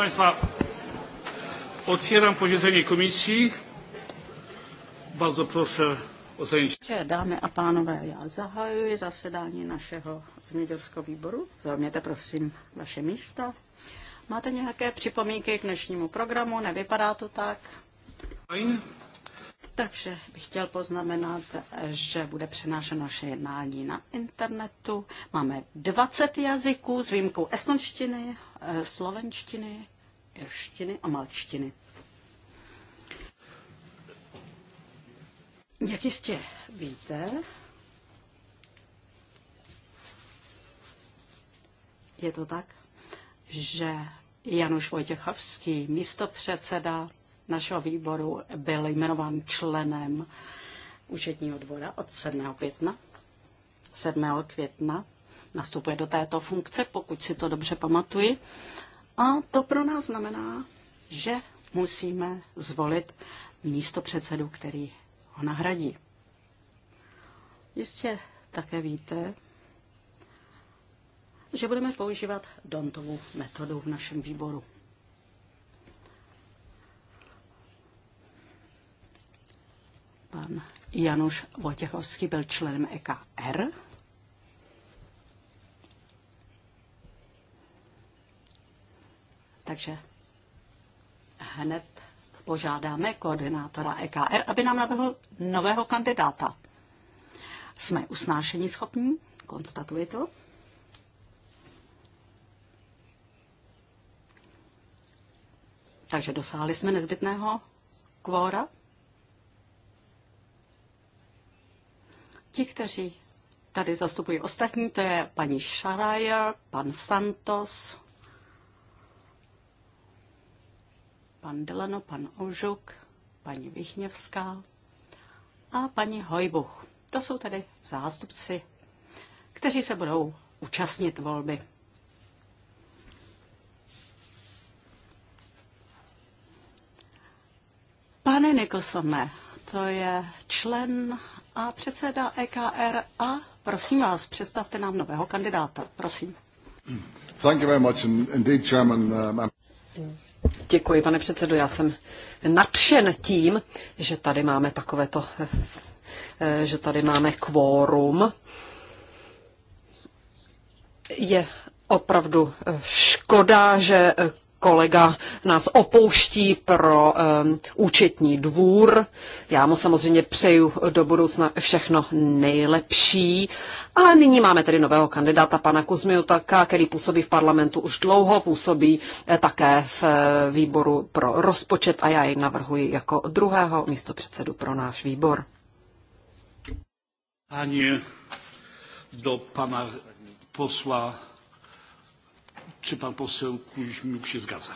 Państwa, otwieram posiedzenie komisji. Bardzo proszę o zajęcie. Dámy a pánové, já zahajuji zasedání našeho zemědělského výboru. Zaujměte prosím vaše místa. Máte nějaké připomínky k dnešnímu programu? Nevypadá to tak? Fajn. Takže bych chtěl poznamenat, že bude přenášeno naše jednání na internetu. Máme 20 jazyků s výjimkou estonštiny, eh, slovenštiny, irštiny a malčtiny. Jak jistě víte, je to tak, že Januš Vojtěchovský, místopředseda našeho výboru, byl jmenován členem účetního dvora od 7. května. 7. května nastupuje do této funkce, pokud si to dobře pamatuji. A to pro nás znamená, že musíme zvolit místo předsedu, který ho nahradí. Jistě také víte, že budeme používat Dontovu metodu v našem výboru. Pan Januš Vojtěchovský byl členem EKR, Takže hned požádáme koordinátora EKR, aby nám navrhl nového kandidáta. Jsme usnášení schopní, konstatuji to. Takže dosáhli jsme nezbytného kvóra. Ti, kteří tady zastupují ostatní, to je paní Šarajer, pan Santos, pan Delano, pan Ožuk, paní Vichněvská a paní Hojbuch. To jsou tedy zástupci, kteří se budou účastnit volby. Pane Nicholsone, to je člen a předseda EKR a prosím vás, představte nám nového kandidáta, prosím. Thank you very much indeed, Chairman. Um, Děkuji, pane předsedo. Já jsem nadšen tím, že tady máme takovéto, že tady máme kvórum. Je opravdu škoda, že kolega nás opouští pro um, účetní dvůr. Já mu samozřejmě přeju do budoucna všechno nejlepší. A nyní máme tedy nového kandidáta, pana Kuzmiutaka, který působí v parlamentu už dlouho, působí eh, také v eh, výboru pro rozpočet a já jej navrhuji jako druhého místo předsedu pro náš výbor. Ani do pana posla Czy pan poseł Kuźmiuk się zgadza?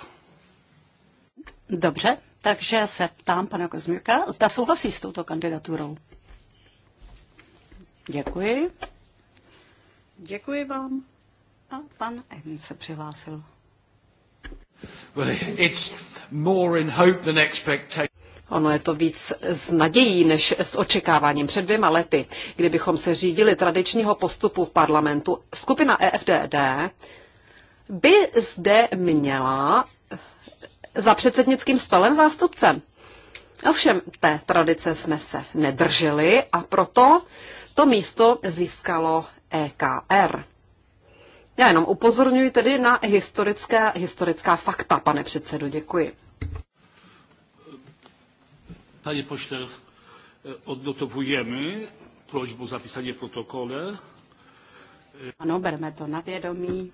Dobře, takže se ptám pana Kozmiuka, zda souhlasí s touto kandidaturou. Děkuji. Děkuji vám. A pan N se přihlásil. Well, it's more in hope than expectation. Ono je to víc s nadějí než s očekáváním. Před dvěma lety, kdybychom se řídili tradičního postupu v parlamentu, skupina EFDD by zde měla za předsednickým stolem zástupcem. Ovšem té tradice jsme se nedrželi a proto to místo získalo EKR. Já jenom upozorňuji tedy na historické, historická fakta, pane předsedu, děkuji. Panie pošle, odnotowujemy prośbę o zapisanie w protokole. Ano, bereme to na vědomí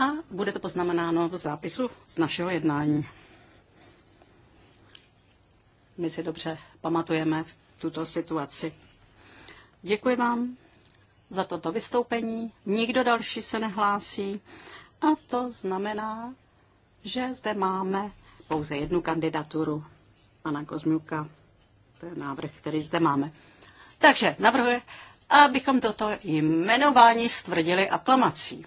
a bude to poznamenáno v zápisu z našeho jednání. My si dobře pamatujeme tuto situaci. Děkuji vám za toto vystoupení. Nikdo další se nehlásí. A to znamená, že zde máme pouze jednu kandidaturu pana Kozmiuka. To je návrh, který zde máme. Takže navrhuje, abychom toto jmenování stvrdili aklamací.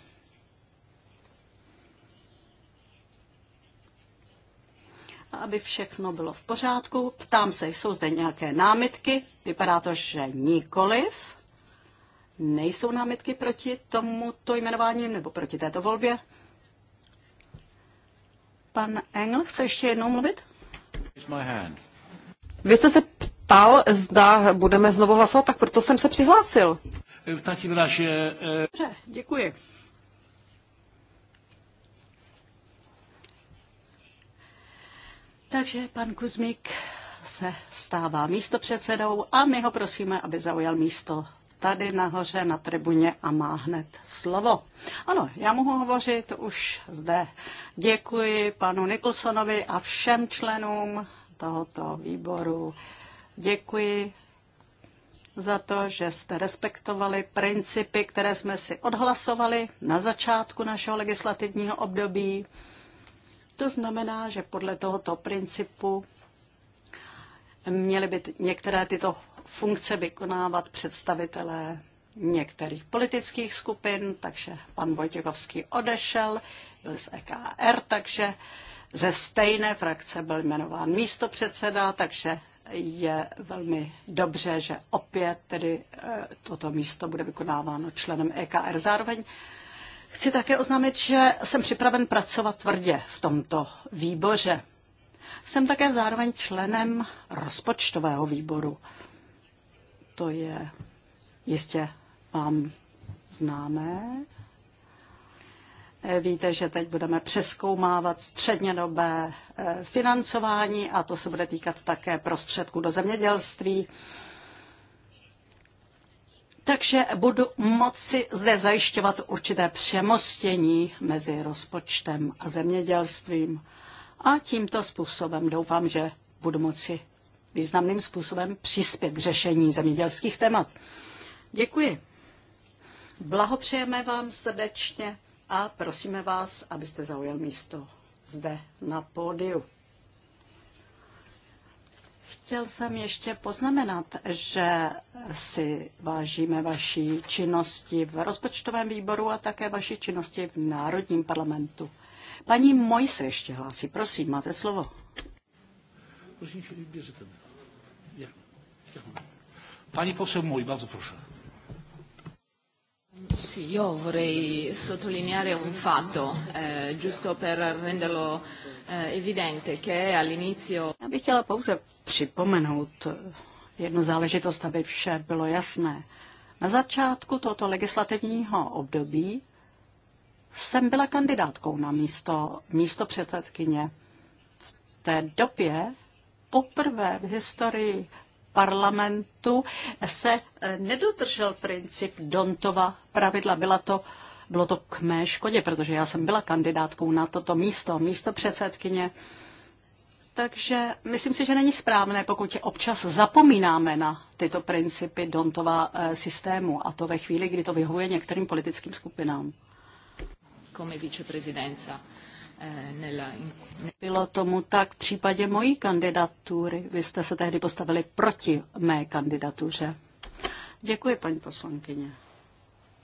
aby všechno bylo v pořádku. Ptám se, jsou zde nějaké námitky? Vypadá to, že nikoliv. Nejsou námitky proti tomuto jmenování nebo proti této volbě? Pan Engel chce ještě jednou mluvit? Vy jste se ptal, zda budeme znovu hlasovat, tak proto jsem se přihlásil. Eh, Dobře, děkuji. Takže pan Kuzmik se stává místopředsedou a my ho prosíme, aby zaujal místo tady nahoře na tribuně a má hned slovo. Ano, já mohu hovořit už zde. Děkuji panu Nikolsonovi a všem členům tohoto výboru. Děkuji za to, že jste respektovali principy, které jsme si odhlasovali na začátku našeho legislativního období. To znamená, že podle tohoto principu měly by některé tyto funkce vykonávat představitelé některých politických skupin, takže pan Vojtěchovský odešel, byl z EKR, takže ze stejné frakce byl jmenován místopředseda, takže je velmi dobře, že opět tedy eh, toto místo bude vykonáváno členem EKR. Zároveň Chci také oznámit, že jsem připraven pracovat tvrdě v tomto výboře. Jsem také zároveň členem rozpočtového výboru. To je jistě vám známé. Víte, že teď budeme přeskoumávat střednědobé eh, financování a to se bude týkat také prostředků do zemědělství takže budu moci zde zajišťovat určité přemostění mezi rozpočtem a zemědělstvím. A tímto způsobem doufám, že budu moci významným způsobem přispět k řešení zemědělských témat. Děkuji. Blahopřejeme vám srdečně a prosíme vás, abyste zaujal místo zde na pódiu. Chtěl jsem ještě poznamenat, že si vážíme vaší činnosti v rozpočtovém výboru a také vaší činnosti v Národním parlamentu. Paní Moj se ještě hlásí. Prosím, máte slovo. Pani poseł Moj, bardzo proszę. Sì, io vorrei sottolineare un fatto, eh, giusto per renderlo Eh, evidente che all'inizio... Já bych chtěla pouze připomenout jednu záležitost, aby vše bylo jasné. Na začátku tohoto legislativního období jsem byla kandidátkou na místo, místo předsedkyně. V té době poprvé v historii parlamentu se eh, nedodržel princip Dontova pravidla. Byla to bylo to k mé škodě, protože já jsem byla kandidátkou na toto místo, místo předsedkyně. Takže myslím si, že není správné, pokud občas zapomínáme na tyto principy Dontova eh, systému a to ve chvíli, kdy to vyhovuje některým politickým skupinám. Eh, Bylo tomu tak v případě mojí kandidatury. Vy jste se tehdy postavili proti mé kandidatuře. Děkuji, paní poslankyně.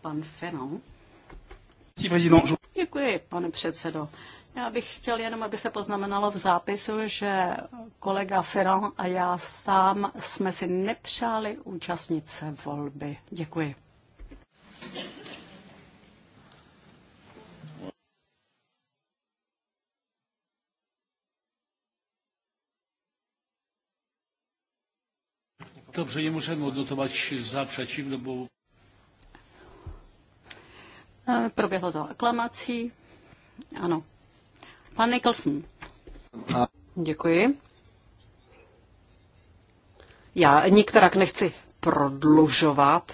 Pan Fenon. Děkuji, pane předsedo. Já bych chtěl jenom, aby se poznamenalo v zápisu, že kolega Ferrand a já sám jsme si nepřáli účastnit se volby. Děkuji. Dobře, nie możemy odnotować za przeciw, no Eh, proběhlo to aklamací. Ano. Pan Nicholson. Děkuji. Já nikterak nechci prodlužovat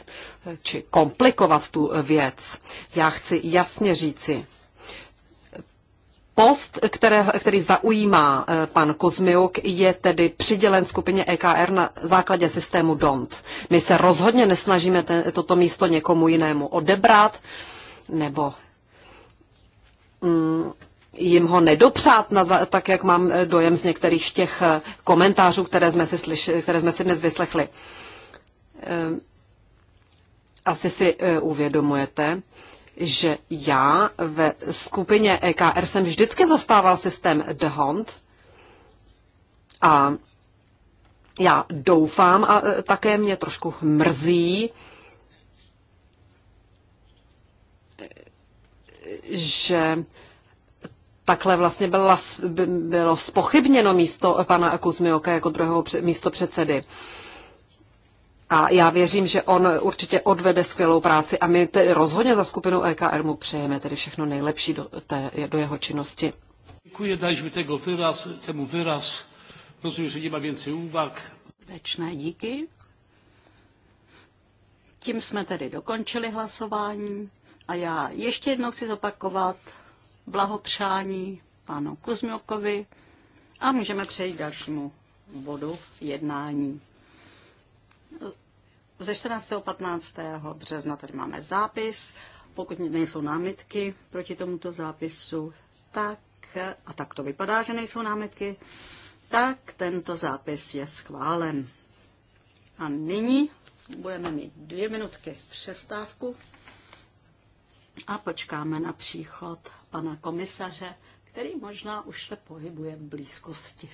eh, či komplikovat tu věc. Já chci jasně říci, Post, které, který zaujímá eh, pan Kozmiuk, je tedy přidělen skupině EKR na základě systému DONT. My se rozhodně nesnažíme ten, toto místo někomu jinému odebrat. Uh, nebo mm, jim ho nedopřát, na, tak jak mám eh, dojem z některých těch eh, komentářů, které jsme si, slyši, které jsme si dnes vyslechli. Eh, asi si uvědomujete, že já ve skupině EKR jsem vždycky zastával systém The Hunt a já doufám a také mě trošku mrzí, že takhle vlastně byla, bylo spochybněno místo pana Kuzmioka jako druhého místo předsedy. A já věřím, že on určitě odvede skvělou práci a my tedy rozhodně za skupinu EKR mu přejeme tedy všechno nejlepší do, té, do jeho činnosti. Děkuji, mi tego vyraz. temu wyraz. Rozumím, že nemá więcej úvah. Večné díky. Tím jsme tedy dokončili hlasování. A já ještě jednou chci zopakovat blahopřání panu Kuzmiokovi a můžeme přejít dalšímu bodu jednání. Ze 14. 15. března tady máme zápis. Pokud nejsou námitky proti tomuto zápisu, tak, a tak to vypadá, že nejsou námitky, tak tento zápis je schválen. A nyní budeme mít dvě minutky přestávku a počkáme na příchod pana komisaře, který možná už se pohybuje v blízkosti.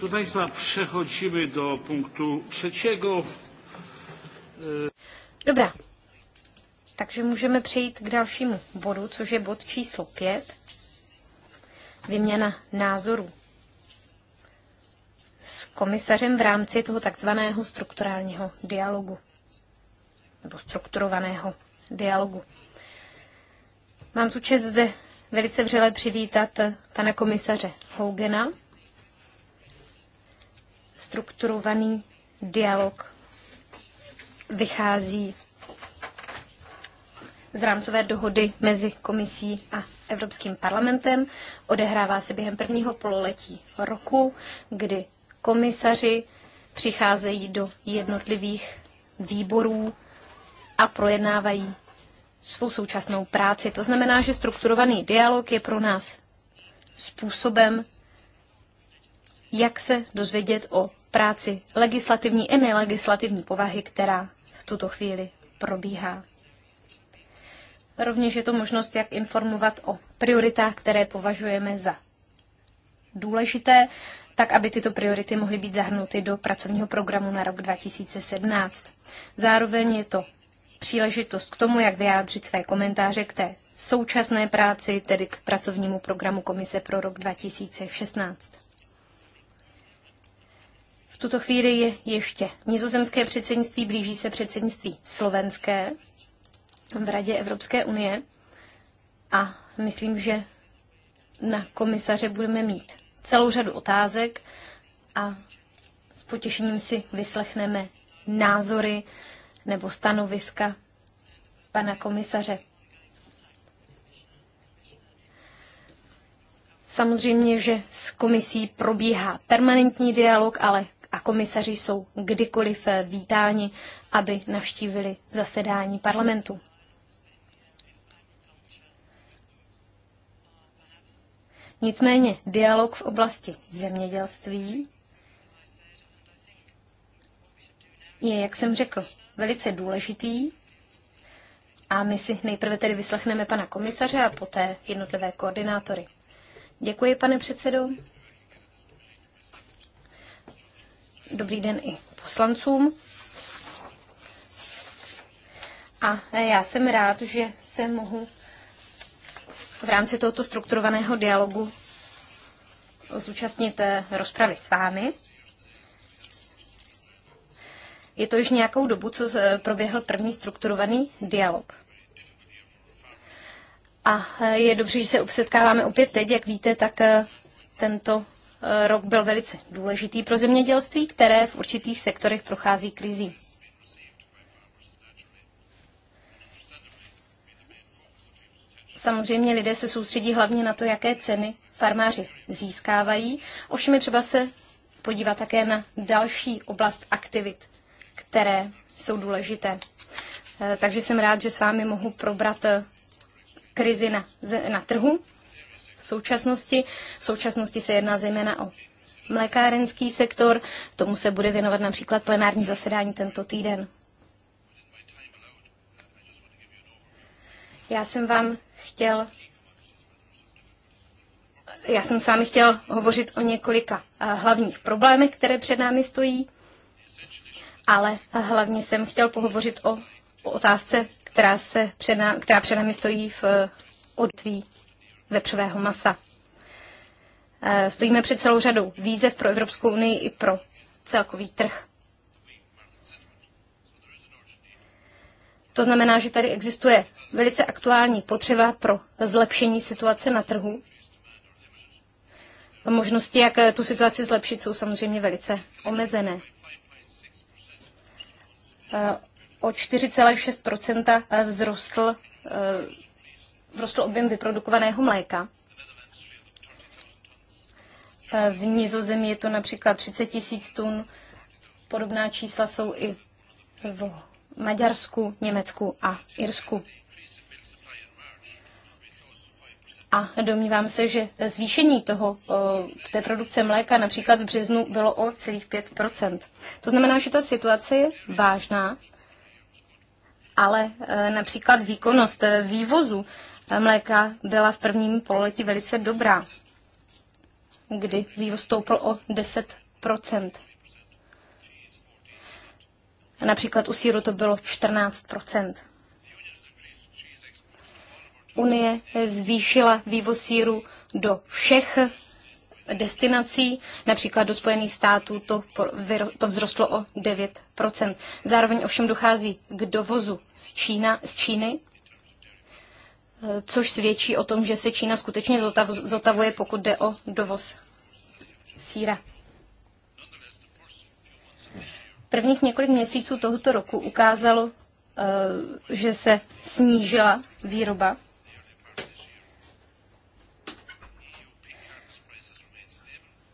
Proszę Państwa, przechodzimy do punktu trzeciego. Dobrá. Takže můžeme přejít k dalšímu bodu, což je bod číslo 5. Vyměna názoru s komisařem v rámci toho takzvaného strukturálního dialogu nebo strukturovaného dialogu. Mám tu čest zde velice vřele přivítat pana komisaře Hougena, strukturovaný dialog vychází z rámcové dohody mezi komisí a Evropským parlamentem. Odehrává se během prvního pololetí roku, kdy komisaři přicházejí do jednotlivých výborů a projednávají svou současnou práci. To znamená, že strukturovaný dialog je pro nás způsobem, jak se dozvědět o práci legislativní i nelegislativní povahy, která v tuto chvíli probíhá. Rovněž je to možnost, jak informovat o prioritách, které považujeme za důležité, tak aby tyto priority mohly být zahrnuty do pracovního programu na rok 2017. Zároveň je to příležitost k tomu, jak vyjádřit své komentáře k té současné práci, tedy k pracovnímu programu Komise pro rok 2016 tuto chvíli je ještě nizozemské předsednictví, blíží se předsednictví slovenské v Radě Evropské unie a myslím, že na komisaře budeme mít celou řadu otázek a s potěšením si vyslechneme názory nebo stanoviska pana komisaře. Samozřejmě, že s komisí probíhá permanentní dialog, ale a komisaři jsou kdykoliv eh, vítáni, aby navštívili zasedání parlamentu. Nicméně dialog v oblasti zemědělství je, jak jsem řekl, velice důležitý. A my si nejprve tedy vyslechneme pana komisaře a poté jednotlivé koordinátory. Děkuji, pane předsedo. Dobrý den i poslancům. A já jsem rád, že se mohu v rámci tohoto strukturovaného dialogu zúčastnit eh, rozpravy s vámi. Je to již nějakou dobu, co eh, proběhl první strukturovaný dialog. A eh, je dobře, že se obsetkáváme opět teď, jak víte, tak tento rok byl velice důležitý pro zemědělství, které v určitých sektorech prochází krizí. Samozřejmě lidé se soustředí hlavně na to, jaké ceny farmáři získávají. Ovšem je třeba se podívat také na další oblast aktivit, které jsou důležité. Eh, takže jsem rád, že s vámi mohu probrat eh, krizi na, na trhu v současnosti. V současnosti se jedná zejména o mlékárenský sektor. Tomu se bude věnovat například plenární zasedání tento týden. Já jsem vám chtěl já jsem s vámi chtěl hovořit o několika eh, hlavních problémech, které před námi stojí, ale hlavně jsem chtěl pohovořit o, o otázce, která, se před námi, která před námi stojí v eh, odtví vepřového masa. E, stojíme před celou řadou výzev pro Evropskou unii i pro celkový trh. To znamená, že tady existuje velice aktuální potřeba pro zlepšení situace na trhu. Možnosti, jak tu situaci zlepšit, jsou samozřejmě velice omezené. E, o 4,6 vzrostl e, vrostl objem vyprodukovaného mléka. V Nizozemí je to například 30 tisíc tun, podobná čísla jsou i v Maďarsku, Německu a Irsku. A domnívám se, že zvýšení toho, té produkce mléka například v březnu bylo o celých 5 To znamená, že ta situace je vážná, ale e, například výkonnost e, vývozu mléka byla v prvním pololetí velice dobrá, kdy vývoz stoupl o 10 Například u síru to bylo 14 Unie zvýšila vývoz síru do všech destinací, například do Spojených států to, to vzrostlo o 9 Zároveň ovšem dochází k dovozu z, Čína, z Číny což svědčí o tom, že se Čína skutečně zotavuje, pokud jde o dovoz síra. Prvních několik měsíců tohoto roku ukázalo, eh, že se snížila výroba.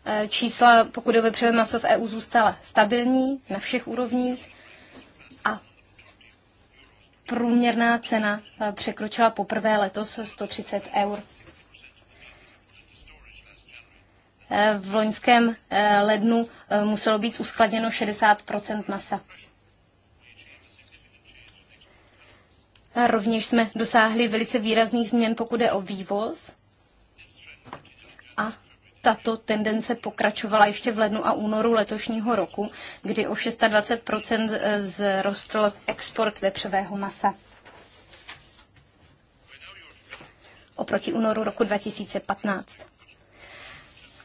Eh, čísla, pokud je maso v EU, zůstala stabilní na všech úrovních průměrná cena eh, překročila poprvé letos 130 eur. Eh, v loňském eh, lednu muselo být uskladněno 60 masa. Rovněž jsme dosáhli velice výrazných změn, pokud je o vývoz. A tato tendence pokračovala ještě v lednu a únoru letošního roku, kdy o 26 zrostl export vepřového masa. Oproti únoru roku 2015.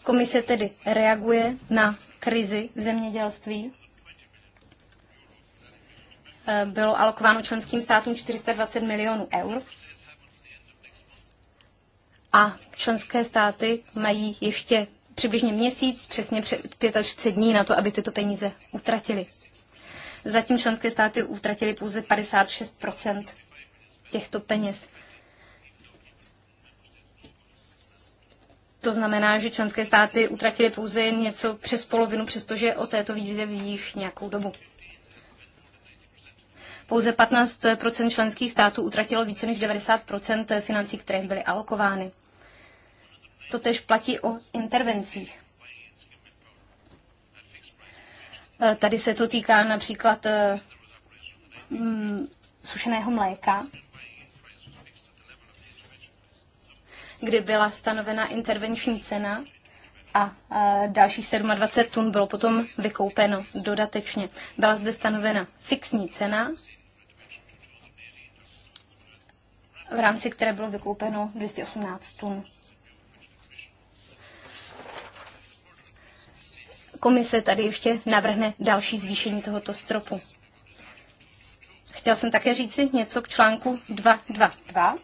Komise tedy reaguje na krizi v zemědělství. E, bylo alokováno členským státům 420 milionů eur a členské státy mají ještě přibližně měsíc, přesně 35 dní na to, aby tyto peníze utratili. Zatím členské státy utratili pouze 56 těchto peněz. To znamená, že členské státy utratili pouze něco přes polovinu, přestože o této výzvě ví již nějakou dobu. Pouze 15 členských států utratilo více než 90 financí, které byly alokovány. To tež platí o intervencích. E, tady se to týká například e, mm, sušeného mléka, kdy byla stanovena intervenční cena a e, dalších 27 tun bylo potom vykoupeno dodatečně. Byla zde stanovena fixní cena, v rámci které bylo vykoupeno 218 tun. komise tady ještě navrhne další zvýšení tohoto stropu. Chtěl jsem také říci něco k článku 222.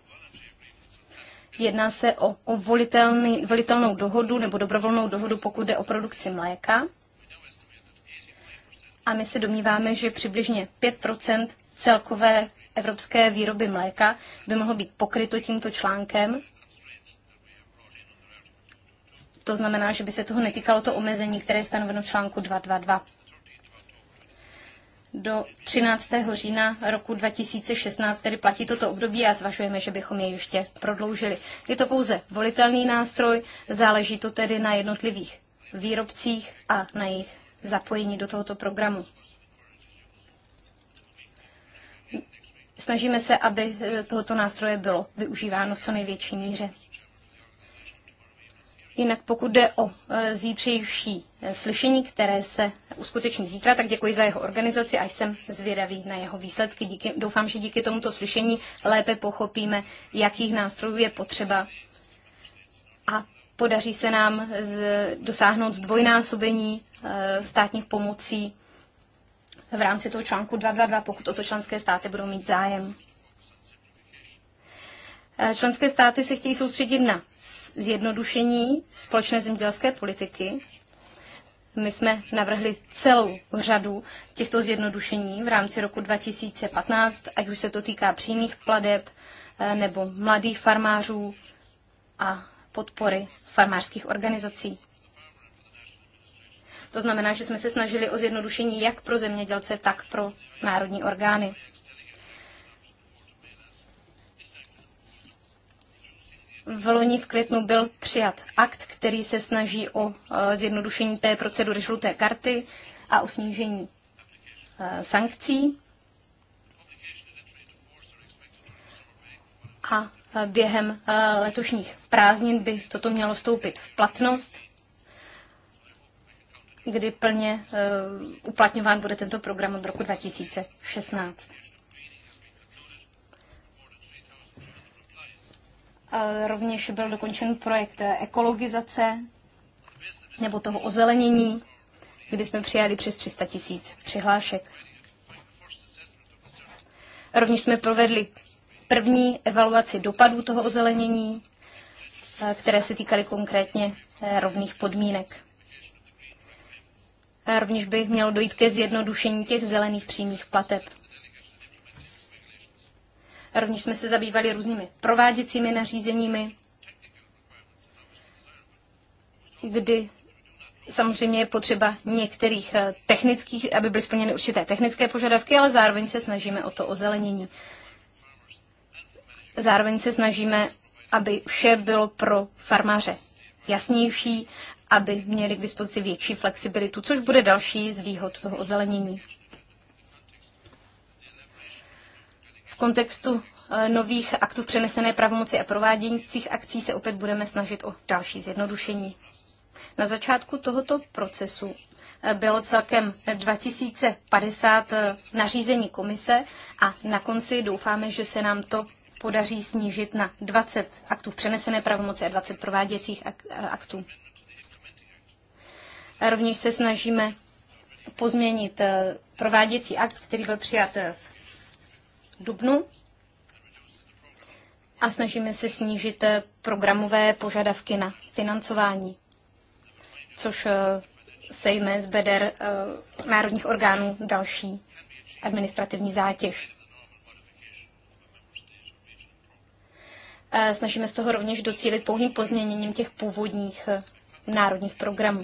Jedná se o, o volitelný, volitelnou dohodu nebo dobrovolnou dohodu, pokud jde o produkci mléka. A my se domníváme, že přibližně 5 celkové evropské výroby mléka by mohlo být pokryto tímto článkem to znamená, že by se toho netýkalo to omezení, které je stanoveno v článku 222. Do 13. října roku 2016 tedy platí toto období a zvažujeme, že bychom jej ještě prodloužili. Je to pouze volitelný nástroj, záleží to tedy na jednotlivých výrobcích a na jejich zapojení do tohoto programu. Snažíme se, aby eh, tohoto nástroje bylo využíváno v co největší míře. Jinak pokud jde o e, zítřejší e, slyšení, které se uskuteční zítra, tak děkuji za jeho organizaci a jsem zvědavý na jeho výsledky. Díky, doufám, že díky tomuto slyšení lépe pochopíme, jakých nástrojů je potřeba a podaří se nám z, dosáhnout zdvojnásobení e, státních pomocí v rámci toho článku 222, pokud o to členské státy budou mít zájem. E, Členské státy se chtějí soustředit na zjednodušení společné zemědělské politiky. My jsme navrhli celou řadu těchto zjednodušení v rámci roku 2015, ať už se to týká přímých pladeb eh, nebo mladých farmářů a podpory farmářských organizací. To znamená, že jsme se snažili o zjednodušení jak pro zemědělce, tak pro národní orgány. v loni v květnu byl přijat akt, který se snaží o e, zjednodušení té procedury žluté karty a o snížení e, sankcí. A e, během letošních prázdnin by toto mělo stoupit v platnost, kdy plně uplatňován bude tento program od roku 2016. Eh, rovněž byl dokončen projekt ekologizace nebo toho ozelenění, kdy jsme přijali přes 300 tisíc přihlášek. Rovněž jsme provedli první evaluaci dopadů toho ozelenění, eh, které se týkaly konkrétně eh, rovných podmínek. Rovněž by mělo dojít ke zjednodušení těch zelených přímých plateb. Rovněž jsme se zabývali různými prováděcími nařízeními, kdy samozřejmě je potřeba některých eh, technických, aby byly splněny určité technické požadavky, ale zároveň se snažíme o to ozelenění. Zároveň se snažíme, aby vše bylo pro farmáře jasnější, aby měli k dispozici větší flexibilitu, což bude další z výhod toho ozelenění. kontextu eh, nových aktů přenesené pravomoci a provádějících akcí se opět budeme snažit o další zjednodušení. Na začátku tohoto procesu eh, bylo celkem 2050 eh, nařízení komise a na konci doufáme, že se nám to podaří snížit na 20 aktů přenesené pravomoci a 20 prováděcích aktů. rovněž se snažíme pozměnit prováděcí akt, který byl přijat v dubnu a snažíme se snížit eh, programové požadavky na financování, což eh, sejme z beder eh, národních orgánů další administrativní zátěž. Snažíme z toho rovněž docílit pouhým pozměněním těch původních národních programů.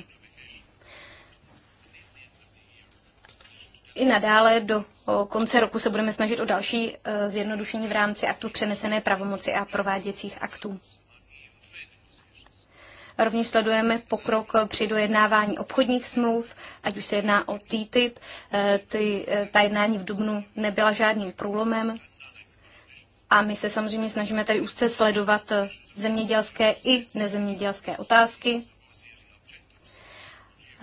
i nadále do konce roku se budeme snažit o další e, zjednodušení v rámci aktů přenesené pravomoci a prováděcích aktů. Rovněž sledujeme pokrok při dojednávání obchodních smluv, ať už se jedná o TTIP. E, ty, e, ta jednání v Dubnu nebyla žádným průlomem. A my se samozřejmě snažíme tady úzce sledovat zemědělské i nezemědělské otázky.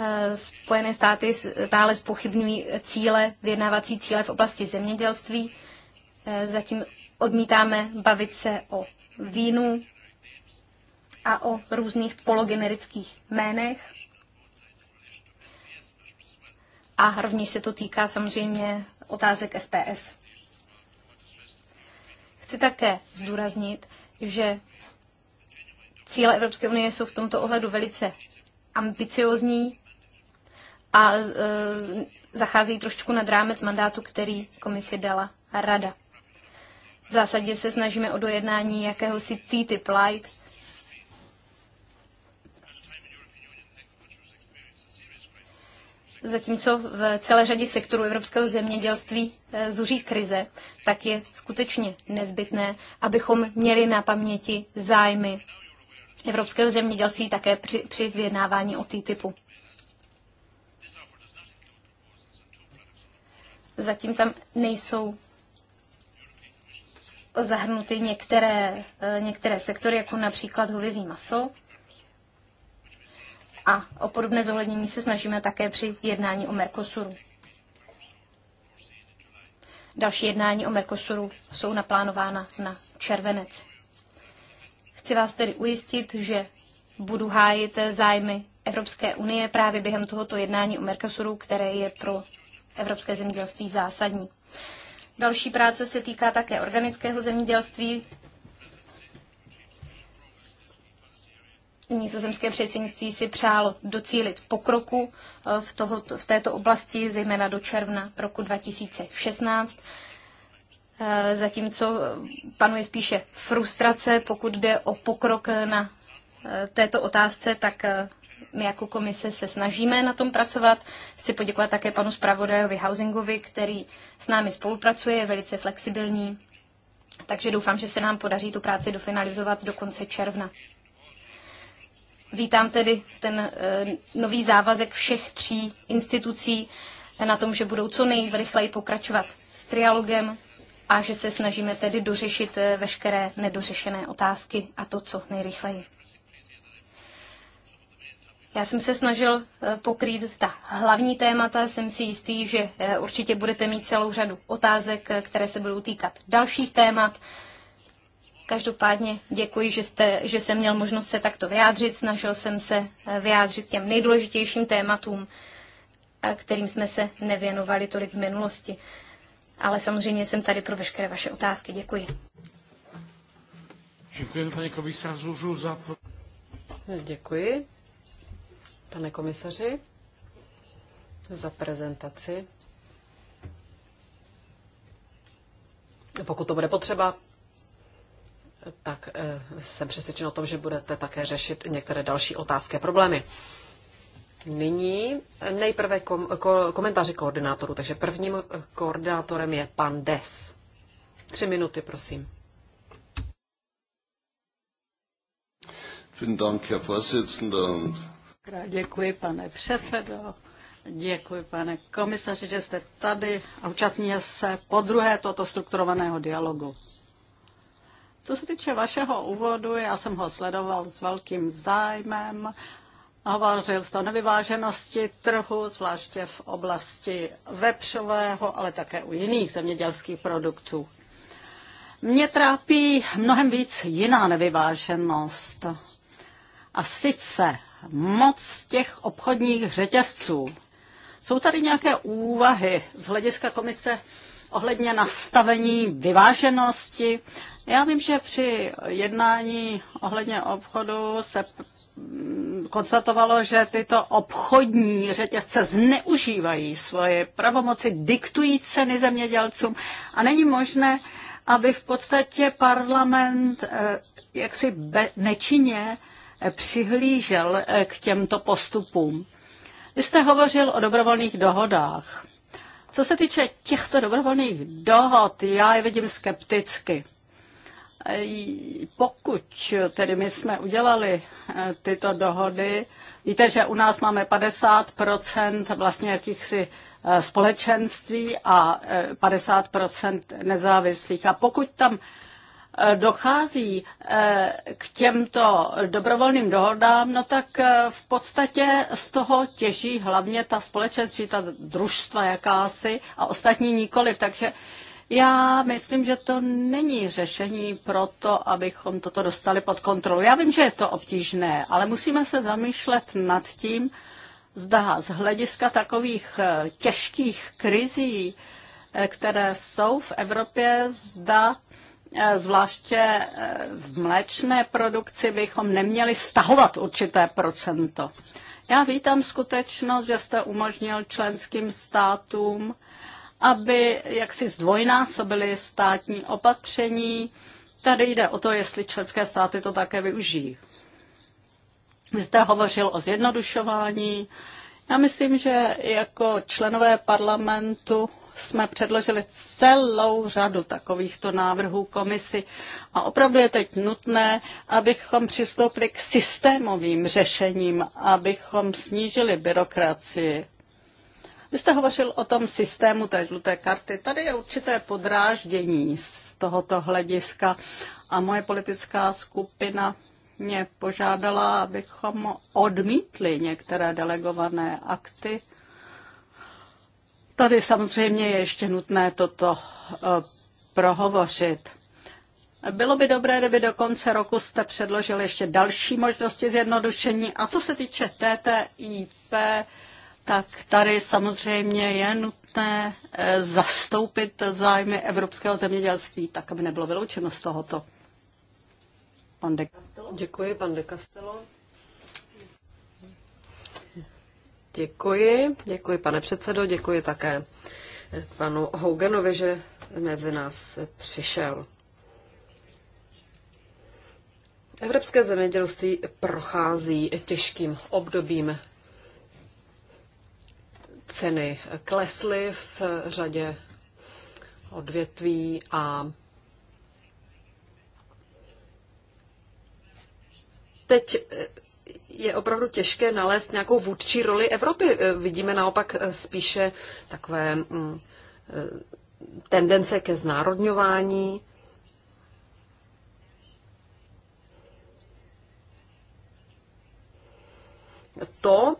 Eh, Spojené státy stále spochybňují cíle, vyjednávací cíle v oblasti zemědělství. Eh, Zatím odmítáme bavit se o vínu a o různých pologenerických jménech. A rovněž se to týká samozřejmě otázek SPS. Chci také zdůraznit, že cíle Evropské unie jsou v tomto ohledu velice ambiciozní a e, zachází trošku nad rámec mandátu, který komisi dala rada. V zásadě se snažíme o dojednání jakéhosi TTIP light. Zatímco v celé řadě sektorů evropského zemědělství e, zuří krize, tak je skutečně nezbytné, abychom měli na paměti zájmy evropského zemědělství také při, při vyjednávání o TTIPu. zatím tam nejsou zahrnuty některé, e, některé sektory, jako například hovězí maso. A o podobné zohlednění se snažíme také při jednání o Mercosuru. Další jednání o Mercosuru jsou naplánována na červenec. Chci vás tedy ujistit, že budu hájit zájmy Evropské unie právě během tohoto jednání o Mercosuru, které je pro evropské zemědělství zásadní. Další práce se týká také organického zemědělství. Nizozemské předsednictví si přálo docílit pokroku eh, v, tohoto, v této oblasti, zejména do června roku 2016 eh, zatímco panuje spíše frustrace, pokud jde o pokrok na eh, této otázce, tak my jako komise se snažíme na tom pracovat. Chci poděkovat také panu zpravodajovi Housingovi, který s námi spolupracuje, je velice flexibilní. Takže doufám, že se nám podaří tu práci dofinalizovat do konce června. Vítám tedy ten eh, nový závazek všech tří institucí na tom, že budou co nejrychleji pokračovat s trialogem a že se snažíme tedy dořešit eh, veškeré nedořešené otázky a to co nejrychleji. Já jsem se snažil eh, pokrýt ta hlavní témata, jsem si jistý, že eh, určitě budete mít celou řadu otázek, eh, které se budou týkat dalších témat. Každopádně děkuji, že, jste, že jsem měl možnost se takto vyjádřit. Snažil jsem se vyjádřit těm nejdůležitějším tématům, kterým jsme se nevěnovali tolik v minulosti. Ale samozřejmě jsem tady pro veškeré vaše otázky. Děkuji. Děkuji, paní komisařu, za... Děkuji pane komisaři, za prezentaci. Pokud to bude potřeba, tak eh, jsem přesvědčen o tom, že budete také řešit některé další otázky a problémy. Nyní nejprve kom, ko, komentáři koordinátorů, takže prvním koordinátorem je pan Des. Tři minuty, prosím. Vielen Dank, Herr Vorsitzender. Krát děkuji, pane předsedo. Děkuji, pane komisaři, že jste tady a účastnil se po druhé toto strukturovaného dialogu. Co se týče vašeho úvodu, já jsem ho sledoval s velkým zájmem. Hovořil jste o nevyváženosti trhu, zvláště v oblasti vepřového, ale také u jiných zemědělských produktů. Mě trápí mnohem víc jiná nevyváženost. A sice moc těch obchodních řetězců. Jsou tady nějaké úvahy z hlediska komise ohledně nastavení vyváženosti. Já vím, že při jednání ohledně obchodu se konstatovalo, že tyto obchodní řetězce zneužívají svoje pravomoci, diktují ceny zemědělcům a není možné, aby v podstatě parlament eh, jaksi nečině přihlížel eh, k těmto postupům. Vy jste hovořil o dobrovolných dohodách. Co se týče těchto dobrovolných dohod, já je vidím skepticky. Eh, pokud tedy my jsme udělali eh, tyto dohody, víte, že u nás máme 50 vlastně jakýchsi společenství a 50 nezávislých. A pokud tam dochází eh, k těmto dobrovolným dohodám, no tak eh, v podstatě z toho těží hlavně ta společenství, ta družstva jakási a ostatní nikoliv. Takže já myslím, že to není řešení pro to, abychom toto dostali pod kontrolu. Já vím, že je to obtížné, ale musíme se zamýšlet nad tím, zda z hlediska takových eh, těžkých krizí, které jsou v Evropě, zda Eh, zvláště eh, v mléčné produkci bychom neměli stahovat určité procento. Já vítám skutečnost, že jste umožnil členským státům, aby jaksi zdvojnásobili státní opatření. Tady jde o to, jestli členské státy to také využijí. Vy jste hovořil o zjednodušování. Já myslím, že jako členové parlamentu jsme předložili celou řadu takovýchto návrhů komisi a opravdu je teď nutné, abychom přistoupili k systémovým řešením, abychom snížili byrokracii. Vy jste hovořil o tom systému té žluté karty. Tady je určité podráždění z tohoto hlediska a moje politická skupina mě požádala, abychom odmítli některé delegované akty Tady samozřejmě je ještě nutné toto eh, prohovořit. Bylo by dobré, kdyby do konce roku jste předložili ještě další možnosti zjednodušení. A co se týče TTIP, tak tady samozřejmě je nutné eh, zastoupit zájmy evropského zemědělství, tak aby nebylo vyloučeno z tohoto. Pan de Castello. Děkuji, pan de Castello. Děkuji, děkuji pane předsedo, děkuji také panu Hoganovi, že mezi nás přišel. Evropské zemědělství prochází těžkým obdobím. Ceny klesly v řadě odvětví a teď je opravdu těžké nalézt nějakou vůdčí roli Evropy. Eh, vidíme naopak eh, spíše takové mm, eh, tendence ke znárodňování. To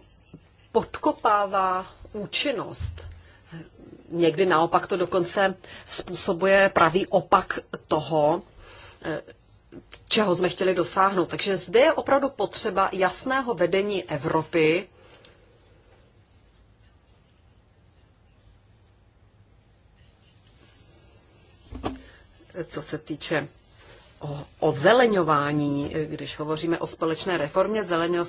podkopává účinnost. Někdy naopak to dokonce způsobuje pravý opak toho, čeho jsme chtěli dosáhnout. Takže zde je opravdu potřeba jasného vedení Evropy, co se týče o, o zeleňování, když hovoříme o společné reformě zeleně,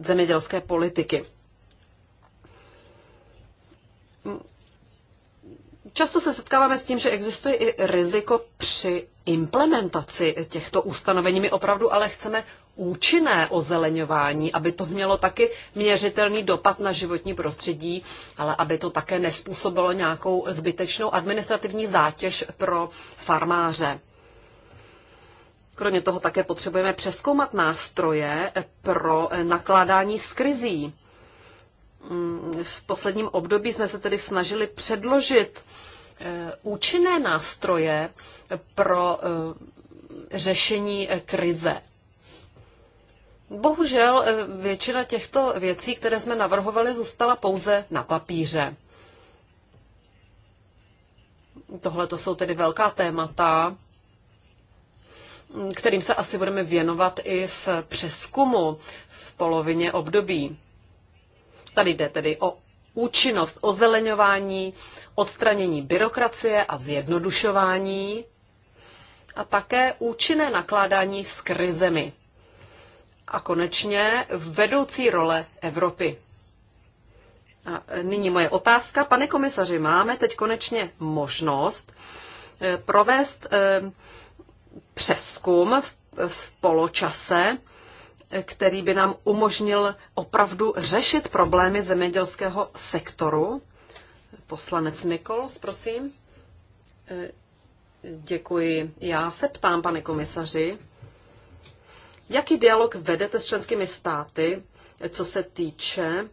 zemědělské politiky. Často se setkáváme s tím, že existuje i riziko při implementaci těchto ustanovení. My opravdu ale chceme účinné ozeleňování, aby to mělo taky měřitelný dopad na životní prostředí, ale aby to také nespůsobilo nějakou zbytečnou administrativní zátěž pro farmáře. Kromě toho také potřebujeme přeskoumat nástroje pro nakládání s krizí. Mm, v posledním období jsme se tedy snažili předložit Eh, účinné nástroje pro eh, řešení eh, krize. Bohužel většina těchto věcí, které jsme navrhovali, zůstala pouze na papíře. Tohle to jsou tedy velká témata, hm, kterým se asi budeme věnovat i v přeskumu v polovině období. Tady jde tedy o účinnost ozeleňování, odstranění byrokracie a zjednodušování a také účinné nakládání s krizemi. A konečně vedoucí role Evropy. A nyní moje otázka. Pane komisaři, máme teď konečně možnost eh, provést eh, přeskum v poločase který by nám umožnil opravdu řešit problémy zemědělského sektoru. Poslanec Nikols, prosím. E, děkuji. Já se ptám, pane komisaři, jaký dialog vedete s členskými státy, co se týče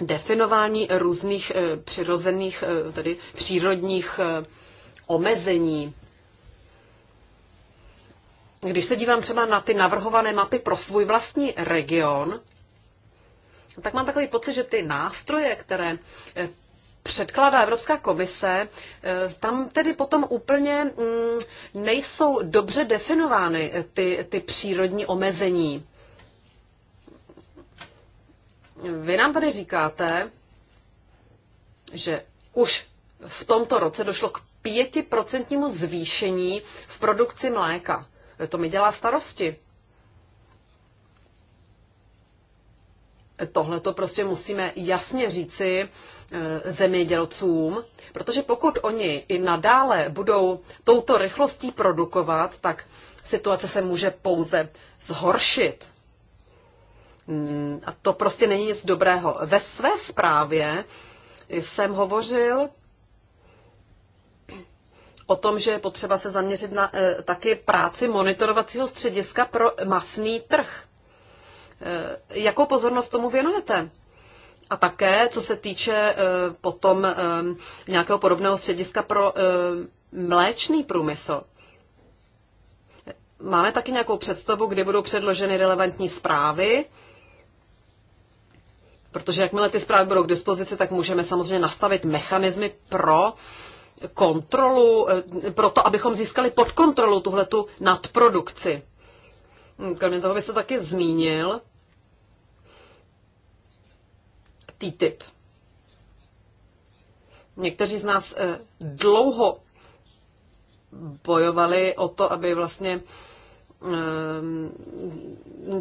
definování různých e, přirozených, e, tedy přírodních omezení když se dívám třeba na ty navrhované mapy pro svůj vlastní region, tak mám takový pocit, že ty nástroje, které eh, předkládá Evropská komise, eh, tam tedy potom úplně mm, nejsou dobře definovány eh, ty, ty přírodní omezení. Vy nám tady říkáte, že už v tomto roce došlo k pětiprocentnímu zvýšení v produkci mléka. To mi dělá starosti. Tohle to prostě musíme jasně říci eh, zemědělcům, protože pokud oni i nadále budou touto rychlostí produkovat, tak situace se může pouze zhoršit. Mm, a to prostě není nic dobrého. Ve své zprávě jsem hovořil o tom, že je potřeba se zaměřit na e, taky práci monitorovacího střediska pro masný trh. E, jakou pozornost tomu věnujete? A také, co se týče e, potom e, nějakého podobného střediska pro e, mléčný průmysl. Máme taky nějakou představu, kdy budou předloženy relevantní zprávy, protože jakmile ty zprávy budou k dispozici, tak můžeme samozřejmě nastavit mechanismy pro kontrolu, eh, proto abychom získali pod kontrolu tuhletu nadprodukci. Hm, kromě toho byste taky zmínil TTIP. Někteří z nás eh, dlouho bojovali o to, aby vlastně ehm,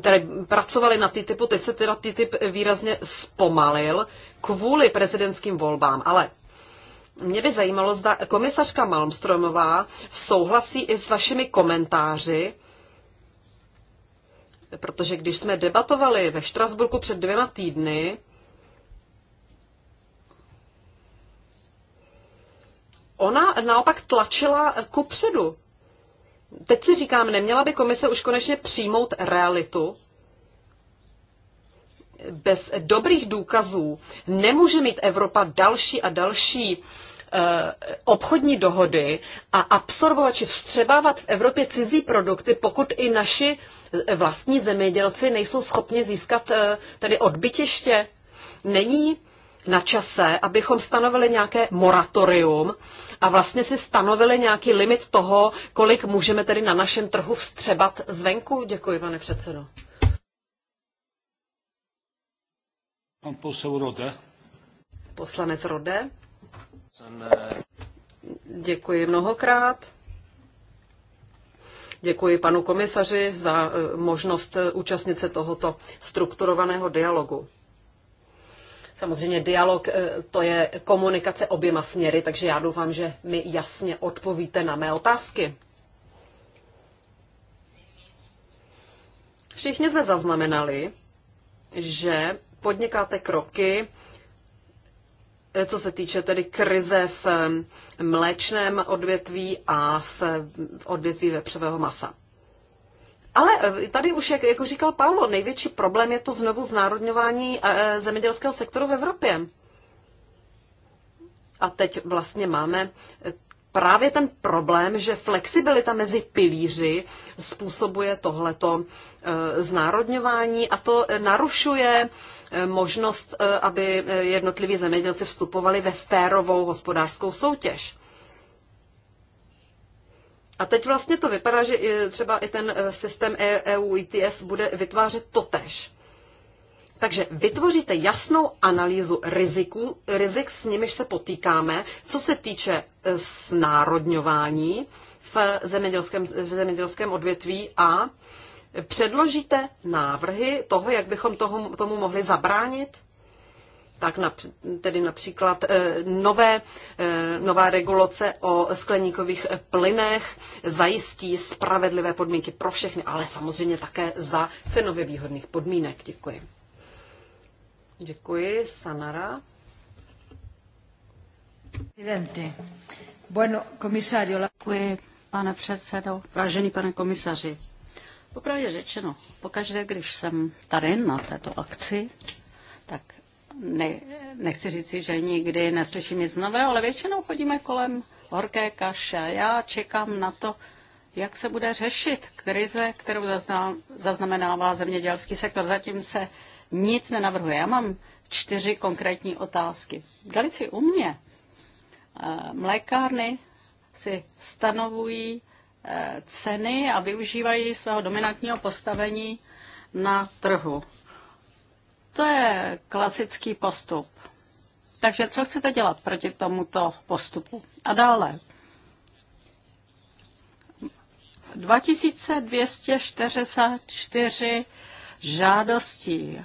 tedy pracovali na TTIPu, teď se teda TTIP výrazně zpomalil kvůli prezidentským volbám, ale mě by zajímalo, zda komisařka Malmstromová souhlasí i s vašimi komentáři, protože když jsme debatovali ve Štrasburku před dvěma týdny, ona naopak tlačila ku předu. Teď si říkám, neměla by komise už konečně přijmout realitu? Bez dobrých důkazů nemůže mít Evropa další a další Eh, obchodní dohody a absorbovat či vstřebávat v Evropě cizí produkty, pokud i naši vlastní zemědělci nejsou schopni získat eh, tedy odbytiště. Není na čase, abychom stanovili nějaké moratorium a vlastně si stanovili nějaký limit toho, kolik můžeme tedy na našem trhu vstřebat zvenku? Děkuji, pane předsedo. Pan poslanec Rode. Poslanec Rode. Děkuji mnohokrát. Děkuji panu komisaři za eh, možnost eh, účastnit se tohoto strukturovaného dialogu. Samozřejmě dialog eh, to je komunikace oběma směry, takže já doufám, že mi jasně odpovíte na mé otázky. Všichni jsme zaznamenali, že podnikáte kroky Eh, co se týče tedy krize v eh, mléčném odvětví a v eh, odvětví vepřového masa. Ale tady už, jak, jako říkal Paulo, největší problém je to znovu znárodňování zemědělského sektoru v Evropě. A teď vlastně máme právě ten problém, že flexibilita mezi pilíři způsobuje tohleto znárodňování a to narušuje Eh, možnost, eh, aby eh, jednotliví zemědělci vstupovali ve férovou hospodářskou soutěž. A teď vlastně to vypadá, že třeba i ten systém EU e ETS bude vytvářet totež. Takže vytvoříte jasnou analýzu riziku, rizik, s nimiž se potýkáme, co se týče snárodňování v zemědělském, v zemědělském odvětví a předložíte návrhy toho, jak bychom toho, tomu mohli zabránit? Tak na, tedy například eh, nové, eh, nová regulace o skleníkových plynech zajistí spravedlivé podmínky pro všechny, ale samozřejmě také za cenově výhodných podmínek. Děkuji. Děkuji, Sanara. Děkuji, pane předsedo. Vážený pane komisaři, Popravdě řečeno, pokaždé, když jsem tady na této akci, tak ne, nechci říct, že nikdy neslyším nic nového, ale většinou chodíme kolem horké kaše. Já čekám na to, jak se bude řešit krize, kterou zaznamenává zemědělský sektor. Zatím se nic nenavrhuje. Já mám čtyři konkrétní otázky. V Galici u mě eh, mlékárny si stanovují ceny a využívají svého dominantního postavení na trhu. To je klasický postup. Takže co chcete dělat proti tomuto postupu? A dále. 2244 žádostí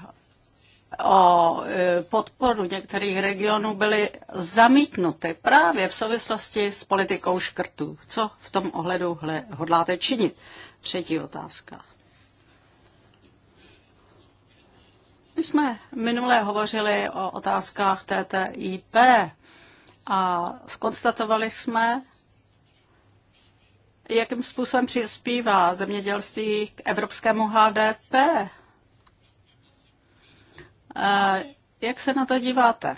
o e, podporu některých regionů byly zamítnuty právě v souvislosti s politikou škrtů. Co v tom ohledu hodláte činit? Třetí otázka. My jsme minule hovořili o otázkách TTIP a skonstatovali jsme, jakým způsobem přispívá zemědělství k evropskému HDP jak se na to díváte?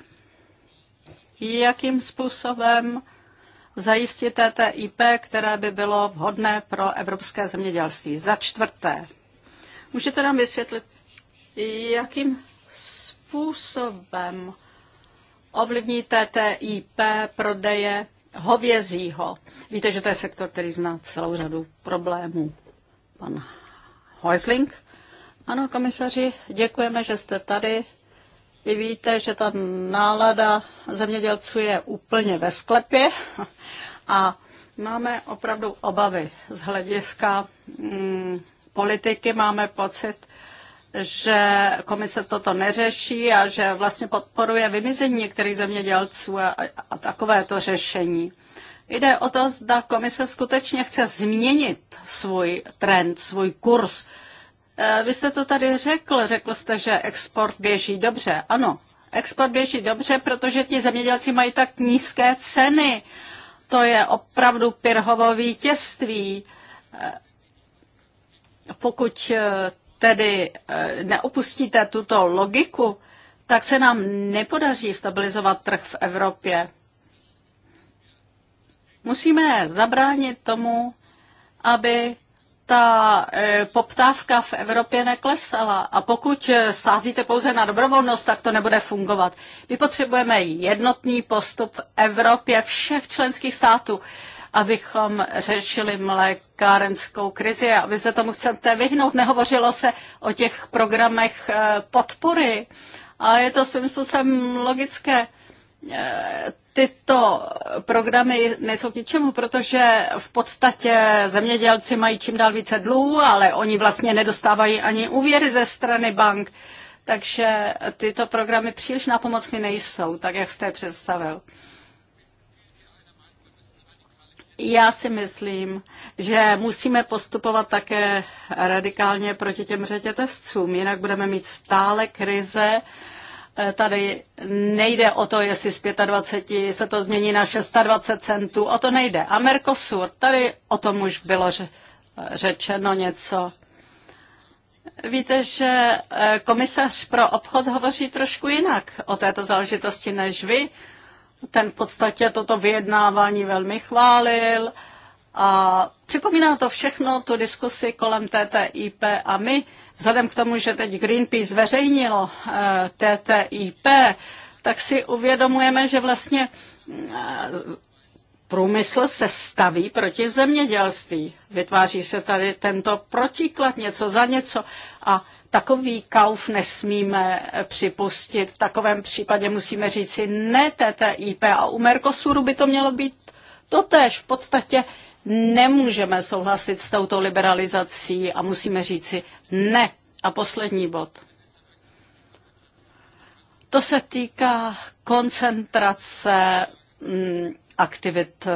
Jakým způsobem zajistit TTIP, které by bylo vhodné pro evropské zemědělství? Za čtvrté, můžete nám vysvětlit, jakým způsobem ovlivní TTIP prodeje hovězího. Víte, že to je sektor, který zná celou řadu problémů. Pan Heusling. Ano, komisaři, děkujeme, že jste tady. Vy víte, že ta nálada zemědělců je úplně ve sklepě a máme opravdu obavy z hlediska mm, politiky. Máme pocit, že komise toto neřeší a že vlastně podporuje vymizení některých zemědělců a, a takovéto řešení. Jde o to, zda komise skutečně chce změnit svůj trend, svůj kurz Eh, vy jste to tady řekl, řekl jste, že export běží dobře. Ano, export běží dobře, protože ti zemědělci mají tak nízké ceny. To je opravdu pirhovo vítězství. Eh, pokud eh, tedy neopustíte tuto logiku, tak se nám nepodaří stabilizovat trh v Evropě. Musíme zabránit tomu, aby ta e, poptávka v Evropě neklesala. A pokud e, sázíte pouze na dobrovolnost, tak to nebude fungovat. My potřebujeme jednotný postup v Evropě všech členských států, abychom řešili mlékárenskou krizi. A vy se tomu chcete vyhnout. Nehovořilo se o těch programech e, podpory. A je to svým způsobem logické tyto programy nejsou k ničemu, protože v podstatě zemědělci mají čím dál více dluhů, ale oni vlastně nedostávají ani úvěry ze strany bank, takže tyto programy příliš napomocny nejsou, tak jak jste je představil. Já si myslím, že musíme postupovat také radikálně proti těm řetětezcům, jinak budeme mít stále krize, Eh, tady nejde o to, jestli z 25 se to změní na 620 centů, o to nejde. A Mercosur, tady o tom už bylo řečeno něco. Víte, že eh, komisař pro obchod hovoří trošku jinak o této záležitosti než vy. Ten v podstatě toto vyjednávání velmi chválil a Připomíná to všechno tu diskusi kolem TTIP a my, vzhledem k tomu, že teď Greenpeace zveřejnilo eh, TTIP, tak si uvědomujeme, že vlastně eh, průmysl se staví proti zemědělství. Vytváří se tady tento protiklad něco za něco a takový kauf nesmíme připustit. V takovém případě musíme říci ne TTIP a u Mercosuru by to mělo být totéž. V podstatě nemůžeme souhlasit s touto liberalizací a musíme říci ne. A poslední bod. To se týká koncentrace mm, aktivit eh,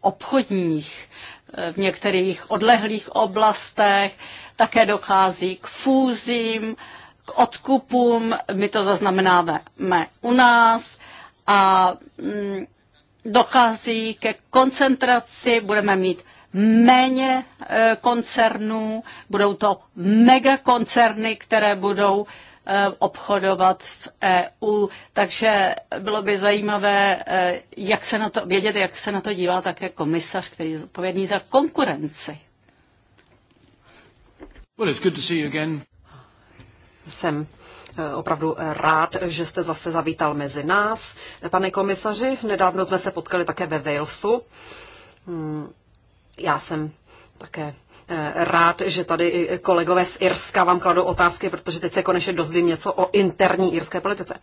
obchodních eh, v některých odlehlých oblastech, také dochází k fúzím, k odkupům, my to zaznamenáváme u nás a mm, dochází ke koncentraci, budeme mít méně e, koncernů, budou to megakoncerny, které budou e, obchodovat v EU, takže bylo by zajímavé, e, jak se na to, vědět, jak se na to dívá také komisař, který je zodpovědný za konkurenci. Well, it's good to see you again. Jsem Eh, opravdu rád, že jste zase zavítal mezi nás. Pane komisaři, nedávno jsme se potkali také ve Walesu. Hmm, já jsem také eh, rád, že tady kolegové z Irska vám kladou otázky, protože teď se konečně dozvím něco o interní irské politice.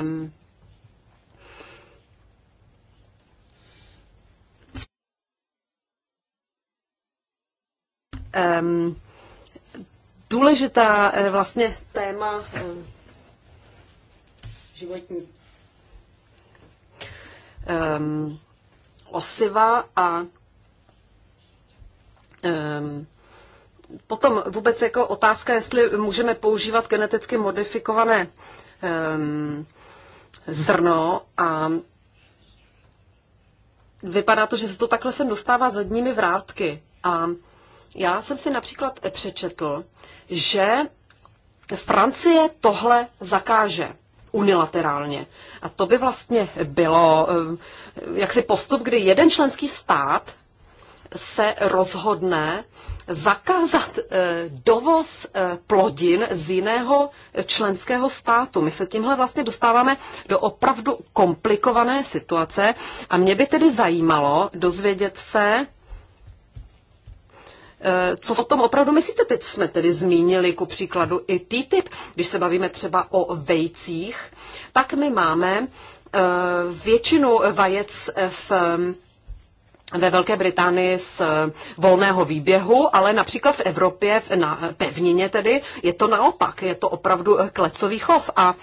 Um, um, důležitá eh, vlastně téma eh, životní um, osiva a um, potom vůbec jako otázka, jestli můžeme používat geneticky modifikované um, zrno a vypadá to, že se to takhle sem dostává zadními vrátky a já jsem si například přečetl, že Francie tohle zakáže unilaterálně. A to by vlastně bylo eh, jaksi postup, kdy jeden členský stát se rozhodne zakázat eh, dovoz eh, plodin z jiného členského státu. My se tímhle vlastně dostáváme do opravdu komplikované situace a mě by tedy zajímalo dozvědět se, Eh, co o tom opravdu myslíte? Teď jsme tedy zmínili ku příkladu i TTIP. Když se bavíme třeba o vejcích, tak my máme eh, většinu vajec v ve Velké Británii z eh, volného výběhu, ale například v Evropě, na pevnině tedy, je to naopak. Je to opravdu klecový chov a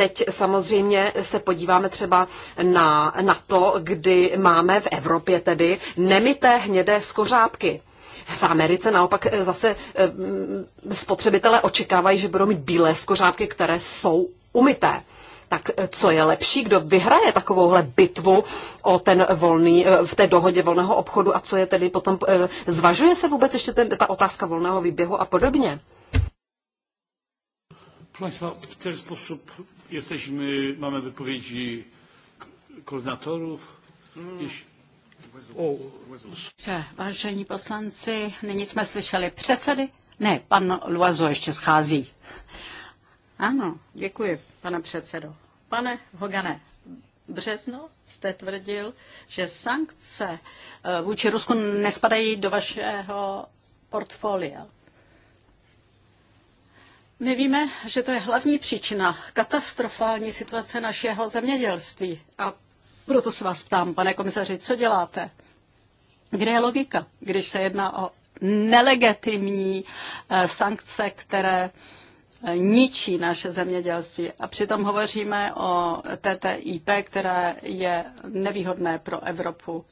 Teď samozřejmě se podíváme třeba na, na to, kdy máme v Evropě tedy nemité hnědé skořápky. V Americe naopak eh, zase eh, spotřebitelé očekávají, že budou mít bílé skořápky, které jsou umité. Tak eh, co je lepší, kdo vyhraje takovouhle bitvu o ten volný, v té dohodě volného obchodu a co je tedy potom, zvažuje se vůbec ještě ten, ta otázka volného výběhu a podobně? ten sposób Jesteśmy, mamy wypowiedzi koordynatorów. Mm. Vážení poslanci, nyní jsme slyšeli předsedy. Ne, pan Luazo ještě schází. Ano, děkuji, pane předsedo. Pane Hogane, březno jste tvrdil, že sankce eh, vůči Rusku nespadají do vašeho portfolia. My víme, že to je hlavní příčina katastrofální situace našeho zemědělství. A proto se vás ptám, pane komisaři, co děláte? Kde je logika, když se jedná o nelegitimní eh, sankce, které eh, ničí naše zemědělství. A přitom hovoříme o TTIP, které je nevýhodné pro Evropu.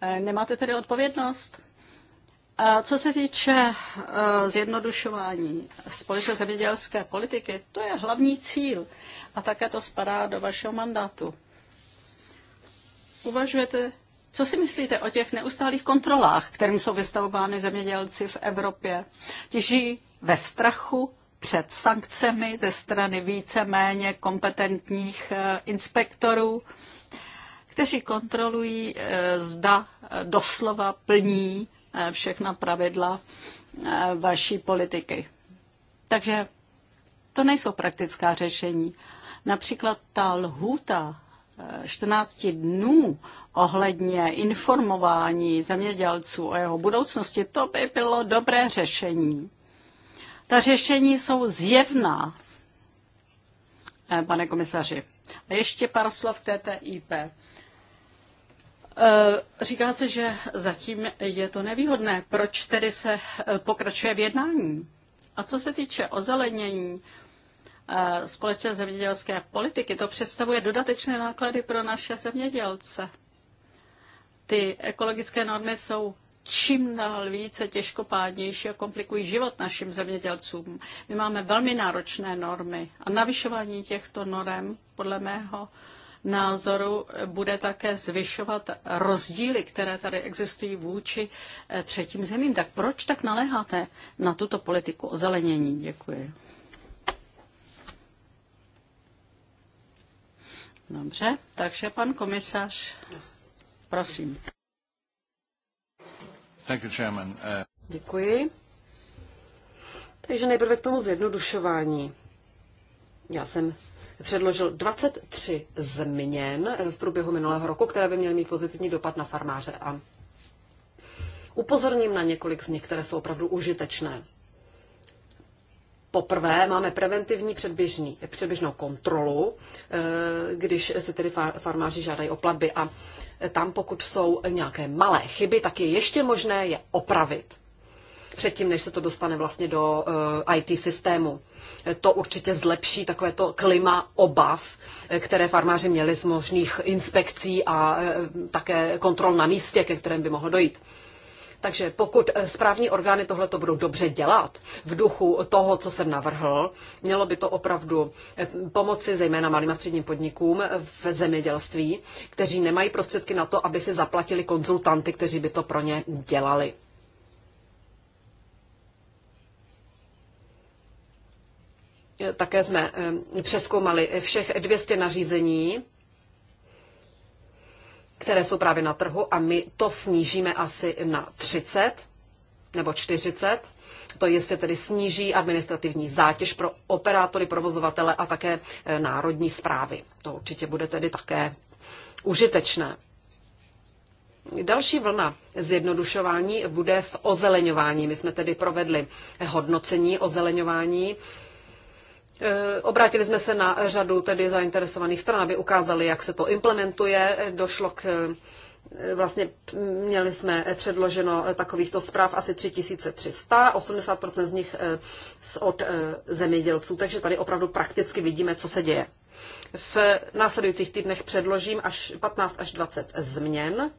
Eh, nemáte tedy odpovědnost? Eh, co se týče eh, zjednodušování společné zemědělské politiky, to je hlavní cíl a také to spadá do vašeho mandátu. Uvažujete, co si myslíte o těch neustálých kontrolách, kterým jsou vystavovány zemědělci v Evropě? Ti žijí ve strachu před sankcemi ze strany víceméně kompetentních eh, inspektorů, kteří kontrolují, zda doslova plní Eh, všechna pravidla eh, vaší politiky. Takže to nejsou praktická řešení. Například ta lhůta 14 eh, dnů ohledně informování zemědělců o jeho budoucnosti, to by bylo dobré řešení. Ta řešení jsou zjevná, pane komisaři. A ještě pár slov k TTIP. Eh, říká se, že zatím je to nevýhodné. Proč tedy se eh, pokračuje v jednání? A co se týče ozelenění eh, společné zemědělské politiky, to představuje dodatečné náklady pro naše zemědělce. Ty ekologické normy jsou čím dál více těžkopádnější a komplikují život našim zemědělcům. My máme velmi náročné normy a navyšování těchto norm, podle mého názoru bude také zvyšovat rozdíly, které tady existují vůči eh, třetím zemím. Tak proč tak naléháte na tuto politiku ozelenění? Děkuji. Dobře, takže pan komisař, prosím. Thank you, Chairman. Uh... Děkuji. Takže nejprve k tomu zjednodušování. Já jsem předložil 23 změn v průběhu minulého roku, které by měly mít pozitivní dopad na farmáře. A upozorním na několik z nich, které jsou opravdu užitečné. Poprvé máme preventivní předběžný, předběžnou kontrolu, eh, když se tedy farmáři žádají o platby a tam, pokud jsou nějaké malé chyby, tak je ještě možné je opravit předtím, než se to dostane vlastně do eh, IT systému. To určitě zlepší takovéto klima obav, eh, které farmáři měli z možných inspekcí a eh, také kontrol na místě, ke kterém by mohlo dojít. Takže pokud správní orgány tohle to budou dobře dělat v duchu toho, co jsem navrhl, mělo by to opravdu pomoci zejména malým a středním podnikům v zemědělství, kteří nemají prostředky na to, aby si zaplatili konzultanty, kteří by to pro ně dělali. Eh, také jsme eh, přeskoumali všech 200 nařízení, které jsou právě na trhu a my to snížíme asi na 30 nebo 40. To jistě tedy sníží administrativní zátěž pro operátory, provozovatele a také eh, národní zprávy. To určitě bude tedy také užitečné. Další vlna zjednodušování bude v ozeleňování. My jsme tedy provedli hodnocení ozeleňování Eh, obrátili jsme se na řadu tedy zainteresovaných stran, aby ukázali, jak se to implementuje. Došlo k eh, vlastně měli jsme předloženo takovýchto zpráv asi 3300, 80% z nich eh, od zemědělců, takže tady opravdu prakticky vidíme, co se děje. V následujících týdnech předložím až 15 až 20 změn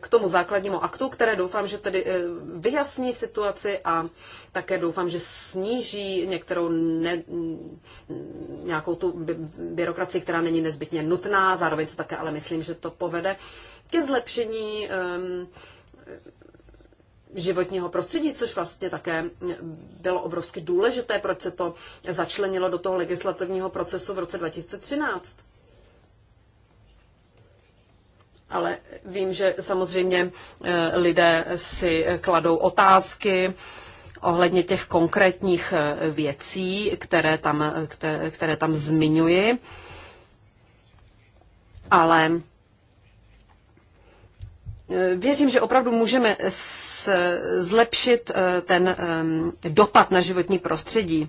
k tomu základnímu aktu, které doufám, že tedy eh, vyjasní situaci a také doufám, že sníží některou ne, nějakou tu by, byrokracii, která není nezbytně nutná. Zároveň se také ale myslím, že to povede ke zlepšení um, životního prostředí, což vlastně také bylo obrovsky důležité, proč se to začlenilo do toho legislativního procesu v roce 2013 ale vím, že samozřejmě eh, lidé si kladou otázky ohledně těch konkrétních eh, věcí, které tam, eh, které, které tam zmiňuji, ale Věřím, že opravdu můžeme zlepšit ten ehm, dopad na životní prostředí.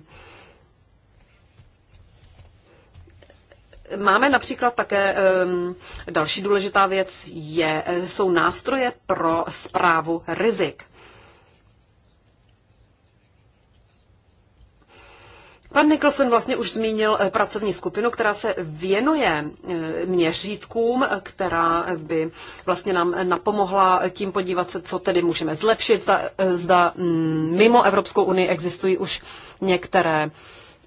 Máme například také další důležitá věc, je, eh, jsou nástroje pro zprávu rizik. Pan Nicholson vlastně už zmínil eh, pracovní skupinu, která se věnuje eh, měřítkům, která by vlastně nám napomohla tím podívat se, co tedy můžeme zlepšit. Zda, zda mm, mimo Evropskou unii existují už některé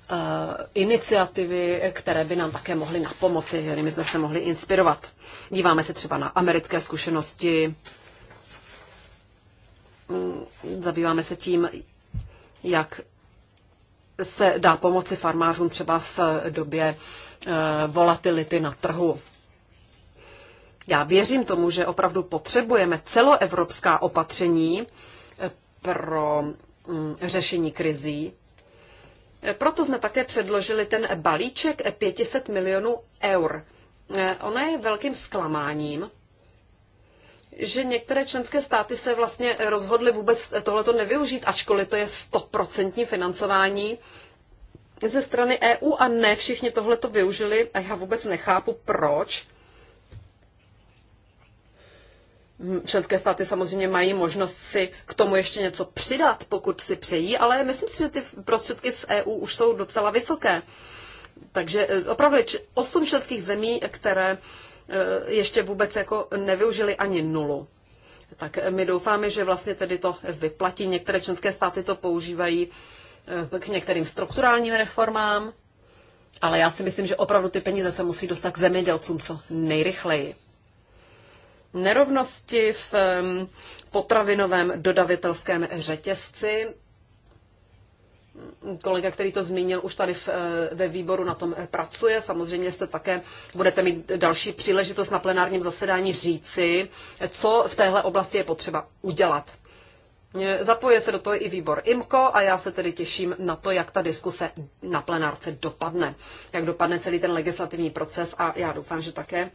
Eh, iniciativy, které by nám také mohly na pomoci, kterými jsme se mohli inspirovat. Díváme se třeba na americké zkušenosti, mm, zabýváme se tím, jak se dá pomoci farmářům třeba v době eh, volatility na trhu. Já věřím tomu, že opravdu potřebujeme celoevropská opatření eh, pro mm, řešení krizí, proto jsme také předložili ten balíček 500 milionů eur. Eh, ono je velkým zklamáním, že některé členské státy se vlastně rozhodly vůbec tohleto nevyužít, ačkoliv to je stoprocentní financování ze strany EU a ne všichni tohleto využili a já vůbec nechápu, proč. Členské státy samozřejmě mají možnost si k tomu ještě něco přidat, pokud si přejí, ale myslím si, že ty prostředky z EU už jsou docela vysoké. Takže e, opravdu osm členských zemí, které e, ještě vůbec jako nevyužili ani nulu. Tak e, my doufáme, že vlastně tedy to vyplatí. Některé členské státy to používají k některým strukturálním reformám, ale já si myslím, že opravdu ty peníze se musí dostat k zemědělcům co nejrychleji nerovnosti v potravinovém dodavitelském řetězci. Kolega, který to zmínil, už tady v, eh, ve výboru na tom eh, pracuje. Samozřejmě jste také, budete mít další příležitost na plenárním zasedání říci, co v téhle oblasti je potřeba udělat. Eh, Zapoje se do toho i výbor IMKO a já se tedy těším na to, jak ta diskuse na plenárce dopadne, jak dopadne celý ten legislativní proces a já doufám, že také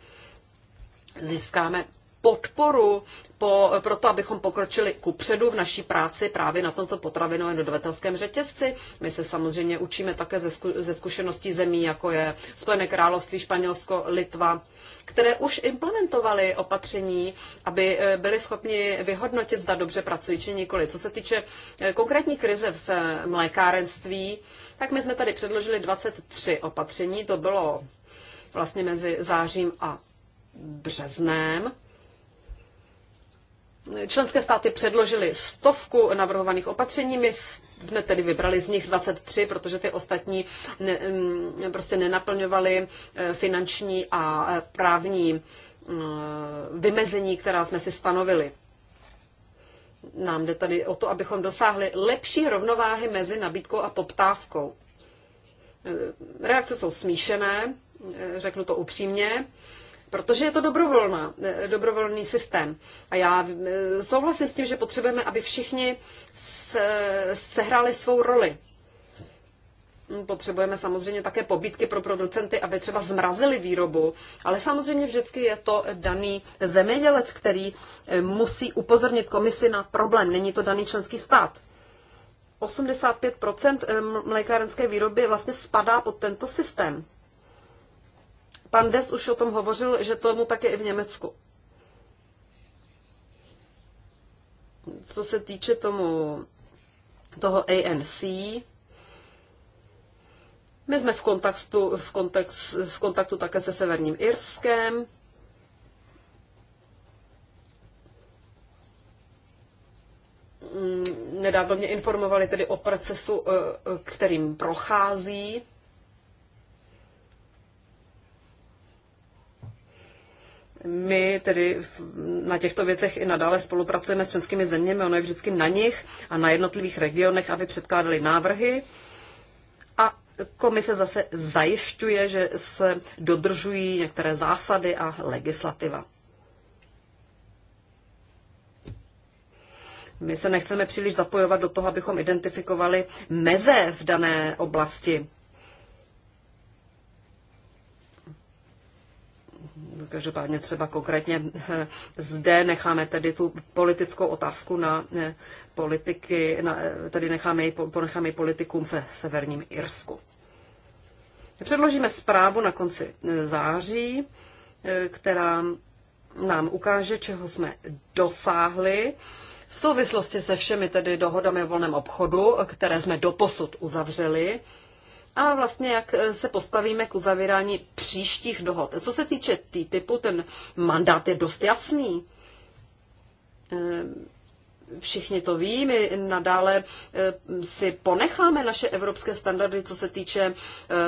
získáme podporu po, pro to, abychom pokročili kupředu v naší práci právě na tomto potravinovém dodavatelském řetězci. My se samozřejmě učíme také ze, zku, ze zkušeností zemí, jako je Spojené království, Španělsko, Litva, které už implementovaly opatření, aby eh, byli schopni vyhodnotit, zda dobře pracují či nikoli. Co se týče eh, konkrétní krize v eh, mlékárenství, tak my jsme tady předložili 23 opatření, to bylo vlastně mezi zářím a březnem. Členské státy předložily stovku navrhovaných opatření, my jsme tedy vybrali z nich 23, protože ty ostatní ne, mm, prostě nenaplňovaly eh, finanční a eh, právní mm, vymezení, která jsme si stanovili. Nám jde tady o to, abychom dosáhli lepší rovnováhy mezi nabídkou a poptávkou. Eh, reakce jsou smíšené, řeknu to upřímně protože je to dobrovolná, eh, dobrovolný systém. A já eh, souhlasím s tím, že potřebujeme, aby všichni eh, sehráli svou roli. Hm, potřebujeme samozřejmě také pobídky pro producenty, aby třeba zmrazili výrobu, ale samozřejmě vždycky je to daný zemědělec, který musí upozornit komisi na problém. Není to daný členský stát. 85 mlékárenské výroby vlastně spadá pod tento systém. Pan Des už o tom hovořil, že tomu tak je i v Německu. Co se týče tomu toho ANC, my jsme v kontaktu, v, kontakt, v kontaktu také se Severním Irskem. Mm, nedávno mě informovali tedy o procesu, eh, eh, kterým prochází My tedy na těchto věcech i nadále spolupracujeme s českými zeměmi, ono je vždycky na nich a na jednotlivých regionech, aby předkládali návrhy. A komise zase zajišťuje, že se dodržují některé zásady a legislativa. My se nechceme příliš zapojovat do toho, abychom identifikovali meze v dané oblasti. Každopádně třeba konkrétně eh, zde necháme tedy tu politickou otázku na eh, politiky, na, eh, tedy necháme ji, ponecháme ji politikům ve severním Irsku. Předložíme zprávu na konci září, která nám ukáže, čeho jsme dosáhli v souvislosti se všemi tedy dohodami o volném obchodu, které jsme doposud uzavřeli a vlastně jak eh, se postavíme k uzavírání příštích dohod. Co se týče TTIPu, ten mandát je dost jasný. Eh, všichni to ví, my nadále eh, si ponecháme naše evropské standardy, co se týče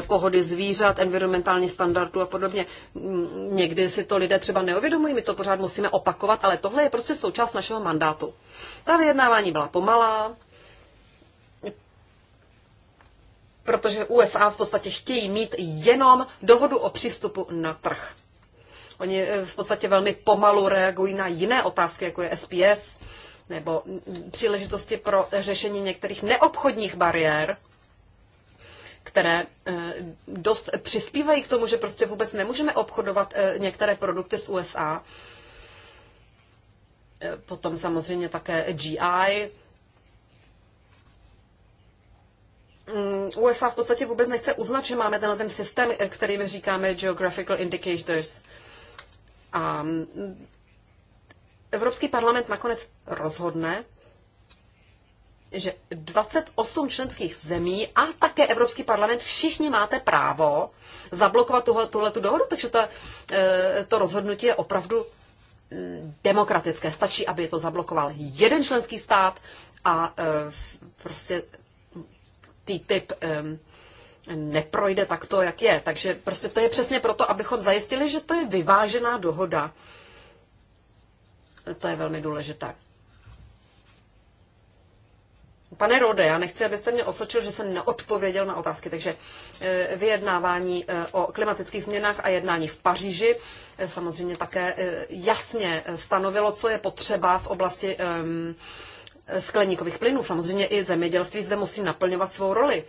pohody zvířat, environmentální standardů a podobně. Mm, někdy si to lidé třeba neuvědomují, my to pořád musíme opakovat, ale tohle je prostě součást našeho mandátu. Ta vyjednávání byla pomalá, protože USA v podstatě chtějí mít jenom dohodu o přístupu na trh. Oni eh, v podstatě velmi pomalu reagují na jiné otázky, jako je SPS, nebo příležitosti pro řešení některých neobchodních bariér, které eh, dost přispívají k tomu, že prostě vůbec nemůžeme obchodovat eh, některé produkty z USA. Potom samozřejmě také GI, Mm, USA v podstatě vůbec nechce uznat, že máme tenhle ten systém, eh, který my říkáme Geographical Indicators. A mm, Evropský parlament nakonec rozhodne, že 28 členských zemí a také Evropský parlament, všichni máte právo zablokovat tuhle, tuhle tu dohodu, takže to eh, to rozhodnutí je opravdu mm, demokratické. Stačí, aby to zablokoval jeden členský stát a eh, prostě TTIP neprojde takto, jak je. Takže prostě to je přesně proto, abychom zajistili, že to je vyvážená dohoda. To je velmi důležité. Pane Rode, já nechci, abyste mě osočil, že jsem neodpověděl na otázky, takže eh, vyjednávání eh, o klimatických změnách a jednání v Paříži eh, samozřejmě také jasně stanovilo, co je potřeba v oblasti skleníkových plynů. Samozřejmě i zemědělství zde musí naplňovat svou roli.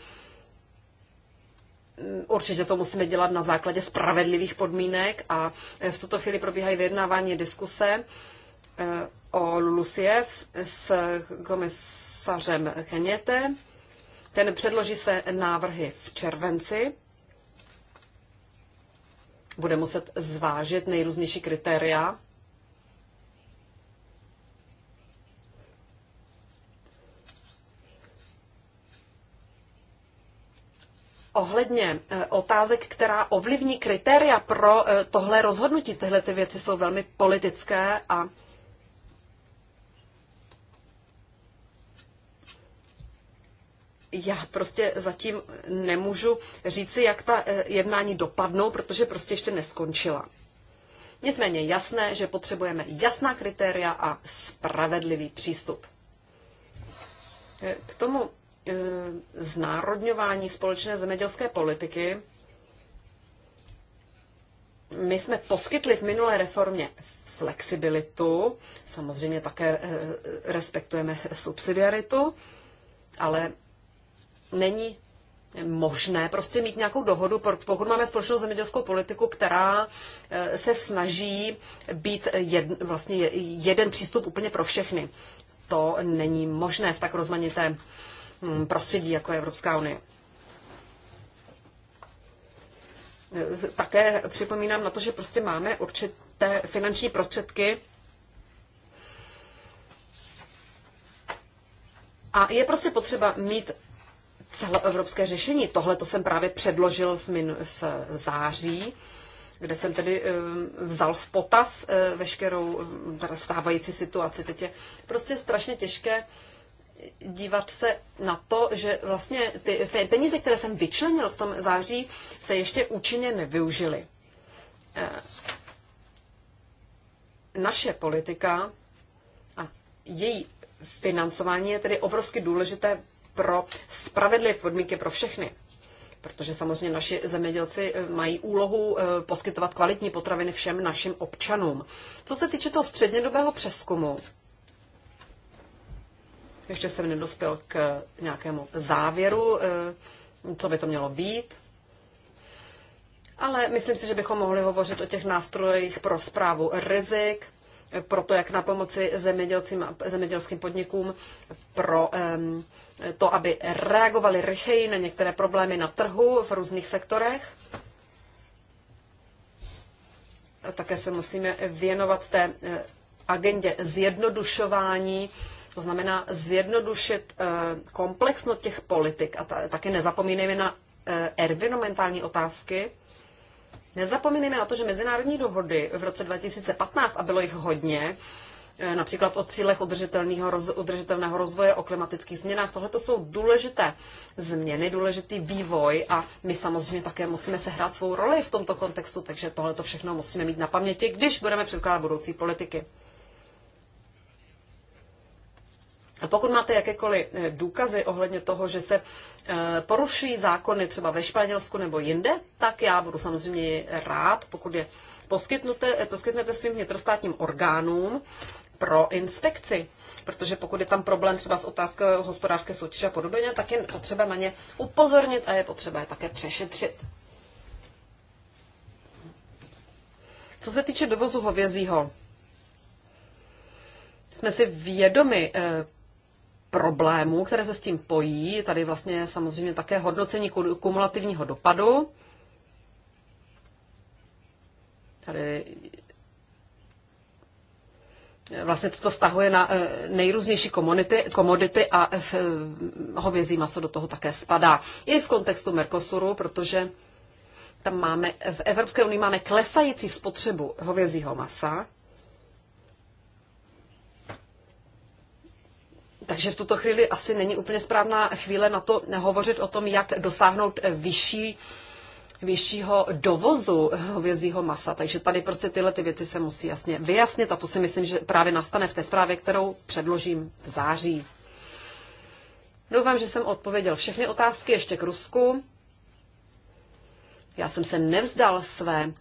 Určitě to musíme dělat na základě spravedlivých podmínek a v tuto chvíli probíhají vyjednávání diskuse eh, o Lulusiev s komisařem Keněte. Ten předloží své návrhy v červenci. Bude muset zvážit nejrůznější kritéria ohledně eh, otázek, která ovlivní kritéria pro eh, tohle rozhodnutí. Tyhle ty věci jsou velmi politické a já prostě zatím nemůžu říci, jak ta eh, jednání dopadnou, protože prostě ještě neskončila. Nicméně jasné, že potřebujeme jasná kritéria a spravedlivý přístup. K tomu Eh, znárodňování společné zemědělské politiky. My jsme poskytli v minulé reformě flexibilitu, samozřejmě také eh, respektujeme subsidiaritu, ale není možné prostě mít nějakou dohodu, pokud máme společnou zemědělskou politiku, která eh, se snaží být jed, vlastně jeden přístup úplně pro všechny. To není možné v tak rozmanitém. Mm, prostředí, jako je Evropská unie. Také připomínám na to, že prostě máme určité finanční prostředky a je prostě potřeba mít celoevropské řešení. Tohle to jsem právě předložil v, min, v září, kde jsem tedy eh, vzal v potaz eh, veškerou eh, stávající situaci. Teď je prostě strašně těžké dívat se na to, že vlastně ty peníze, které jsem vyčlenil v tom září, se ještě účinně nevyužily. Eh, naše politika a její financování je tedy obrovsky důležité pro spravedlivé podmínky pro všechny. Protože samozřejmě naši zemědělci eh, mají úlohu eh, poskytovat kvalitní potraviny všem našim občanům. Co se týče toho střednědobého přeskumu, ještě jsem nedospěl k nějakému závěru, eh, co by to mělo být. Ale myslím si, že bychom mohli hovořit o těch nástrojích pro zprávu rizik, pro to, jak na pomoci zemědělcím, zemědělským podnikům, pro to, aby reagovali rychleji na některé problémy na trhu v různých sektorech. také se musíme věnovat té eh, agendě zjednodušování to znamená zjednodušit eh, komplexnost těch politik a taky nezapomínejme na eh, environmentální otázky. Nezapomínejme na to, že mezinárodní dohody v roce 2015, a bylo jich hodně, eh, například o cílech udržitelného, udržitelného rozvoje, o klimatických změnách. Tohle to jsou důležité změny, důležitý vývoj a my samozřejmě také musíme sehrát svou roli v tomto kontextu, takže tohle to všechno musíme mít na paměti, když budeme předkládat budoucí politiky. Pokud máte jakékoliv eh, důkazy ohledně toho, že se eh, porušují zákony třeba ve Španělsku nebo jinde, tak já budu samozřejmě rád, pokud je poskytnete, eh, poskytnete svým vnitrostátním orgánům pro inspekci. Protože pokud je tam problém třeba s otázkou hospodářské soutěže a podobně, tak je potřeba na ně upozornit a je potřeba je také přešetřit. Co se týče dovozu hovězího, jsme si vědomi problémů, které se s tím pojí. Tady vlastně samozřejmě také hodnocení kumulativního dopadu. Tady vlastně toto stahuje na eh, nejrůznější komodity, komodity a eh, eh, hovězí maso do toho také spadá. I v kontextu Mercosuru, protože tam máme, v Evropské unii máme klesající spotřebu hovězího masa, Takže v tuto chvíli asi není úplně správná chvíle na to hovořit o tom, jak dosáhnout vyšší vyššího dovozu hovězího masa. Takže tady prostě tyhle ty věci se musí jasně vyjasnit a to si myslím, že právě nastane v té zprávě, kterou předložím v září. Doufám, že jsem odpověděl všechny otázky ještě k Rusku. Já jsem se nevzdal své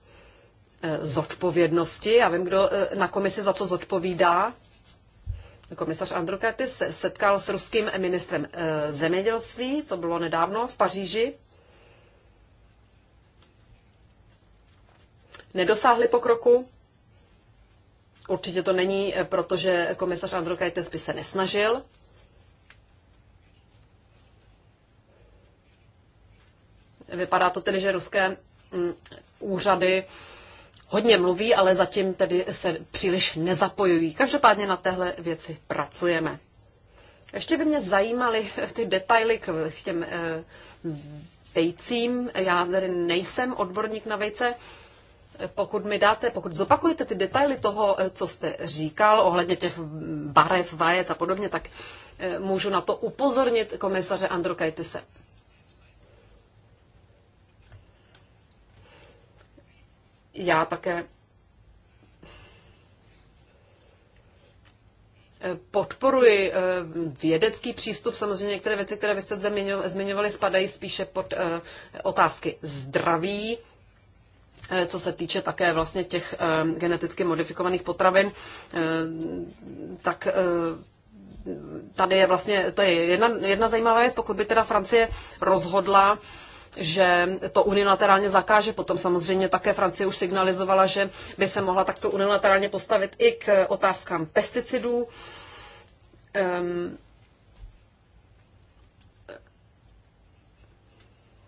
eh, zodpovědnosti. Já vím, kdo eh, na komisi za co zodpovídá komisař Androkatis se setkal s ruským ministrem eh, zemědělství, to bylo nedávno v Paříži. Nedosáhli pokroku. Určitě to není, eh, protože komisař Androkatis by se nesnažil. Vypadá to tedy, že ruské mm, úřady hodně mluví, ale zatím tedy se příliš nezapojují. Každopádně na téhle věci pracujeme. Ještě by mě zajímaly ty detaily k, těm eh, vejcím. Já tedy nejsem odborník na vejce. Pokud mi dáte, pokud zopakujete ty detaily toho, eh, co jste říkal ohledně těch barev, vajec a podobně, tak eh, můžu na to upozornit komisaře Androkajtise. Já také podporuji eh, vědecký přístup. Samozřejmě některé věci, které vy jste zde zmiňovali, spadají spíše pod eh, otázky zdraví, eh, co se týče také vlastně těch geneticky modifikovaných potravin, tak tady je vlastně, to je jedna, jedna zajímavá věc, pokud by teda Francie rozhodla že to unilaterálně zakáže. Potom samozřejmě také Francie už signalizovala, že by se mohla takto unilaterálně postavit i k otázkám pesticidů. Um,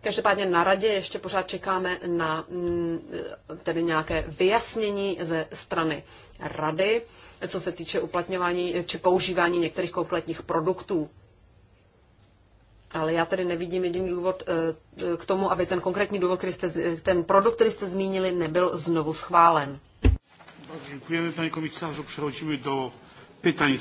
Každopádně na radě ještě pořád čekáme na mm, tedy nějaké vyjasnění ze strany rady, co se týče uplatňování či používání některých kompletních produktů. Ale já tedy nevidím jediný důvod eh, k tomu, aby ten konkrétní důvod, který jste, ten produkt, který jste zmínili, nebyl znovu schválen. Děkujeme, pane komisaři. Přechodíme do pytaň.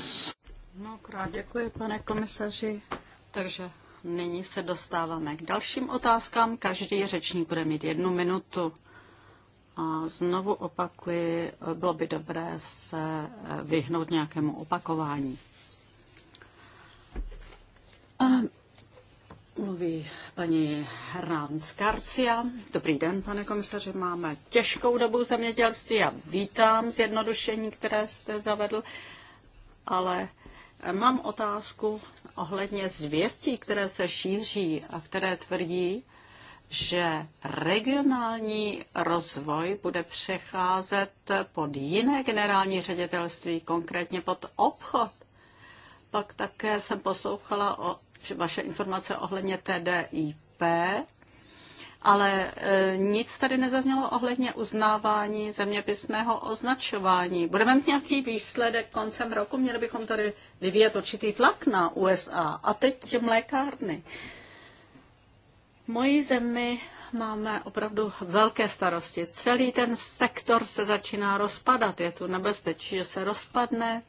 Mnohokrát děkuji, pane komisaři. Takže nyní se dostáváme k dalším otázkám. Každý řečník bude mít jednu minutu. A znovu opakuji, bylo by dobré se vyhnout nějakému opakování. Ehm, Mluví paní Ránc Karcia. Dobrý den, pane komisaři. Máme těžkou dobu zemědělství a vítám zjednodušení, které jste zavedl, ale mám otázku ohledně zvěstí, které se šíří a které tvrdí, že regionální rozvoj bude přecházet pod jiné generální ředitelství, konkrétně pod obchod. Pak také jsem poslouchala o, že vaše informace ohledně TDIP, ale e, nic tady nezaznělo ohledně uznávání zeměpisného označování. Budeme mít nějaký výsledek koncem roku, měli bychom tady vyvíjet určitý tlak na USA. A teď mlékárny. V mojí zemi máme opravdu velké starosti. Celý ten sektor se začíná rozpadat. Je tu nebezpečí, že se rozpadne.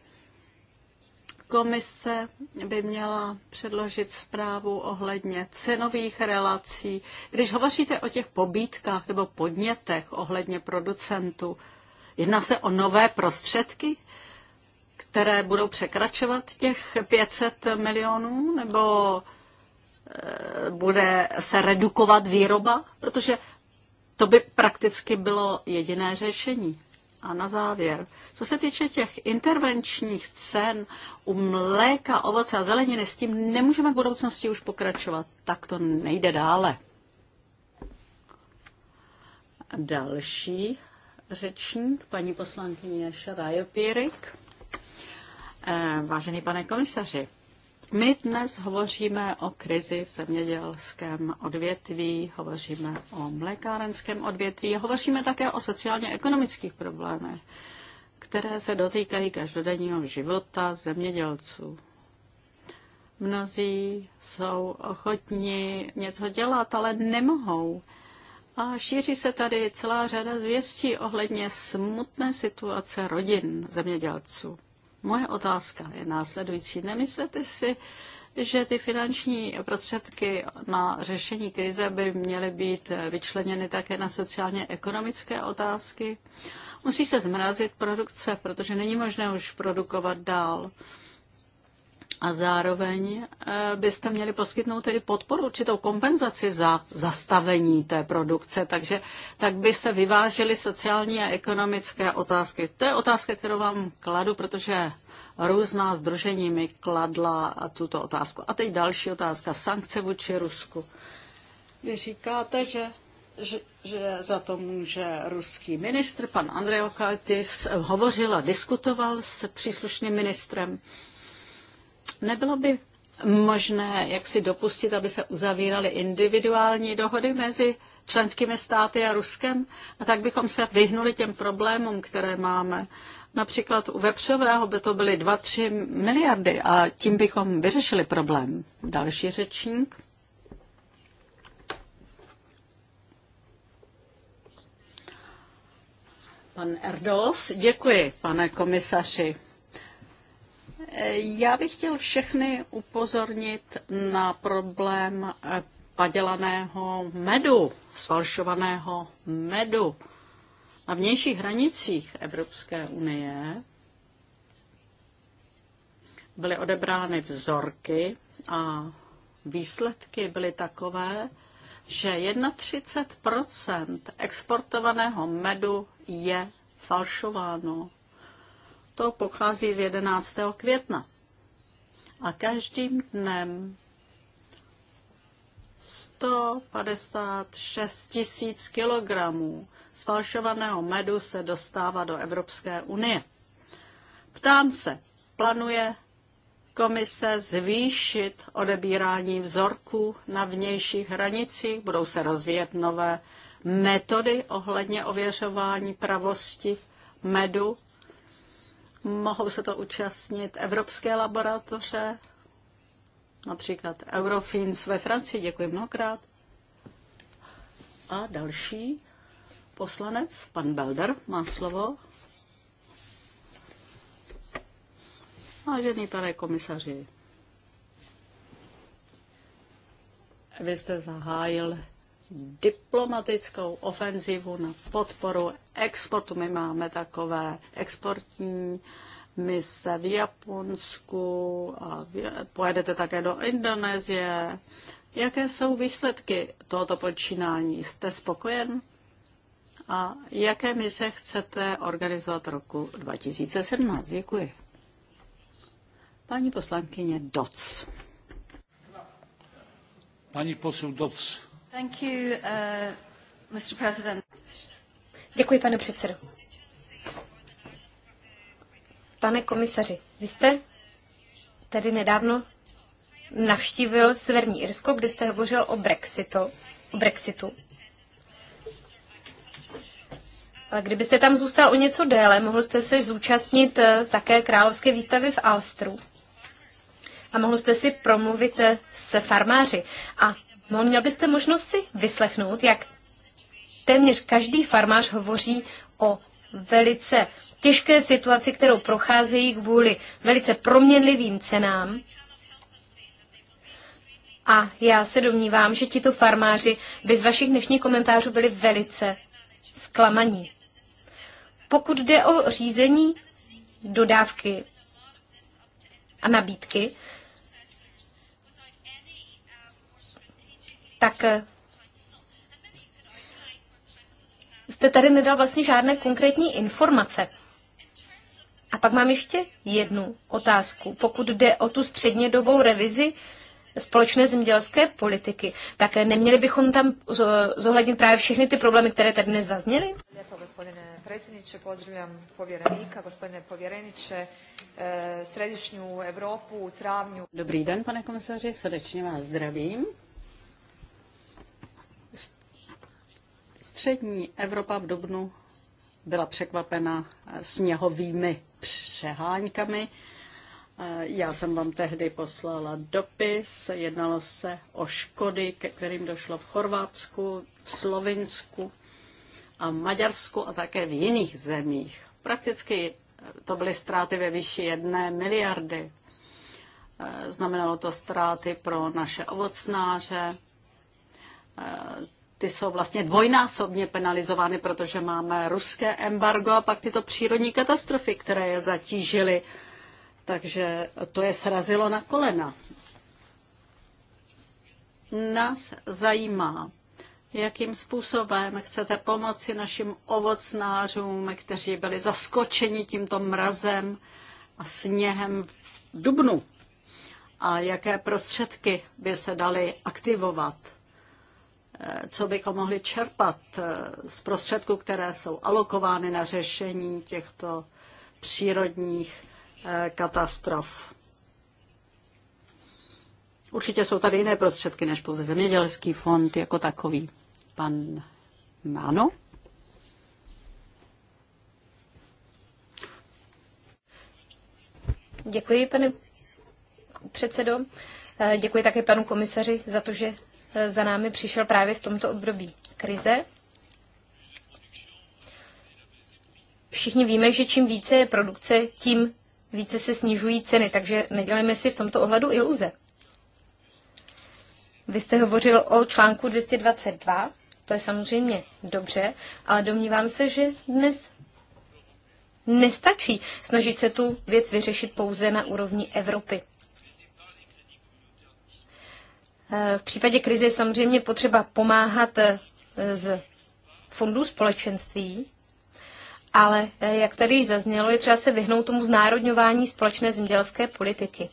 Komise by měla předložit zprávu ohledně cenových relací. Když hovoříte o těch pobítkách nebo podnětech ohledně producentů, jedná se o nové prostředky, které budou překračovat těch 500 milionů, nebo eh, bude se redukovat výroba? Protože to by prakticky bylo jediné řešení. A na závěr, co se týče těch intervenčních cen u mléka, ovoce a zeleniny, s tím nemůžeme v budoucnosti už pokračovat. Tak to nejde dále. Další řečník, paní poslankyně Šarajopírik. Eh, vážený pane komisaři, my dnes hovoříme o krizi v zemědělském odvětví, hovoříme o mlékárenském odvětví a hovoříme také o sociálně-ekonomických problémech, které se dotýkají každodenního života zemědělců. Mnozí jsou ochotní něco dělat, ale nemohou. A šíří se tady celá řada zvěstí ohledně smutné situace rodin zemědělců. Moje otázka je následující. Nemyslete si, že ty finanční prostředky na řešení krize by měly být vyčleněny také na sociálně-ekonomické otázky? Musí se zmrazit produkce, protože není možné už produkovat dál. A zároveň eh, byste měli poskytnout tedy podporu, určitou kompenzaci za zastavení té produkce, takže tak by se vyvážely sociální a ekonomické otázky. To je otázka, kterou vám kladu, protože různá združení mi kladla tuto otázku. A teď další otázka. Sankce vůči Rusku. Vy říkáte, že, že, že za to může ruský ministr, pan Andrej Okaltis, hovořil a diskutoval s příslušným ministrem nebylo by možné, jak si dopustit, aby se uzavíraly individuální dohody mezi členskými státy a Ruskem a tak bychom se vyhnuli těm problémům, které máme. Například u vepřového by to byly 2-3 miliardy a tím bychom vyřešili problém. Další řečník. Pan Erdos, děkuji, pane komisaři. Já bych chtěl všechny upozornit na problém eh, padělaného medu, sfalšovaného medu. Na vnějších hranicích Evropské unie byly odebrány vzorky a výsledky byly takové, že 31 exportovaného medu je falšováno. To pochází z 11. května. A každým dnem 156 tisíc kilogramů sfalšovaného medu se dostává do Evropské unie. Ptám se, plánuje komise zvýšit odebírání vzorků na vnějších hranicích? Budou se rozvíjet nové metody ohledně ověřování pravosti medu? Mohou se to účastnit evropské laboratoře, například Eurofins ve Francii, děkuji mnohokrát. A další poslanec, pan Belder, má slovo. Vážený pane komisaři, vy jste zahájil diplomatickou ofenzivu na podporu exportu. My máme takové exportní mise v Japonsku a pojedete také do Indonésie. Jaké jsou výsledky tohoto počínání? Jste spokojen? A jaké mise chcete organizovat roku 2017? Děkuji. Paní poslankyně Doc. Pani poseł Doc. Uh, Děkuji, pane předsedo. Pane komisaři, vy jste tedy nedávno navštívil Severní Irsko, kde jste hovořil o Brexitu. O Brexitu. Ale kdybyste tam zůstal o něco déle, mohl jste se zúčastnit eh, také královské výstavy v Alstru a mohl jste si promluvit eh, se farmáři. A No, měl byste možnost si vyslechnout, jak téměř každý farmář hovoří o velice těžké situaci, kterou procházejí kvůli velice proměnlivým cenám. A já se domnívám, že tito farmáři by z vašich dnešních komentářů byli velice zklamaní. Pokud jde o řízení dodávky a nabídky, tak jste eh, tady nedal vlastně žádné konkrétní informace. A pak mám ještě jednu otázku. Pokud jde o tu střednědobou revizi společné zemědělské politiky, tak neměli bychom tam zohlednit právě všechny ty problémy, které tady dnes zazněly? predsjedniče, pozdravljam povjerenika, gospodine povjereniče, eh, središnju Evropu, travnju. Dobrý den, pane komisaři, srdečně vás zdravím. Střední Evropa v Dubnu byla překvapena sněhovými přeháňkami. Já jsem vám tehdy poslala dopis, jednalo se o škody, ke kterým došlo v Chorvatsku, v Slovinsku a v Maďarsku a také v jiných zemích. Prakticky to byly ztráty ve výši jedné miliardy. Znamenalo to ztráty pro naše ovocnáře, ty jsou vlastně dvojnásobně penalizovány, protože máme ruské embargo a pak tyto přírodní katastrofy, které je zatížily. Takže to je srazilo na kolena. Nás zajímá, jakým způsobem chcete pomoci našim ovocnářům, kteří byli zaskočeni tímto mrazem a sněhem v Dubnu a jaké prostředky by se daly aktivovat co bychom mohli čerpat eh, z prostředků, které jsou alokovány na řešení těchto přírodních eh, katastrof. Určitě jsou tady jiné prostředky než pouze zemědělský fond jako takový. Pan Máno? Děkuji, pane předsedo. Eh, děkuji také panu komisaři za to, že za námi přišel právě v tomto období krize. Všichni víme, že čím více je produkce, tím více se snižují ceny, takže nedělejme si v tomto ohledu iluze. Vy jste hovořil o článku 222, to je samozřejmě dobře, ale domnívám se, že dnes nestačí snažit se tu věc vyřešit pouze na úrovni Evropy. V případě krize je samozřejmě potřeba pomáhat eh, z fondů společenství, ale eh, jak tady již zaznělo, je třeba se vyhnout tomu znárodňování společné zemědělské politiky.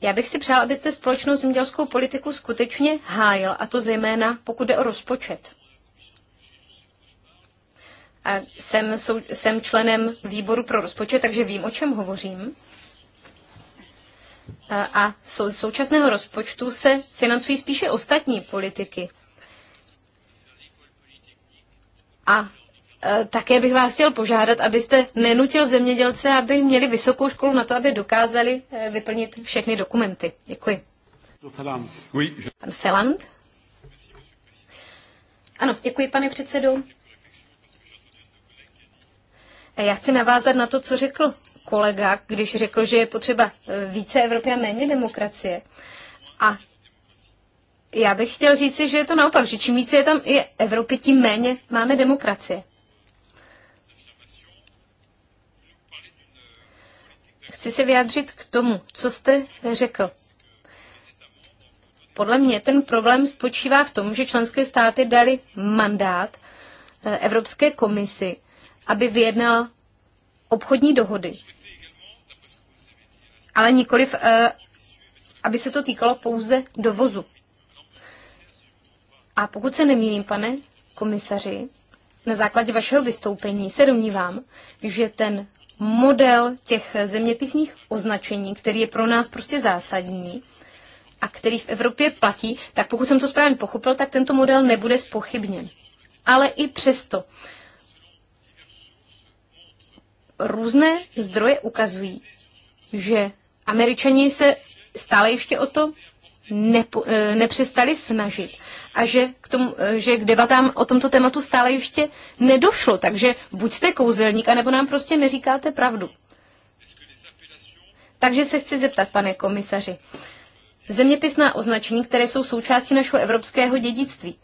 Já bych si přál, abyste společnou zemědělskou politiku skutečně hájil, a to zejména pokud jde o rozpočet. A jsem, jsem členem výboru pro rozpočet, takže vím, o čem hovořím a z současného rozpočtu se financují spíše ostatní politiky. A e, také bych vás chtěl požádat, abyste nenutil zemědělce, aby měli vysokou školu na to, aby dokázali e, vyplnit všechny dokumenty. Děkuji. Pan Feland? Ano, děkuji, pane předsedo. Já chci navázat na to, co řekl kolega, když řekl, že je potřeba e, více Evropy a méně demokracie. A já bych chtěl říci, že je to naopak, že čím více je tam i Evropy, tím méně máme demokracie. Chci se vyjádřit k tomu, co jste řekl. Podle mě ten problém spočívá v tom, že členské státy dali mandát e, Evropské komisi aby vyjednal obchodní dohody, ale nikoliv, eh, aby se to týkalo pouze dovozu. A pokud se nemýlím, pane komisaři, na základě vašeho vystoupení se domnívám, že ten model těch zeměpisných označení, který je pro nás prostě zásadní a který v Evropě platí, tak pokud jsem to správně pochopil, tak tento model nebude spochybněn. Ale i přesto různé zdroje ukazují, že američani se stále ještě o to nepo, eh, nepřestali snažit a že k, tomu, eh, že k debatám o tomto tématu stále ještě nedošlo. Takže buď jste kouzelník, anebo nám prostě neříkáte pravdu. Takže se chci zeptat, pane komisaři, zeměpisná označení, které jsou součástí našeho evropského dědictví,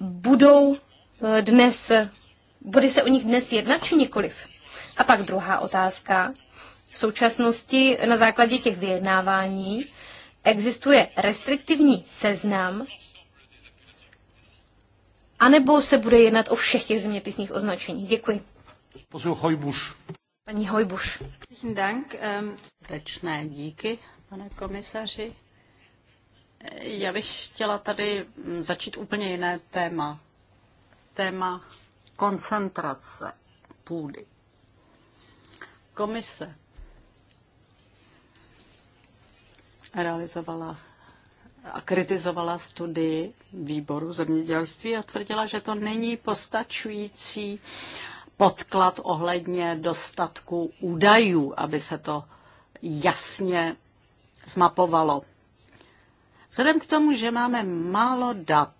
budou eh, dnes bude se o nich dnes jednat či nikoliv? A pak druhá otázka. V současnosti na základě těch vyjednávání existuje restriktivní seznam, anebo se bude jednat o všech těch zeměpisných označeních. Děkuji. Paní Hojbuš. Dank. Ehm, srdečné díky, pane komisaři. Já bych chtěla tady hm, začít úplně jiné téma. Téma koncentrace půdy. Komise realizovala a kritizovala studii výboru zemědělství a tvrdila, že to není postačující podklad ohledně dostatku údajů, aby se to jasně zmapovalo. Vzhledem k tomu, že máme málo dat,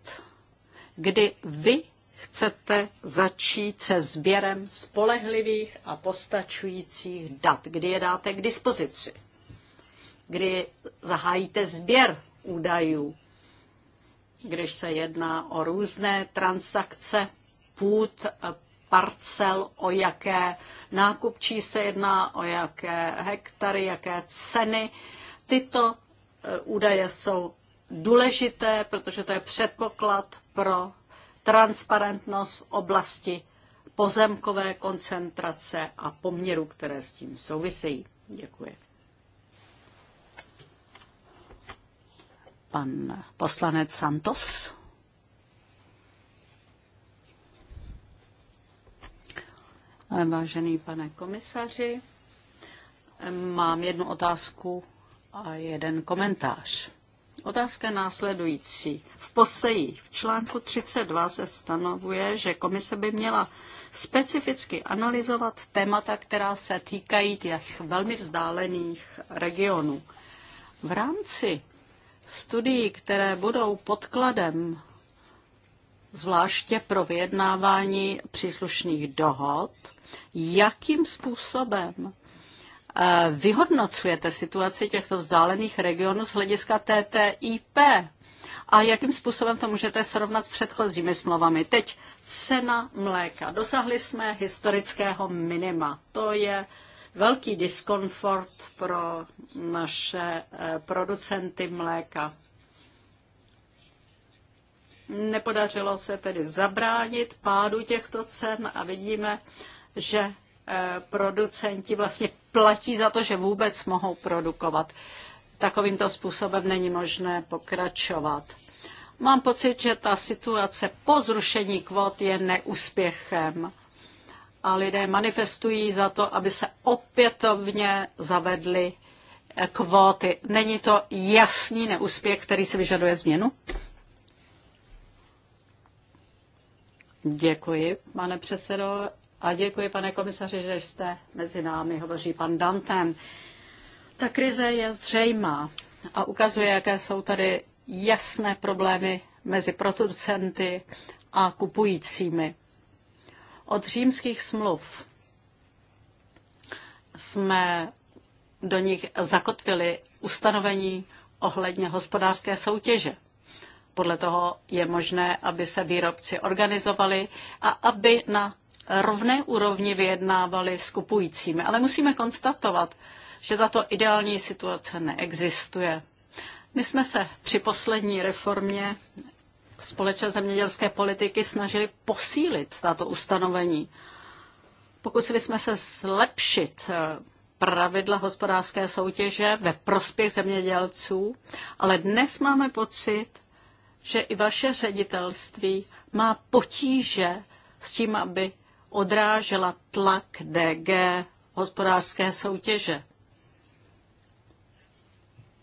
kdy vy chcete začít se sběrem spolehlivých a postačujících dat, kdy je dáte k dispozici, kdy zahájíte sběr údajů, když se jedná o různé transakce, půd, parcel, o jaké nákupčí se jedná, o jaké hektary, jaké ceny. Tyto eh, údaje jsou důležité, protože to je předpoklad pro transparentnost v oblasti pozemkové koncentrace a poměru, které s tím souvisejí. Děkuji. Pan poslanec Santos. Vážený pane komisaři, mám jednu otázku a jeden komentář. Otázka je následující. V poseji v článku 32 se stanovuje, že komise by měla specificky analyzovat témata, která se týkají těch velmi vzdálených regionů. V rámci studií, které budou podkladem zvláště pro vyjednávání příslušných dohod, jakým způsobem Eh, vyhodnocujete situaci těchto vzdálených regionů z hlediska TTIP? A jakým způsobem to můžete srovnat s předchozími smlouvami? Teď cena mléka. Dosahli jsme historického minima. To je velký diskomfort pro naše eh, producenty mléka. Nepodařilo se tedy zabránit pádu těchto cen a vidíme, že eh, producenti vlastně platí za to, že vůbec mohou produkovat. Takovýmto způsobem není možné pokračovat. Mám pocit, že ta situace po zrušení kvot je neúspěchem a lidé manifestují za to, aby se opětovně zavedly eh, kvóty. Není to jasný neúspěch, který si vyžaduje změnu? Děkuji, pane předsedo. A děkuji, pane komisaři, že jste mezi námi, hovoří pan Danten. Ta krize je zřejmá a ukazuje, jaké jsou tady jasné problémy mezi producenty a kupujícími. Od římských smluv jsme do nich zakotvili ustanovení ohledně hospodářské soutěže. Podle toho je možné, aby se výrobci organizovali a aby na rovné úrovni vyjednávali s kupujícími. Ale musíme konstatovat, že tato ideální situace neexistuje. My jsme se při poslední reformě společné zemědělské politiky snažili posílit tato ustanovení. Pokusili jsme se zlepšit eh, pravidla hospodářské soutěže ve prospěch zemědělců, ale dnes máme pocit, že i vaše ředitelství má potíže s tím, aby odrážela tlak DG hospodářské soutěže.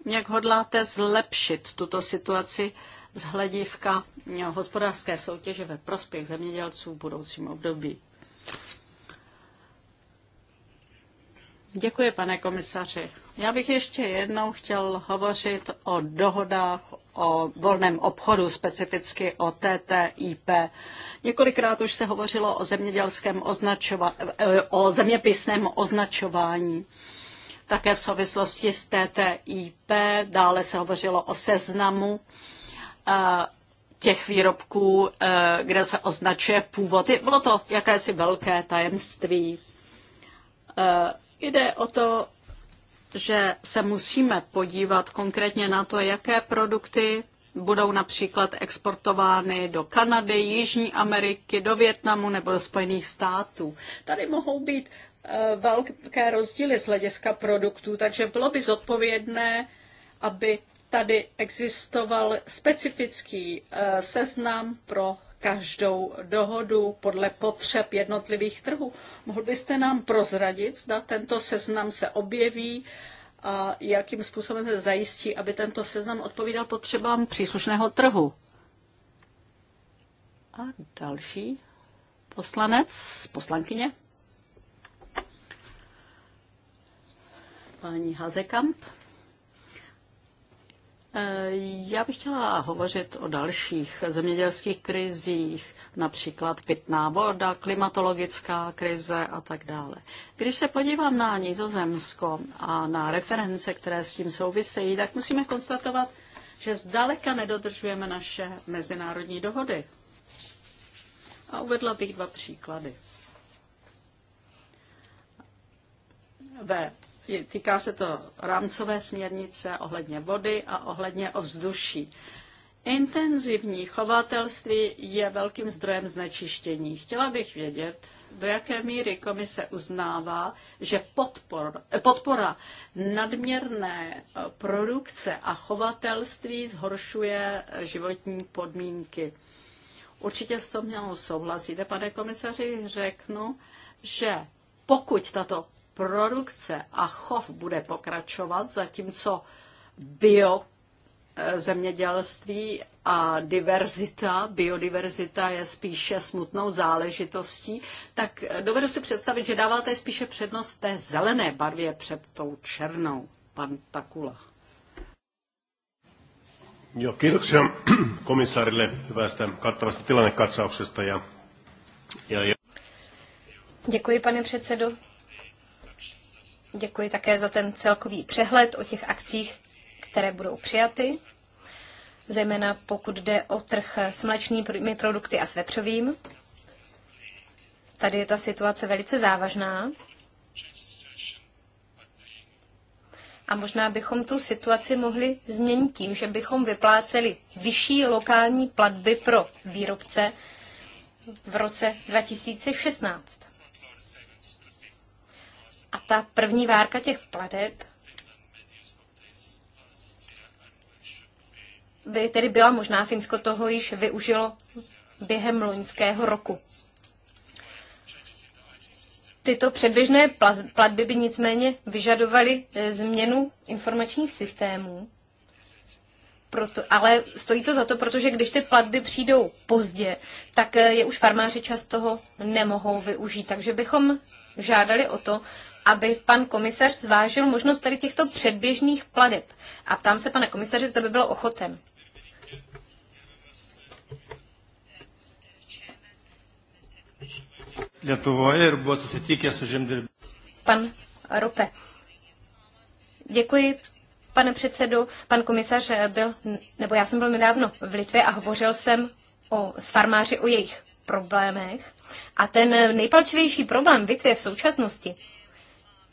Jak hodláte zlepšit tuto situaci z hlediska hospodářské soutěže ve prospěch zemědělců v budoucím období? Děkuji, pane komisaři. Já bych ještě jednou chtěl hovořit o dohodách o volném obchodu, specificky o TTIP. Několikrát už se hovořilo o zemědělském označova- eh, o zeměpisném označování. Také v souvislosti s TTIP dále se hovořilo o seznamu eh, těch výrobků, eh, kde se označuje původ. Bylo to jakési velké tajemství. Jde o to, že se musíme podívat konkrétně na to, jaké produkty budou například exportovány do Kanady, Jižní Ameriky, do Větnamu nebo do Spojených států. Tady mohou být e, velké rozdíly z hlediska produktů, takže bylo by zodpovědné, aby tady existoval specifický e, seznam pro každou dohodu podle potřeb jednotlivých trhů. Mohl byste nám prozradit, zda tento seznam se objeví a jakým způsobem se zajistí, aby tento seznam odpovídal potřebám příslušného trhu? A další poslanec, poslankyně. Paní Hazekamp. Eh, já bych chtěla hovořit o dalších zemědělských krizích, například pitná voda, klimatologická krize a tak dále. Když se podívám na Nizozemsko a na reference, které s tím souvisejí, tak musíme konstatovat, že zdaleka nedodržujeme naše mezinárodní dohody. A uvedla bych dva příklady. Ve Týká se to rámcové směrnice ohledně vody a ohledně ovzduší. Intenzivní chovatelství je velkým zdrojem znečištění. Chtěla bych vědět, do jaké míry komise uznává, že podpor, podpora nadměrné eh, produkce a chovatelství zhoršuje eh, životní podmínky. Určitě s to mělo souhlasit. pane komisaři, řeknu, že pokud tato produkce a chov bude pokračovat, zatímco bio eh, zemědělství a diverzita, biodiverzita je spíše smutnou záležitostí, tak eh, dovedu si představit, že dáváte spíše přednost té zelené barvě před tou černou. Pan Takula. Joo, kiitoksia komissaarille hyvästä kattavasta tilannekatsauksesta. Ja, ja, ja. Děkuji, pane předsedo. Děkuji také za ten celkový přehled o těch akcích, které budou přijaty, zejména pokud jde o trh s mlečnými produkty a s vepřovým. Tady je ta situace velice závažná. A možná bychom tu situaci mohli změnit tím, že bychom vypláceli vyšší lokální platby pro výrobce v roce 2016. A ta první várka těch plateb by tedy byla možná, Finsko toho již využilo během loňského roku. Tyto předběžné platby by nicméně vyžadovaly e, změnu informačních systémů, proto, ale stojí to za to, protože když ty platby přijdou pozdě, tak e, je už farmáři čas toho nemohou využít. Takže bychom žádali o to, aby pan komisař zvážil možnost tady těchto předběžných pladeb. A ptám se pane komisaři, zda by bylo ochoten. Pan Rope. Děkuji, pane předsedu. Pan komisař byl, nebo já jsem byl nedávno v Litvě a hovořil jsem o, s farmáři o jejich problémech. A ten nejpalčivější problém v Litvě v současnosti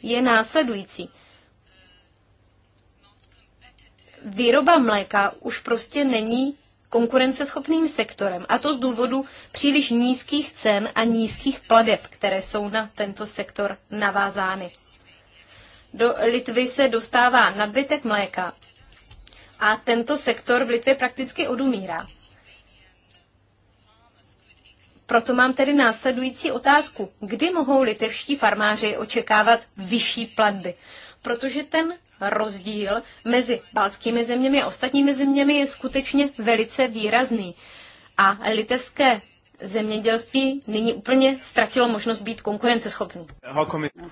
je následující. Výroba mléka už prostě není konkurenceschopným sektorem, a to z důvodu příliš nízkých cen a nízkých pladeb, které jsou na tento sektor navázány. Do Litvy se dostává nadbytek mléka a tento sektor v Litvě prakticky odumírá. Proto mám tedy následující otázku. Kdy mohou litevští farmáři očekávat vyšší platby? Protože ten rozdíl mezi baltskými zeměmi a ostatními zeměmi je skutečně velice výrazný. A litevské zemědělství nyní úplně ztratilo možnost být konkurenceschopný.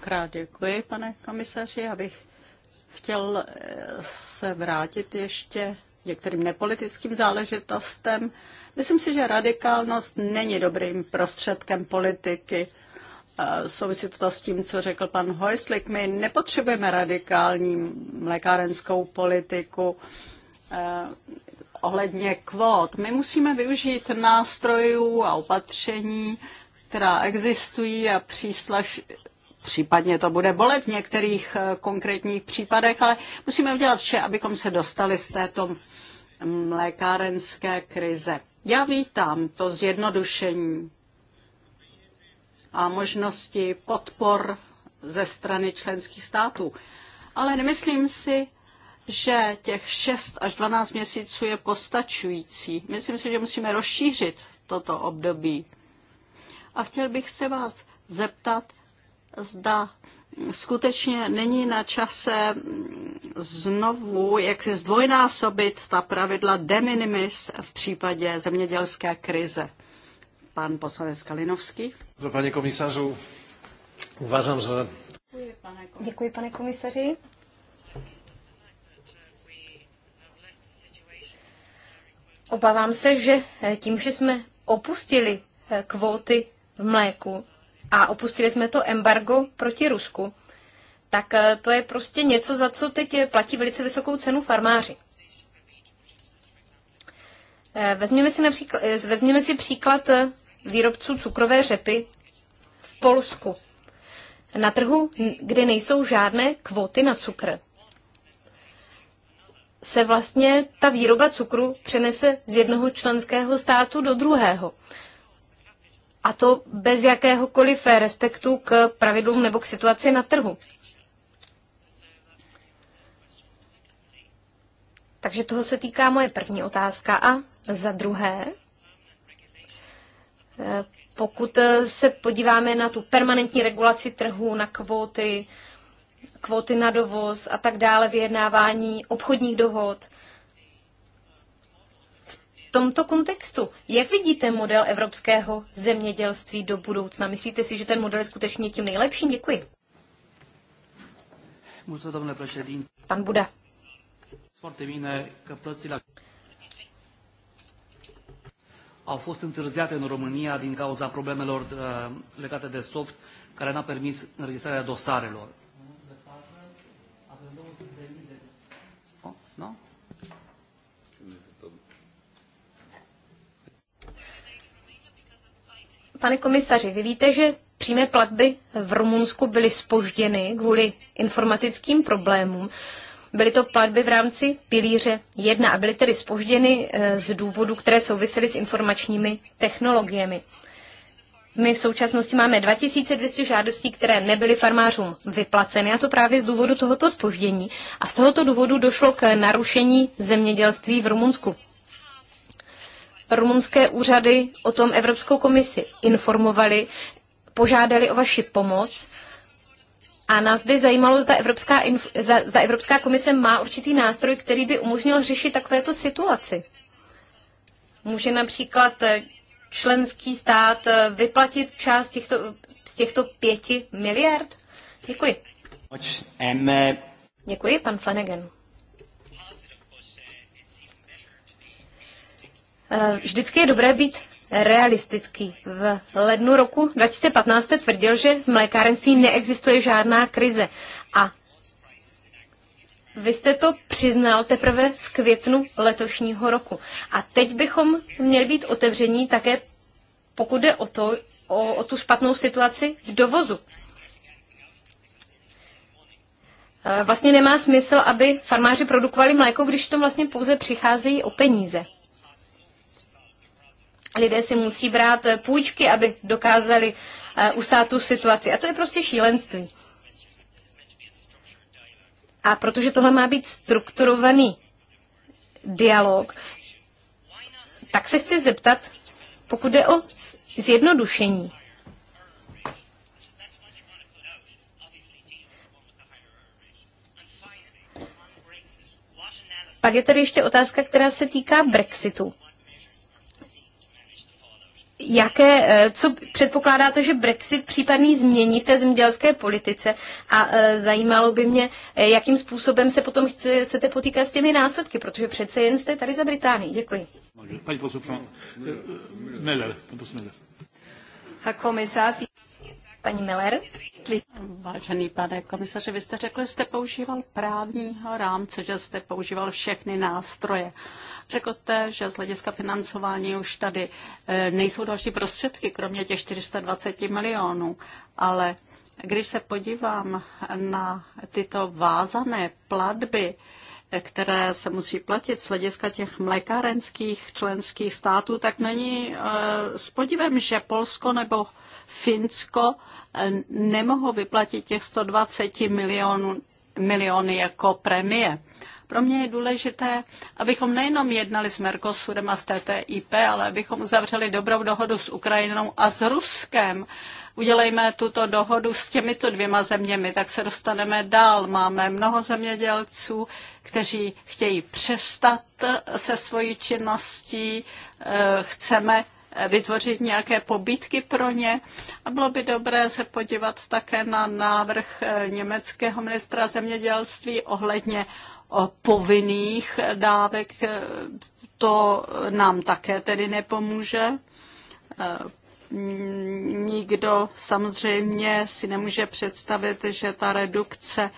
Krát děkuji, pane komisaři. Já bych chtěl eh, se vrátit ještě některým nepolitickým záležitostem. Myslím si, že radikálnost není dobrým prostředkem politiky. Souvisí to s tím, co řekl pan Hojslik. My nepotřebujeme radikální lékárenskou politiku eh, ohledně kvót. My musíme využít nástrojů a opatření, která existují a příslaž, případně to bude bolet v některých eh, konkrétních případech, ale musíme udělat vše, abychom se dostali z této mlékárenské mm, krize. Já vítám to zjednodušení a možnosti podpor ze strany členských států, ale nemyslím si, že těch 6 až 12 měsíců je postačující. Myslím si, že musíme rozšířit toto období. A chtěl bych se vás zeptat, zda skutečně není na čase znovu, jak se zdvojnásobit ta pravidla de minimis v případě zemědělské krize. Pan poslanec Kalinovský. Pane komisařu, uvažám, za... Děkuji, Děkuji, pane komisaři. Obávám se, že eh, tím, že jsme opustili eh, kvóty v mléku, a opustili jsme to embargo proti Rusku, tak eh, to je prostě něco, za co teď eh, platí velice vysokou cenu farmáři. Eh, vezměme si, například, vezměme si příklad výrobců cukrové řepy v Polsku. Na trhu, kde nejsou žádné kvóty na cukr, se vlastně ta výroba cukru přenese z jednoho členského státu do druhého. A to bez jakéhokoliv respektu k pravidlům nebo k situaci na trhu. Takže toho se týká moje první otázka. A za druhé, eh, pokud se podíváme na tu permanentní regulaci trhu, na kvóty, kvóty na dovoz a tak dále, vyjednávání obchodních dohod, tomto kontextu, jak vidíte model evropského zemědělství do budoucna? Myslíte si, že ten model je skutečně tím nejlepším? Děkuji. Pan Buda. Au fost întârziate în România din cauza problemelor uh, legate de soft, care n-a permis înregistrarea dosarelor. Pane komisaři, vy víte, že přímé platby v Rumunsku byly spožděny kvůli informatickým problémům. Byly to platby v rámci pilíře 1 a byly tedy spožděny eh, z důvodu, které souvisely s informačními technologiemi. My v současnosti máme 2200 žádostí, které nebyly farmářům vyplaceny, a to právě z důvodu tohoto spoždění. A z tohoto důvodu došlo k narušení zemědělství v Rumunsku rumunské úřady o tom Evropskou komisi informovali, požádali o vaši pomoc a nás by zajímalo, zda Evropská, zda Evropská komise má určitý nástroj, který by umožnil řešit takovéto situaci. Může například eh, členský stát eh, vyplatit část těchto, z těchto pěti miliard? Děkuji. Děkuji, pan Flanagan. Eh, vždycky je dobré být realistický. V lednu roku 2015 jste tvrdil, že v mlékárenství neexistuje žádná krize. A vy jste to přiznal teprve v květnu letošního roku. A teď bychom měli být otevření také, pokud jde o, to, o, o tu špatnou situaci v dovozu. Eh, vlastně nemá smysl, aby farmáři produkovali mléko, když to vlastně pouze přicházejí o peníze lidé si musí brát půjčky, aby dokázali eh, ustát tu situaci. A to je prostě šílenství. A protože tohle má být strukturovaný dialog, tak se chci zeptat, pokud jde o zjednodušení. Pak je tady ještě otázka, která se týká Brexitu jaké, eh, co předpokládáte, že Brexit případný změní v té zemědělské politice a eh, zajímalo by mě, eh, jakým způsobem se potom chcete potýkat s těmi následky, protože přece jen jste tady za Británii. Děkuji. Pani posluchan, Miller, pan Miller. Herr Kommissar, Paní Miller? Vážený pane komisaři, vy jste řekl, že jste používal právního rámce, že jste používal všechny nástroje. Řekl jste, že z hlediska financování už tady eh, nejsou další prostředky, kromě těch 420 milionů, ale když se podívám na tyto vázané platby, eh, které se musí platit z hlediska těch mlékárenských členských států, tak není eh, s podívem, že Polsko nebo Finsko eh, nemohlo vyplatit těch 120 milionů, miliony jako premie. Pro mě je důležité, abychom nejenom jednali s Mercosurem a s TTIP, ale abychom uzavřeli dobrou dohodu s Ukrajinou a s Ruskem. Udělejme tuto dohodu s těmito dvěma zeměmi, tak se dostaneme dál. Máme mnoho zemědělců, kteří chtějí přestat se svojí činností. Eh, chceme Eh, vytvořit nějaké pobytky pro ně. A bylo by dobré se podívat také na návrh eh, německého ministra zemědělství ohledně eh, povinných dávek. To nám také tedy nepomůže nikdo samozřejmě si nemůže představit, že ta redukce,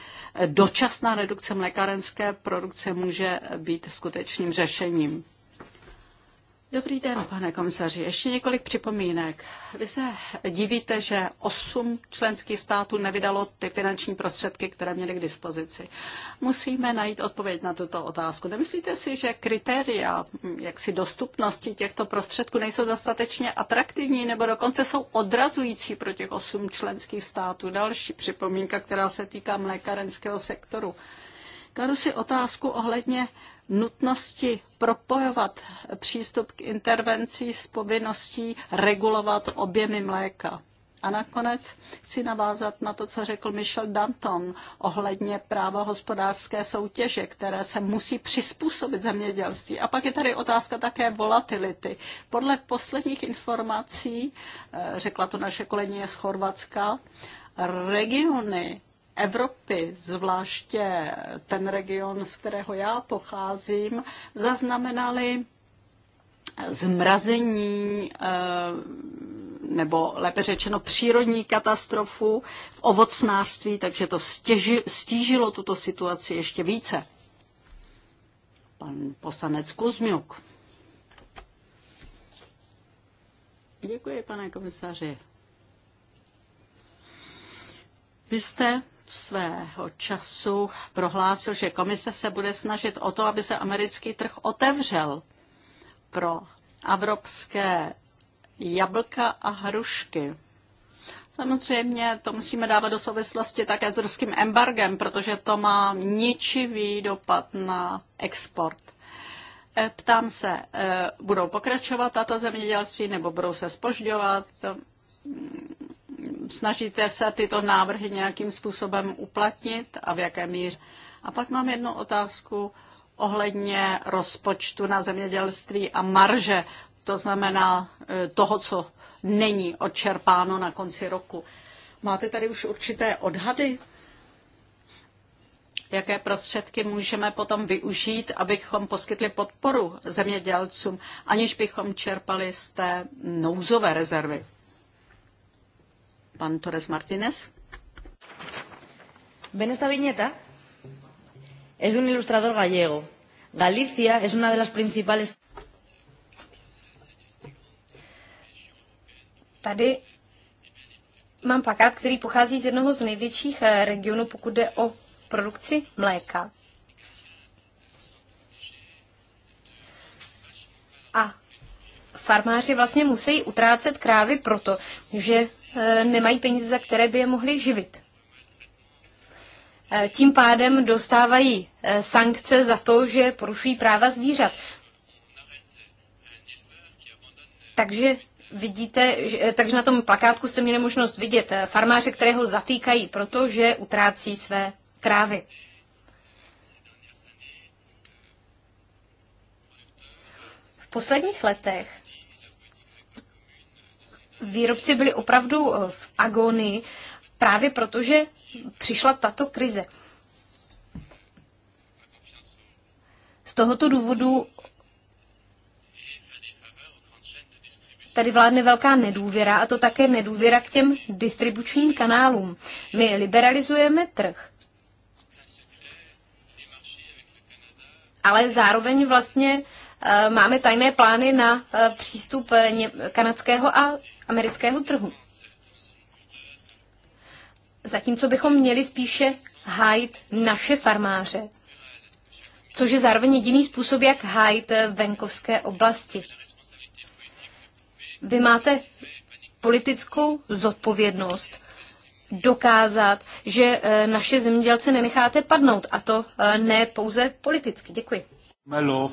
dočasná redukce mlékárenské produkce může být skutečným řešením. Dobrý den, pane komisaři. Ještě několik připomínek. Vy se divíte, že osm členských států nevydalo ty finanční prostředky, které měly k dispozici. Musíme najít odpověď na tuto otázku. Nemyslíte si, že kritéria hm, jaksi dostupnosti těchto prostředků nejsou dostatečně atraktivní nebo dokonce jsou odrazující pro těch osm členských států? Další připomínka, která se týká mlékarenského sektoru. Kladu si otázku ohledně nutnosti propojovat přístup k intervenci s povinností regulovat objemy mléka. A nakonec chci navázat na to, co řekl Michel Danton ohledně práva hospodářské soutěže, které se musí přizpůsobit zemědělství. A pak je tady otázka také volatility. Podle posledních informací, eh, řekla to naše kolegyně z Chorvatska, regiony Evropy, zvláště ten region, z kterého já pocházím, zaznamenali zmrazení eh, nebo lépe řečeno přírodní katastrofu v ovocnářství, takže to stěži, stížilo tuto situaci ještě více. Pan poslanec Kuzmiuk. Děkuji, pane komisaři. Vy jste svého času prohlásil, že komise se bude snažit o to, aby se americký trh otevřel pro evropské jablka a hrušky. Samozřejmě to musíme dávat do souvislosti také s ruským embargem, protože to má ničivý dopad na export. E, ptám se, e, budou pokračovat tato zemědělství nebo budou se spožďovat? snažíte se tyto návrhy nějakým způsobem uplatnit a v jaké míře? A pak mám jednu otázku ohledně rozpočtu na zemědělství a marže, to znamená e, toho, co není odčerpáno na konci roku. Máte tady už určité odhady? Jaké prostředky můžeme potom využít, abychom poskytli podporu zemědělcům, aniž bychom čerpali z té nouzové rezervy? Pan Torres Martínez. Ven esta viñeta. Es de un ilustrador gallego. Galicia es una de las principales. Tady mám plakát, který pochází z jednoho z největších eh, regionů, pokud jde o produkci mléka. A farmáři vlastně musí utrácet krávy proto, že Eh, nemají peníze, za které by je mohli živit. Eh, tím pádem dostávají eh, sankce za to, že porušují práva zvířat. Takže vidíte, že, takže na tom plakátku jste měli možnost vidět farmáře, kterého zatýkají, protože utrácí své krávy. V posledních letech výrobci byli opravdu eh, v agonii právě proto, že přišla tato krize. Z tohoto důvodu tady vládne velká nedůvěra a to také nedůvěra k těm distribučním kanálům. My liberalizujeme trh. Ale zároveň vlastně eh, máme tajné plány na eh, přístup kanadského a amerického trhu. Zatímco bychom měli spíše hájit naše farmáře, což je zároveň jediný způsob, jak hájit venkovské oblasti. Vy máte politickou zodpovědnost dokázat, že eh, naše zemědělce nenecháte padnout, a to eh, ne pouze politicky. Děkuji. Melo.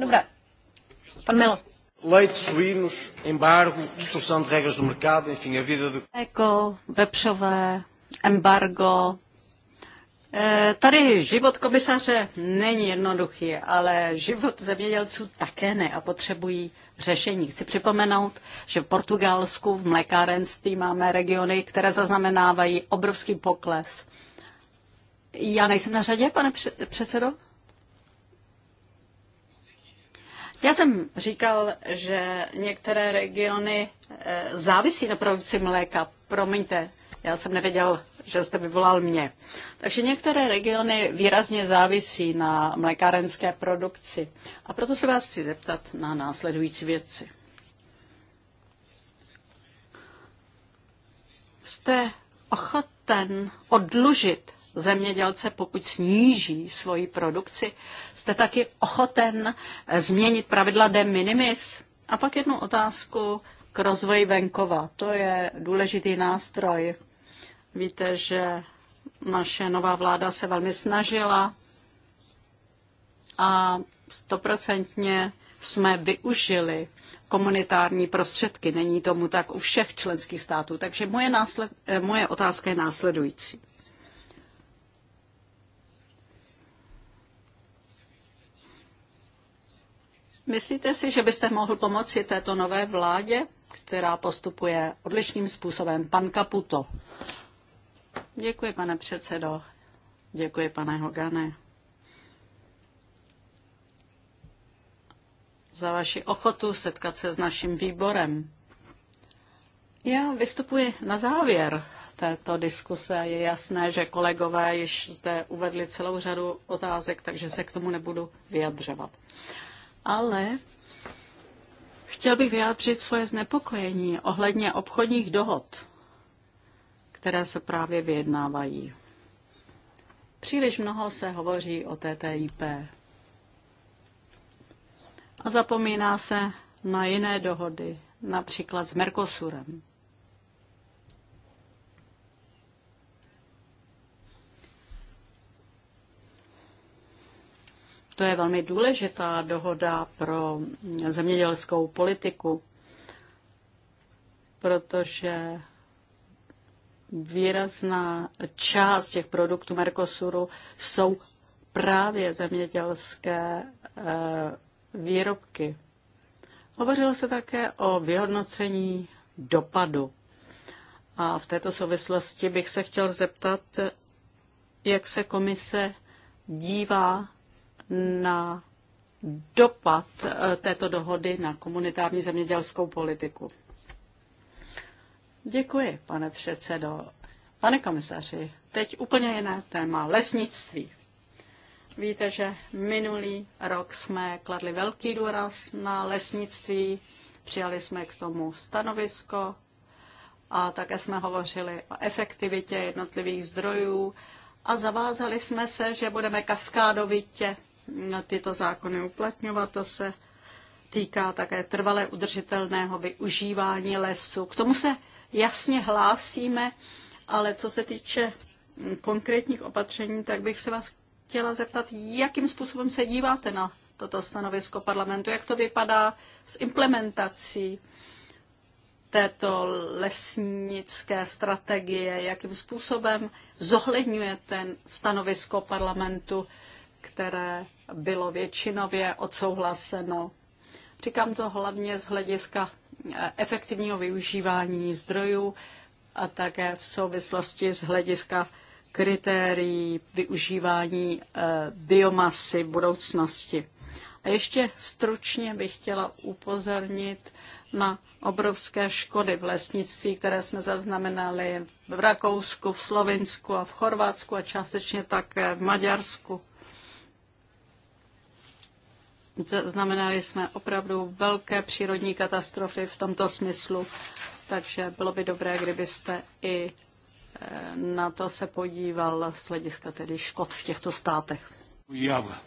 Dobrá. Pan Melo. Leite suínos, embargo, distorção de regras do mercado, enfim, a vida do. Jako vepřové, embargo. E, tady život komisaře není jednoduchý, ale život zemědělců také ne a potřebují řešení. Chci připomenout, že v Portugalsku v mlékárenství máme regiony, které zaznamenávají obrovský pokles. Já nejsem na řadě, pane předsedo? Já jsem říkal, že některé regiony eh, závisí na produkci mléka. Promiňte, já jsem nevěděl, že jste vyvolal mě. Takže některé regiony výrazně závisí na mlékárenské produkci. A proto se vás chci zeptat na následující věci. Jste ochoten odlužit zemědělce, pokud sníží svoji produkci. Jste taky ochoten změnit pravidla de minimis? A pak jednu otázku k rozvoji venkova. To je důležitý nástroj. Víte, že naše nová vláda se velmi snažila a stoprocentně jsme využili komunitární prostředky. Není tomu tak u všech členských států. Takže moje, násled, eh, moje otázka je následující. Myslíte si, že byste mohl pomoci této nové vládě, která postupuje odlišným způsobem? Pan Kaputo. Děkuji, pane předsedo. Děkuji, pane Hogane. Za vaši ochotu setkat se s naším výborem. Já vystupuji na závěr této diskuse. Je jasné, že kolegové již zde uvedli celou řadu otázek, takže se k tomu nebudu vyjadřovat ale chtěl bych vyjádřit svoje znepokojení ohledně obchodních dohod, které se právě vyjednávají. Příliš mnoho se hovoří o TTIP. A zapomíná se na jiné dohody, například s Mercosurem. To je velmi důležitá dohoda pro zemědělskou politiku, protože výrazná část těch produktů Mercosuru jsou právě zemědělské eh, výrobky. Hovořilo se také o vyhodnocení dopadu. A v této souvislosti bych se chtěl zeptat, jak se komise dívá na dopad eh, této dohody na komunitární zemědělskou politiku. Děkuji, pane předsedo. Pane komisaři, teď úplně jiné téma. Lesnictví. Víte, že minulý rok jsme kladli velký důraz na lesnictví, přijali jsme k tomu stanovisko a také jsme hovořili o efektivitě jednotlivých zdrojů a zavázali jsme se, že budeme kaskádovitě tyto zákony uplatňovat. To se týká také trvale udržitelného využívání lesu. K tomu se jasně hlásíme, ale co se týče konkrétních opatření, tak bych se vás chtěla zeptat, jakým způsobem se díváte na toto stanovisko parlamentu, jak to vypadá s implementací této lesnické strategie, jakým způsobem zohledňuje ten stanovisko parlamentu, které bylo většinově odsouhlaseno. Říkám to hlavně z hlediska eh, efektivního využívání zdrojů a také v souvislosti z hlediska kritérií využívání eh, biomasy v budoucnosti. A ještě stručně bych chtěla upozornit na obrovské škody v lesnictví, které jsme zaznamenali v Rakousku, v Slovinsku a v Chorvatsku a částečně také v Maďarsku. Zaznamenali jsme opravdu velké přírodní katastrofy v tomto smyslu, takže bylo by dobré, kdybyste i eh, na to se podíval z hlediska tedy škod v těchto státech. Já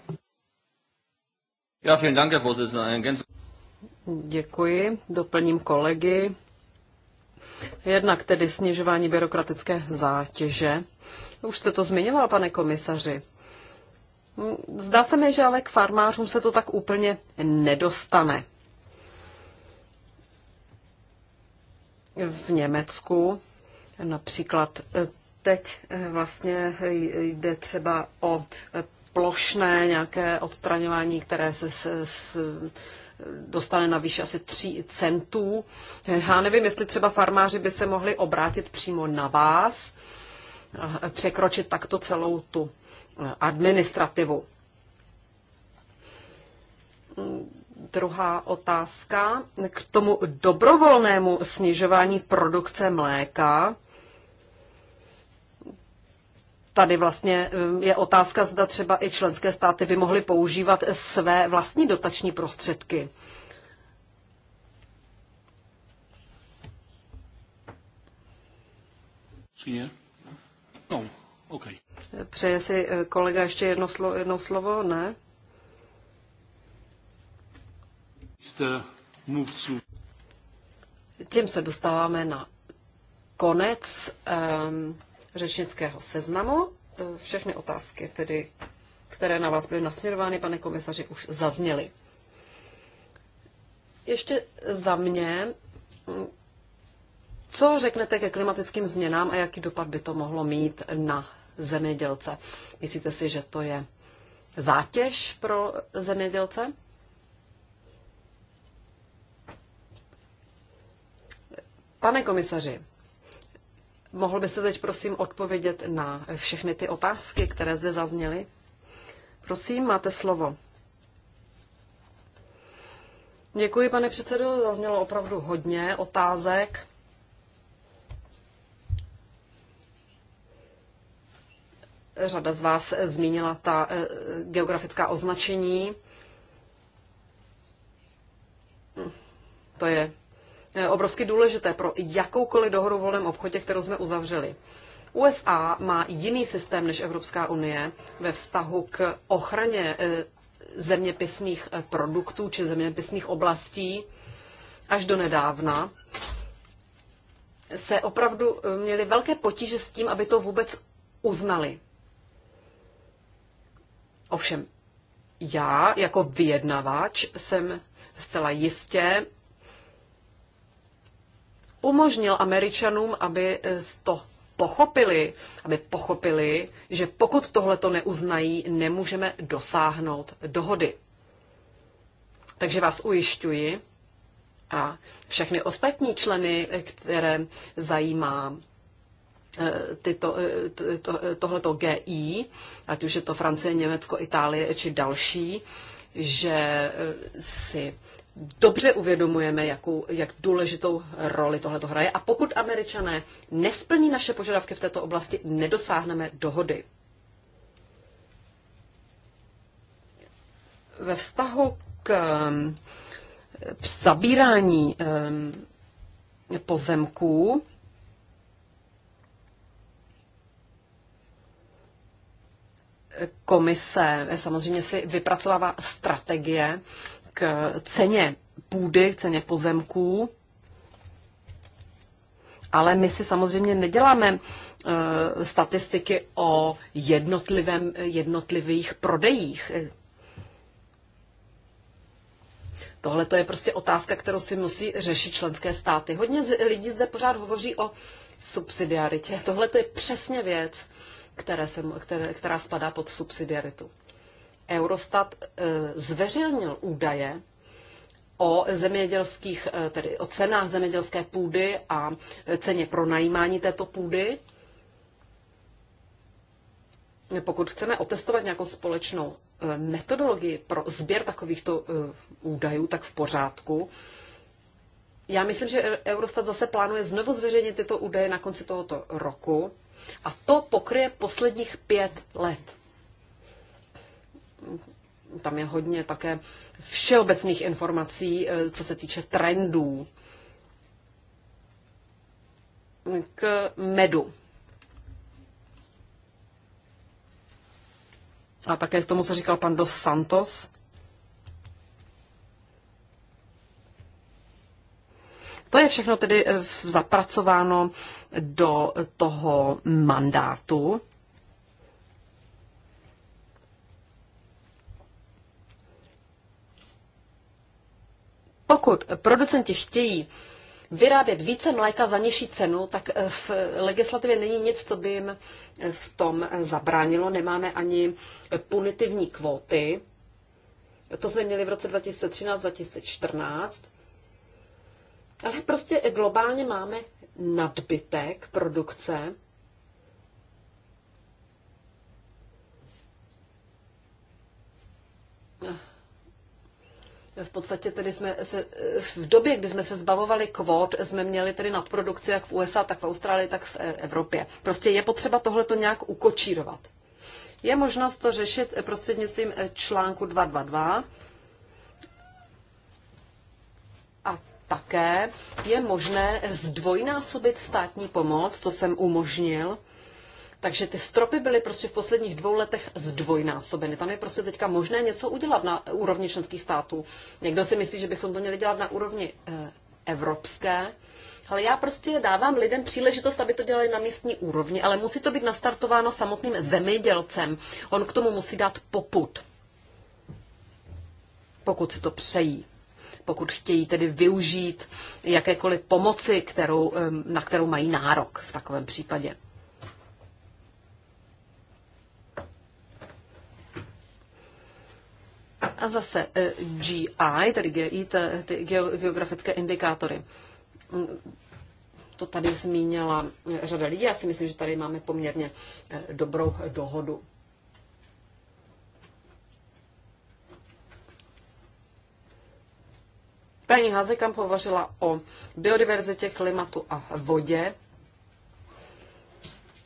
Děkuji, doplním kolegy. Jednak tedy snižování byrokratické zátěže. Už jste to zmiňoval, pane komisaři. Zdá se mi, že ale k farmářům se to tak úplně nedostane. V Německu například e, teď e, vlastně jde třeba o e, plošné nějaké odstraňování, které se s, s, dostane na výši asi 3 centů. Já nevím, jestli třeba farmáři by se mohli obrátit přímo na vás, překročit takto celou tu administrativu. Druhá otázka. K tomu dobrovolnému snižování produkce mléka. Tady vlastně eh, je otázka, zda třeba i členské státy by mohly používat své vlastní dotační prostředky. Či No, okay. Přeje si eh, kolega ještě jedno slo, jednou slovo? Ne? Tím se dostáváme na konec um, řečnického seznamu. Eh, všechny otázky, tedy, které na vás byly nasměrovány, pane komisaři, už zazněly. Ještě za mě, hm, co řeknete ke klimatickým změnám a jaký dopad by to mohlo mít na zemědělce. Myslíte si, že to je zátěž pro zemědělce? Pane komisaři, mohl byste teď prosím odpovědět na všechny ty otázky, které zde zazněly? Prosím, máte slovo. Děkuji, pane předsedo, zaznělo opravdu hodně otázek. Řada z vás zmínila ta eh, geografická označení. To je eh, obrovsky důležité pro jakoukoliv dohodu o volném obchodě, kterou jsme uzavřeli. USA má jiný systém než Evropská unie ve vztahu k ochraně eh, zeměpisných produktů či zeměpisných oblastí až do nedávna se opravdu měli velké potíže s tím, aby to vůbec uznali. Ovšem, já jako vyjednavač jsem zcela jistě umožnil Američanům, aby eh, to pochopili, aby pochopili, že pokud tohle to neuznají, nemůžeme dosáhnout dohody. Takže vás ujišťuji a všechny ostatní členy, které zajímá Eh, tyto, eh, to, eh, tohleto GI, ať už je to Francie, Německo, Itálie či další, že si dobře uvědomujeme, jakou, jak důležitou roli tohleto hraje. A pokud američané nesplní naše požadavky v této oblasti, nedosáhneme dohody. Ve vztahu k zabírání pozemků komise samozřejmě si vypracovává strategie k ceně půdy, k ceně pozemků, ale my si samozřejmě neděláme eh, statistiky o jednotlivém, jednotlivých prodejích. Tohle to je prostě otázka, kterou si musí řešit členské státy. Hodně lidí zde pořád hovoří o subsidiaritě. Tohle to je přesně věc, které se, které, která spadá pod subsidiaritu. Eurostat eh, zveřejnil údaje o zemědělských, eh, tedy o cenách zemědělské půdy a ceně pronajímání této půdy. Pokud chceme otestovat nějakou společnou eh, metodologii pro sběr takovýchto údajů, tak v pořádku. Já myslím, že Eurostat zase plánuje znovu zveřejnit tyto údaje na konci tohoto roku. A to pokryje posledních pět let. Tam je hodně také všeobecných informací, eh, co se týče trendů k medu. A také k tomu, co říkal pan Dos Santos. To je všechno tedy eh, zapracováno do toho mandátu. Pokud producenti chtějí vyrábět více mléka za nižší cenu, tak eh, v legislativě není nic, co by jim eh, v tom zabránilo. Nemáme ani punitivní kvóty. To jsme měli v roce 2013-2014. Ale prostě globálně máme nadbytek produkce. V podstatě tedy jsme se, v době, kdy jsme se zbavovali kvót, jsme měli tedy nadprodukci jak v USA, tak v Austrálii, tak v Evropě. Prostě je potřeba tohle to nějak ukočírovat. Je možnost to řešit prostřednictvím článku 222. A také je možné zdvojnásobit státní pomoc, to jsem umožnil. Takže ty stropy byly prostě v posledních dvou letech zdvojnásobeny. Tam je prostě teďka možné něco udělat na úrovni členských států. Někdo si myslí, že bychom to měli dělat na úrovni eh, evropské, ale já prostě dávám lidem příležitost, aby to dělali na místní úrovni, ale musí to být nastartováno samotným zemědělcem. On k tomu musí dát poput, pokud si to přejí pokud chtějí tedy využít jakékoliv pomoci, kterou, na kterou mají nárok v takovém případě. A zase eh, GI, tedy GI, ty geografické indikátory. Mm, to tady zmínila eh, řada lidí. Já si myslím, že tady máme poměrně eh, dobrou dohodu. Paní Hazekam hovořila o biodiverzitě, klimatu a vodě.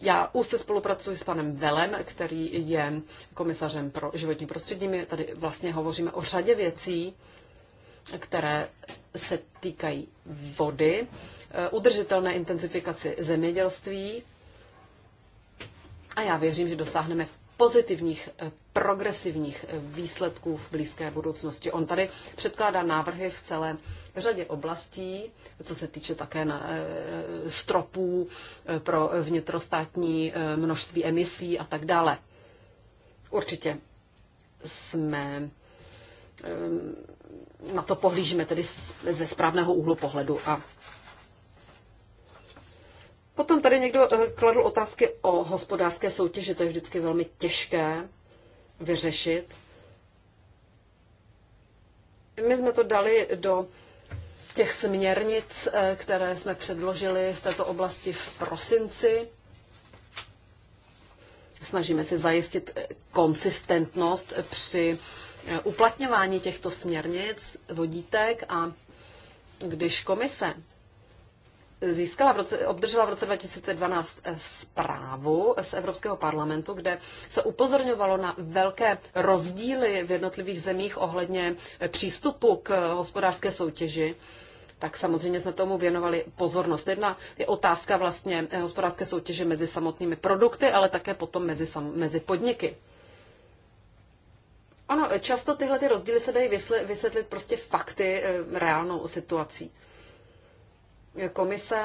Já už se spolupracuji s panem Velem, který je komisařem pro životní prostředí. My tady vlastně hovoříme o řadě věcí, které se týkají vody, eh, udržitelné intenzifikaci zemědělství. A já věřím, že dosáhneme pozitivních eh, progresivních eh, výsledků v blízké budoucnosti. On tady předkládá návrhy v celé řadě oblastí, co se týče také na eh, stropů pro vnitrostátní množství emisí a tak dále. Určitě jsme na to pohlížíme tedy ze správného úhlu pohledu a Potom tady někdo eh, kladl otázky o hospodářské soutěži, to je vždycky velmi těžké vyřešit. My jsme to dali do těch směrnic, eh, které jsme předložili v této oblasti v prosinci. Snažíme se zajistit eh, konsistentnost při uplatňování těchto směrnic, vodítek a když komise získala v roce, obdržela v roce 2012 eh, zprávu z Evropského parlamentu, kde se upozorňovalo na velké rozdíly v jednotlivých zemích ohledně eh, přístupu k hospodářské soutěži tak samozřejmě jsme tomu věnovali pozornost. Jedna je otázka vlastně eh, hospodářské soutěže mezi samotnými produkty, ale také potom mezi, sam, mezi podniky. Ano, často tyhle ty rozdíly se dají vysvětlit prostě fakty, reálnou situací komise.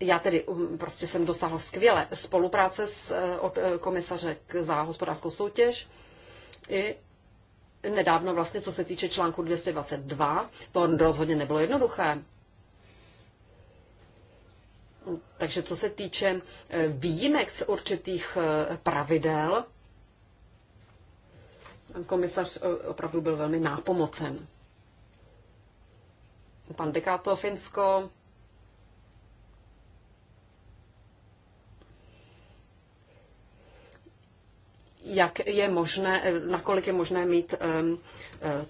Já tedy um, prostě jsem dosáhla skvělé spolupráce s, eh, od eh, komisaře za hospodářskou soutěž i nedávno vlastně, co se týče článku 222, to rozhodně nebylo jednoduché. Takže co se týče eh, výjimek z určitých pravidel, pan komisař opravdu byl velmi nápomocen pan Dekáto, Finsko. Jak je možné, nakolik je možné mít e,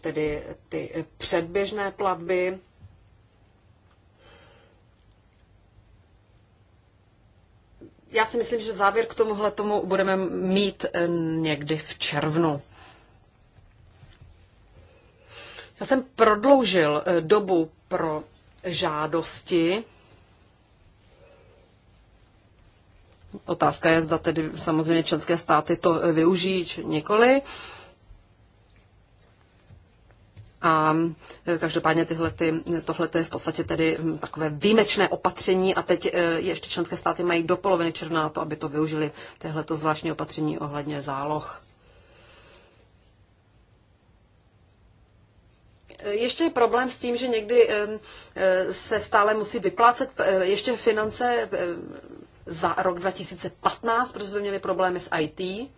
tedy ty předběžné platby, já si myslím, že závěr k tomuhle tomu budeme mít někdy v červnu. jsem prodloužil eh, dobu pro žádosti. Otázka je, zda tedy samozřejmě členské státy to eh, využijí či nikoli. A eh, každopádně tyhle, ty, tohle je v podstatě tedy hm, takové výjimečné opatření a teď ještě členské státy mají do poloviny června na to, aby to využili, tohleto zvláštní opatření ohledně záloh. Ještě je problém s tím, že někdy eh, eh, se stále musí vyplácet eh, ještě finance za rok 2015, protože jsme měli problémy s IT.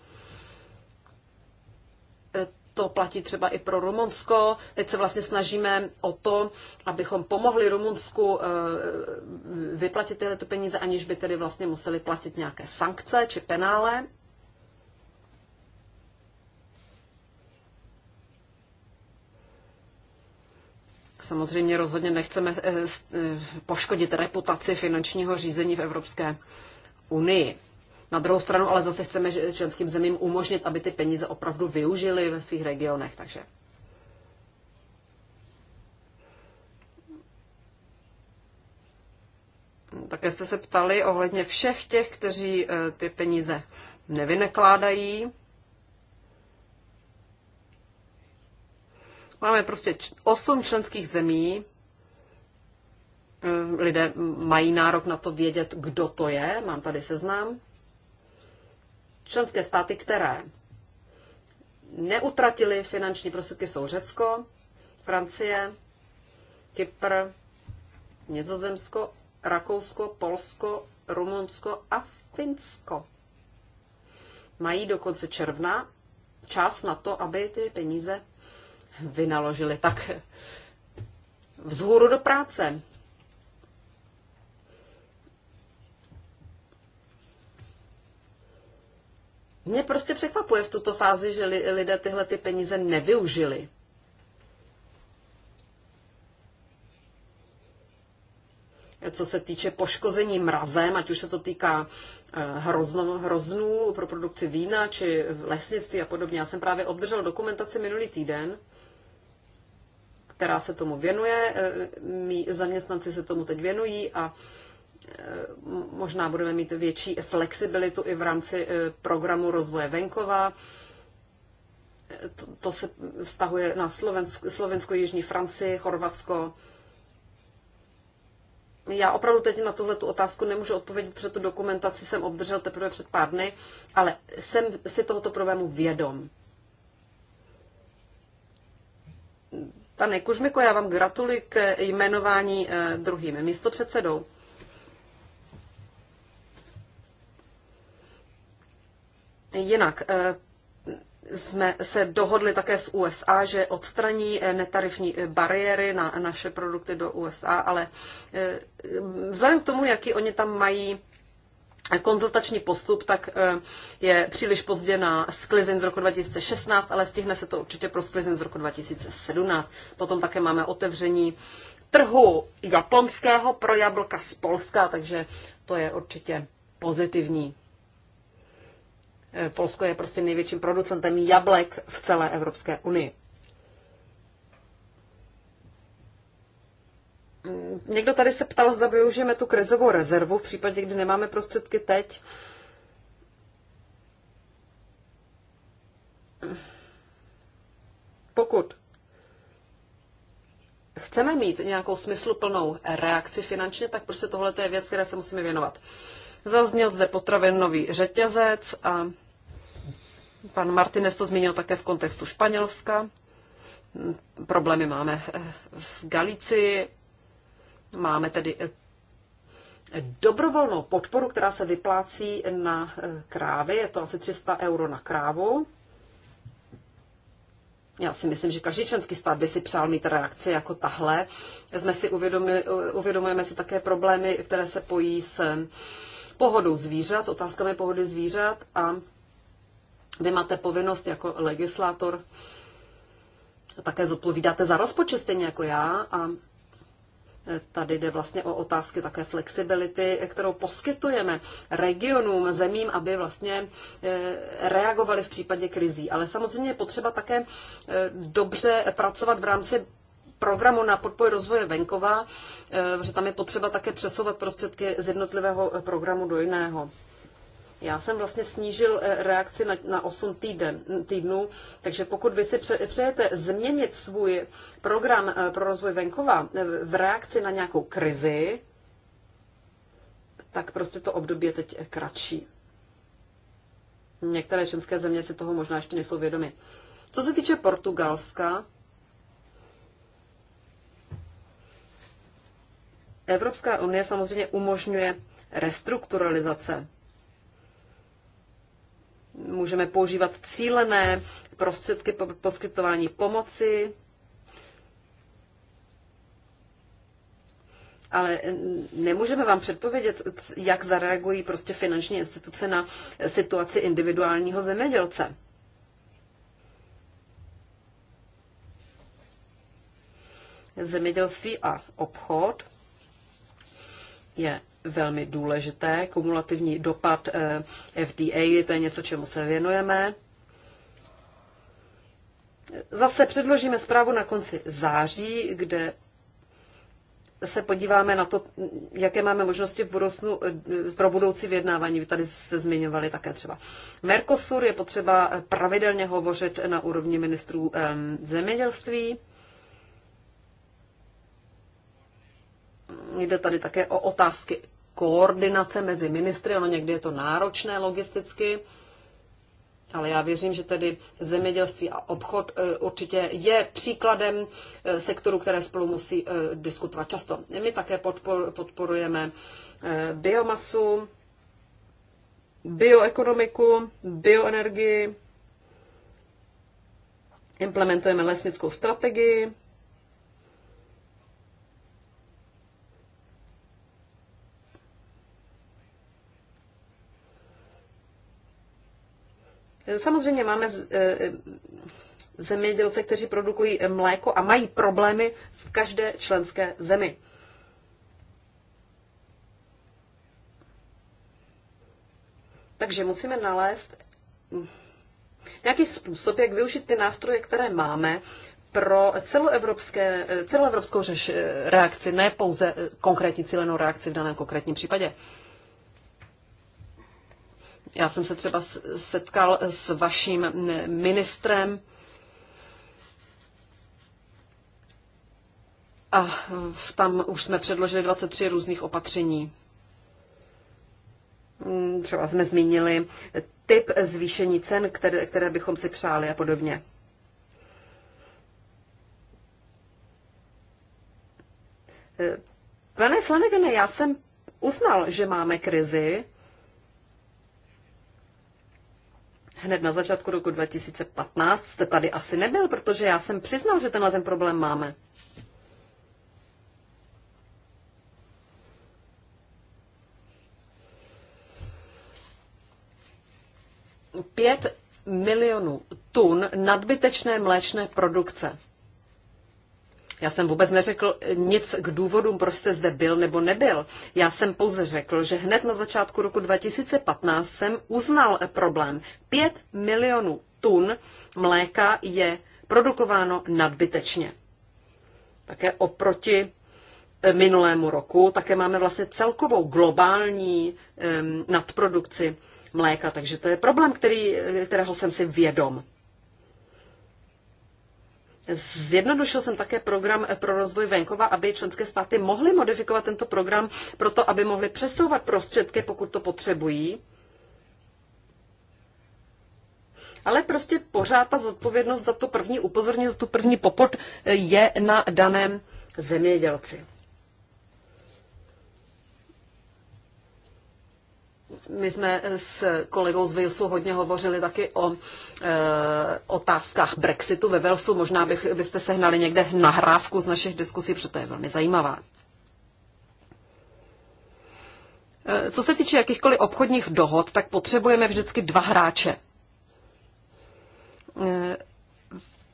To platí třeba i pro Rumunsko. Teď se vlastně snažíme o to, abychom pomohli Rumunsku vyplatit tyhle peníze, aniž by tedy vlastně museli platit nějaké sankce či penále. Samozřejmě rozhodně nechceme eh, eh, poškodit reputaci finančního řízení v Evropské unii. Na druhou stranu ale zase chceme členským zemím umožnit, aby ty peníze opravdu využili ve svých regionech. Takže Také jste se ptali ohledně všech těch, kteří eh, ty peníze nevynekládají. Máme prostě osm členských zemí, eh, lidé mají nárok na to vědět, kdo to je, mám tady seznam. Členské státy, které neutratili finanční prostředky, jsou Řecko, Francie, Kypr, Nizozemsko, Rakousko, Polsko, Rumunsko a Finsko. Mají do konce června čas na to, aby ty peníze vynaložili tak vzhůru do práce. Mě prostě překvapuje v tuto fázi, že lidé tyhle ty peníze nevyužili. Co se týče poškození mrazem, ať už se to týká eh, hrozno, hroznů pro produkci vína či lesnictví a podobně. Já jsem právě obdržel dokumentaci minulý týden, která se tomu věnuje. Eh, Mí zaměstnanci se tomu teď věnují a eh, možná budeme mít větší flexibilitu i v rámci eh, programu rozvoje venkova. To, to se vztahuje na Slovensko, Slovensko, Jižní Francii, Chorvatsko. Já opravdu teď na tuhle tu otázku nemůžu odpovědět, protože tu dokumentaci jsem obdržel teprve před pár dny, ale jsem si tohoto problému vědom Pane Kužmiko, já vám gratuluji k jmenování eh, druhým místopředsedou. Jinak eh, jsme se dohodli také s USA, že odstraní eh, netarifní bariéry na naše produkty do USA, ale vzhledem k tomu, jaký oni tam mají konzultační postup, tak eh, je příliš pozdě na sklizin z roku 2016, ale stihne se to určitě pro sklizin z roku 2017. Potom také máme otevření trhu japonského pro jablka z Polska, takže to je určitě pozitivní. Eh, Polsko je prostě největším producentem jablek v celé Evropské unii. Někdo tady se ptal, zda využijeme tu krizovou rezervu v případě, kdy nemáme prostředky teď. Pokud chceme mít nějakou smysluplnou reakci finančně, tak prostě tohle je věc, které se musíme věnovat. Zazněl zde potravinový řetězec a pan Martinez to zmínil také v kontextu Španělska. Problémy máme v Galicii, Máme tedy eh, dobrovolnou podporu, která se vyplácí na eh, krávy. Je to asi 300 euro na krávu. Já si myslím, že každý členský stát by si přál mít reakce jako tahle. Jsme si eh, uvědomujeme si také problémy, které se pojí s pohodou zvířat, s otázkami pohody zvířat a vy máte povinnost jako legislátor také zodpovídáte za rozpočet, stejně jako já, a Tady jde vlastně o otázky také flexibility, kterou poskytujeme regionům, zemím, aby vlastně eh, reagovali v případě krizí. Ale samozřejmě je potřeba také eh, dobře pracovat v rámci programu na podporu rozvoje venkova, eh, že tam je potřeba také přesouvat prostředky z jednotlivého programu do jiného. Já jsem vlastně snížil eh, reakci na, na 8 týden, týdnů, takže pokud vy si přejete změnit svůj program eh, pro rozvoj venkova eh, v reakci na nějakou krizi, tak prostě to období je teď kratší. Některé české země si toho možná ještě nejsou vědomy. Co se týče Portugalska, Evropská unie samozřejmě umožňuje restrukturalizace. Můžeme používat cílené prostředky po poskytování pomoci, ale nemůžeme vám předpovědět, jak zareagují prostě finanční instituce na situaci individuálního zemědělce. Zemědělství a obchod je velmi důležité. Kumulativní dopad eh, FDA, to je něco, čemu se věnujeme. Zase předložíme zprávu na konci září, kde se podíváme na to, jaké máme možnosti v budoucnu, eh, pro budoucí vyjednávání. Vy tady se zmiňovali také třeba Mercosur, je potřeba pravidelně hovořit na úrovni ministrů eh, zemědělství. Jde tady také o otázky koordinace mezi ministry, ono někdy je to náročné logisticky, ale já věřím, že tedy zemědělství a obchod eh, určitě je příkladem eh, sektoru, které spolu musí eh, diskutovat často. My také podporujeme biomasu, bioekonomiku, bioenergii, implementujeme lesnickou strategii, Samozřejmě máme eh, eh, zemědělce, kteří produkují mléko a mají problémy v každé členské zemi. Takže musíme nalézt nějaký způsob, jak využít ty nástroje, které máme pro celoevropské, eh, celoevropskou reakci, ne pouze konkrétní cílenou reakci v daném konkrétním případě. Já jsem se třeba setkal s vaším ministrem a tam už jsme předložili 23 různých opatření. Mm, třeba jsme zmínili typ zvýšení cen, které, které bychom si přáli a podobně. Eh, pane Flanagane, já jsem uznal, že máme krizi, hned na začátku roku 2015 jste tady asi nebyl, protože já jsem přiznal, že tenhle ten problém máme. Pět milionů tun nadbytečné mléčné produkce. Já jsem vůbec neřekl nic k důvodům, proč jste zde byl nebo nebyl. Já jsem pouze řekl, že hned na začátku roku 2015 jsem uznal problém. Pět milionů tun mléka je produkováno nadbytečně. Také oproti eh, minulému roku, také máme vlastně celkovou globální nadprodukci mléka, takže to je problém, který, eh, kterého jsem si vědom. Zjednodušil jsem také program pro rozvoj venkova, aby členské státy mohly modifikovat tento program proto, aby mohly přesouvat prostředky, pokud to potřebují. Ale prostě pořád ta zodpovědnost za to první upozornění, za tu první popot eh, je na daném zemědělci. My jsme s kolegou z Walesu hodně hovořili taky o e, otázkách Brexitu ve Walesu. Možná bych, byste sehnali někde nahrávku z našich diskusí, protože to je velmi zajímavá. Eh, co se týče jakýchkoliv obchodních dohod, tak potřebujeme vždycky dva hráče eh,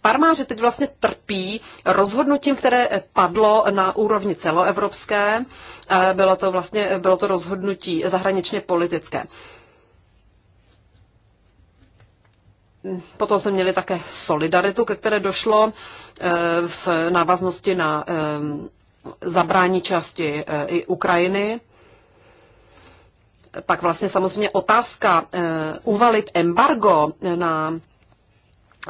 Farmáři teď vlastně trpí rozhodnutím, které padlo na úrovni celoevropské. Eh, bylo to vlastně bylo to rozhodnutí zahraničně politické. Potom jsme měli také solidaritu, ke které došlo eh, v návaznosti na eh, zabrání části i Ukrajiny. Pak vlastně samozřejmě otázka uvalit embargo na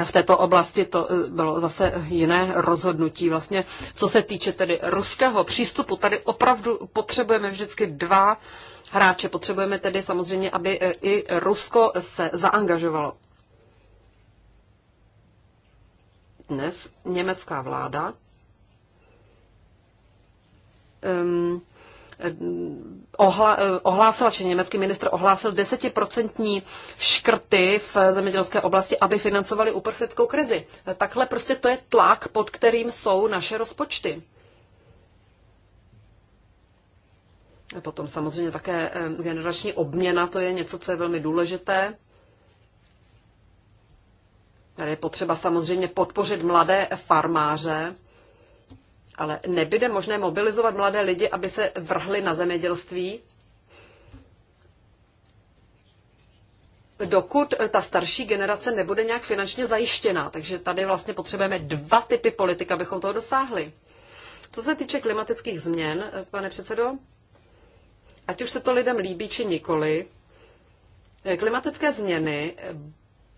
v této oblasti to eh, bylo zase jiné rozhodnutí. Vlastně, co se týče tedy ruského přístupu, tady opravdu potřebujeme vždycky dva hráče. Potřebujeme tedy samozřejmě, aby eh, i Rusko se zaangažovalo. Dnes německá vláda ehm, ohla, ohlásila, či německý ministr ohlásil desetiprocentní škrty v zemědělské oblasti, aby financovali uprchlickou krizi. Takhle prostě to je tlak, pod kterým jsou naše rozpočty. Potom samozřejmě také eh, generační obměna, to je něco, co je velmi důležité. Tady je potřeba samozřejmě podpořit mladé farmáře, ale nebude možné mobilizovat mladé lidi, aby se vrhli na zemědělství, dokud ta starší generace nebude nějak finančně zajištěná. Takže tady vlastně potřebujeme dva typy politik, abychom toho dosáhli. Co se týče klimatických změn, pane předsedo, ať už se to lidem líbí či nikoli, klimatické změny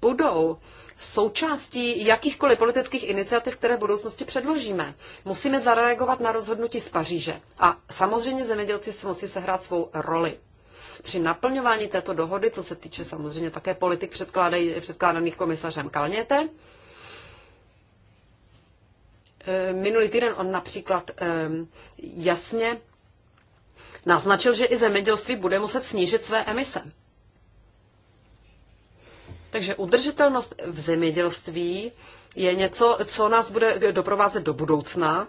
budou součástí jakýchkoliv politických iniciativ, které v budoucnosti předložíme. Musíme zareagovat na rozhodnutí z Paříže. A samozřejmě zemědělci se musí sehrát svou roli. Při naplňování této dohody, co se týče samozřejmě také politik předkládaných komisařem Kalněte, eh, minulý týden on například eh, jasně naznačil, že i zemědělství bude muset snížit své emise. Takže udržitelnost v zemědělství je něco, co nás bude doprovázet do budoucna.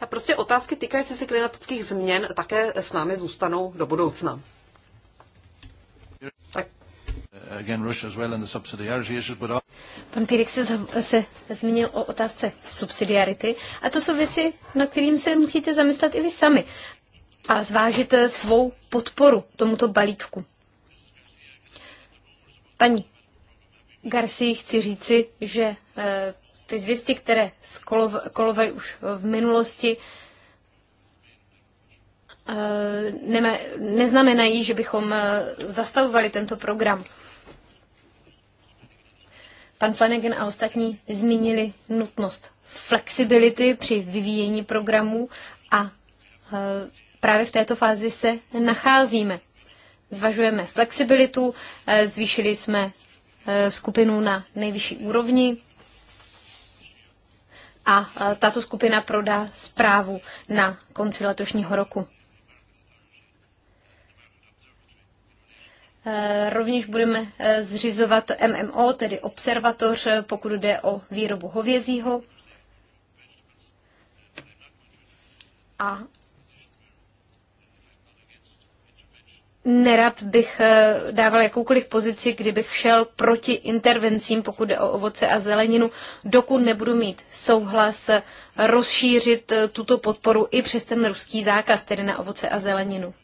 A prostě otázky týkající se klimatických změn také s námi zůstanou do budoucna. Tak. Pan Pírek se, se zmínil o otázce subsidiarity a to jsou věci, nad kterým se musíte zamyslet i vy sami a zvážit eh, svou podporu tomuto balíčku. Paní Garci, chci říci, že eh, ty zvěsti, které kolovaly už v minulosti, eh, neznamenají, že bychom eh, zastavovali tento program. Pan Flanagan a ostatní zmínili nutnost flexibility při vyvíjení programů a právě v této fázi se nacházíme zvažujeme flexibilitu, eh, zvýšili jsme eh, skupinu na nejvyšší úrovni a eh, tato skupina prodá zprávu na konci letošního roku. Rovněž budeme zřizovat MMO, tedy observatoř, pokud jde o výrobu hovězího. A nerad bych eh, dával jakoukoliv pozici, kdybych šel proti intervencím, pokud jde o ovoce a zeleninu, dokud nebudu mít souhlas eh, rozšířit eh, tuto podporu i přes ten ruský zákaz, tedy na ovoce a zeleninu.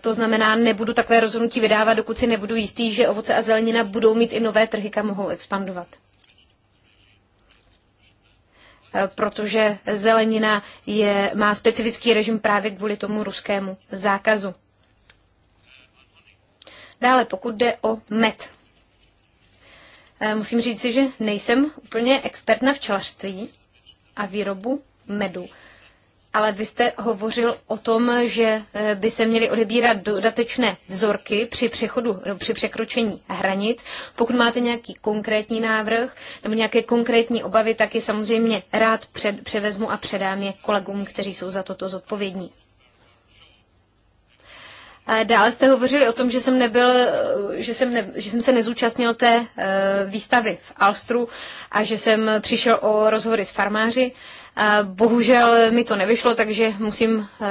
To znamená, nebudu takové rozhodnutí vydávat, dokud si nebudu jistý, že ovoce a zelenina budou mít i nové trhy, kam mohou expandovat. Eh, protože zelenina je, má specifický režim právě kvůli tomu ruskému zákazu. Dále, pokud jde o med. Eh, musím říct si, že nejsem úplně expert na včelařství a výrobu medu ale vy jste hovořil o tom, že eh, by se měly odebírat dodatečné vzorky při přechodu, no, při překročení hranic. Pokud máte nějaký konkrétní návrh nebo nějaké konkrétní obavy, tak je samozřejmě rád před, převezmu a předám je kolegům, kteří jsou za toto zodpovědní. Dále jste hovořili o tom, že jsem, nebyl, eh, že jsem, ne, že jsem se nezúčastnil té eh, výstavy v Alstru a že jsem přišel o rozhovory s farmáři. Bohužel mi to nevyšlo, takže musím eh,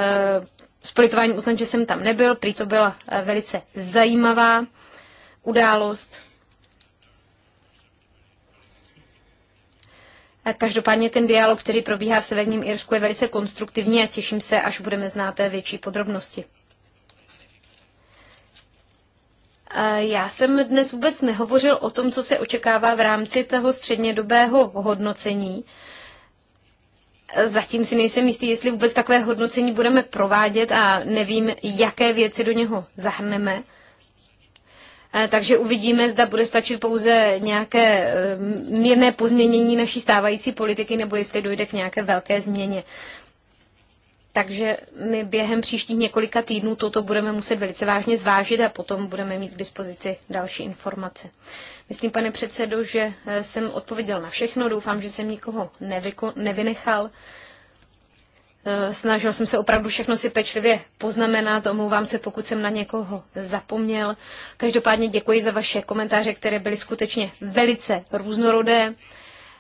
s politováním uznat, že jsem tam nebyl. Prý to byla eh, velice zajímavá událost. Každopádně ten dialog, který probíhá v Severním Irsku, je velice konstruktivní a těším se, až budeme znát té větší podrobnosti. Já jsem dnes vůbec nehovořil o tom, co se očekává v rámci toho střednědobého hodnocení zatím si nejsem jistý, jestli vůbec takové hodnocení budeme provádět a nevím, jaké věci do něho zahrneme. Eh, takže uvidíme, zda bude stačit pouze nějaké eh, mírné pozměnění naší stávající politiky, nebo jestli dojde k nějaké velké změně. Takže my během příštích několika týdnů toto budeme muset velice vážně zvážit a potom budeme mít k dispozici další informace. Myslím, pane předsedo, že eh, jsem odpověděl na všechno. Doufám, že jsem nikoho nevyko- nevynechal. Eh, snažil jsem se opravdu všechno si pečlivě poznamenat, omlouvám se, pokud jsem na někoho zapomněl. Každopádně děkuji za vaše komentáře, které byly skutečně velice různorodé.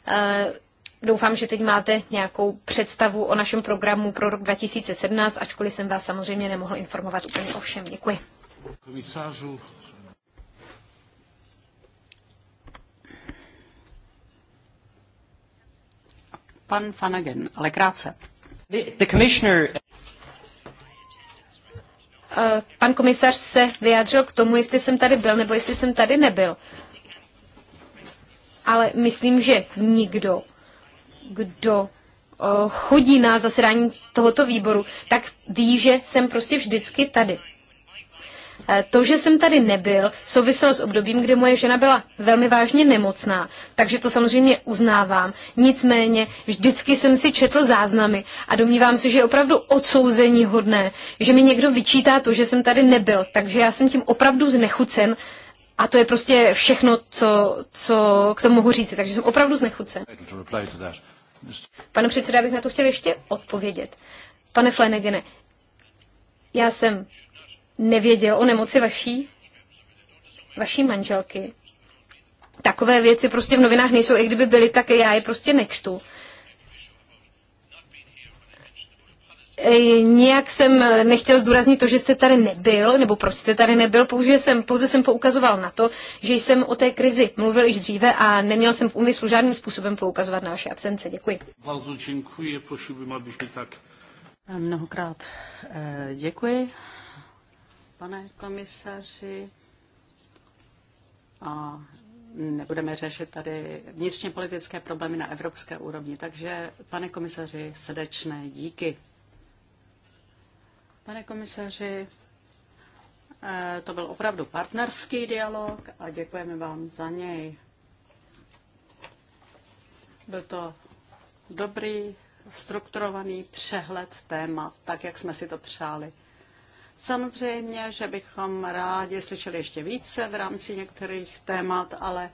Eh, doufám, že teď máte nějakou představu o našem programu pro rok 2017, ačkoliv jsem vás samozřejmě nemohl informovat úplně o všem. Děkuji. Pan Fanagen, ale krátce. The, commissioner... Eh, pan komisař se vyjádřil k tomu, jestli jsem tady byl nebo jestli jsem tady nebyl. Ale myslím, že nikdo, kdo eh, chodí na zasedání tohoto výboru, tak ví, že jsem prostě vždycky tady. E, to, že jsem tady nebyl, souviselo s obdobím, kdy moje žena byla velmi vážně nemocná, takže to samozřejmě uznávám. Nicméně vždycky jsem si četl záznamy a domnívám se, že je opravdu odsouzení hodné, že mi někdo vyčítá to, že jsem tady nebyl, takže já jsem tím opravdu znechucen a to je prostě všechno, co, co k tomu mohu říct, takže jsem opravdu znechucen. Pane předsedo, já bych na to chtěl ještě odpovědět. Pane Flanagene, já jsem nevěděl o nemoci vaší, vaší manželky. Takové věci prostě v novinách nejsou, i kdyby byly, tak já je prostě nečtu. E, Nijak jsem e, nechtěl zdůraznit to, že jste tady nebyl, nebo proč jste tady nebyl, pouze jsem, pouze jsem poukazoval na to, že jsem o té krizi mluvil již dříve a neměl jsem v úmyslu žádným způsobem poukazovat na vaše absence. Děkuji. děkuji, tak. Mnohokrát e, děkuji pane komisaři. A nebudeme řešit tady vnitřně politické problémy na evropské úrovni. Takže, pane komisaři, srdečné díky. Pane komisaři, eh, to byl opravdu partnerský dialog a děkujeme vám za něj. Byl to dobrý, strukturovaný přehled témat, tak jak jsme si to přáli. Samozřejmě, že bychom rádi slyšeli ještě více v rámci některých témat, ale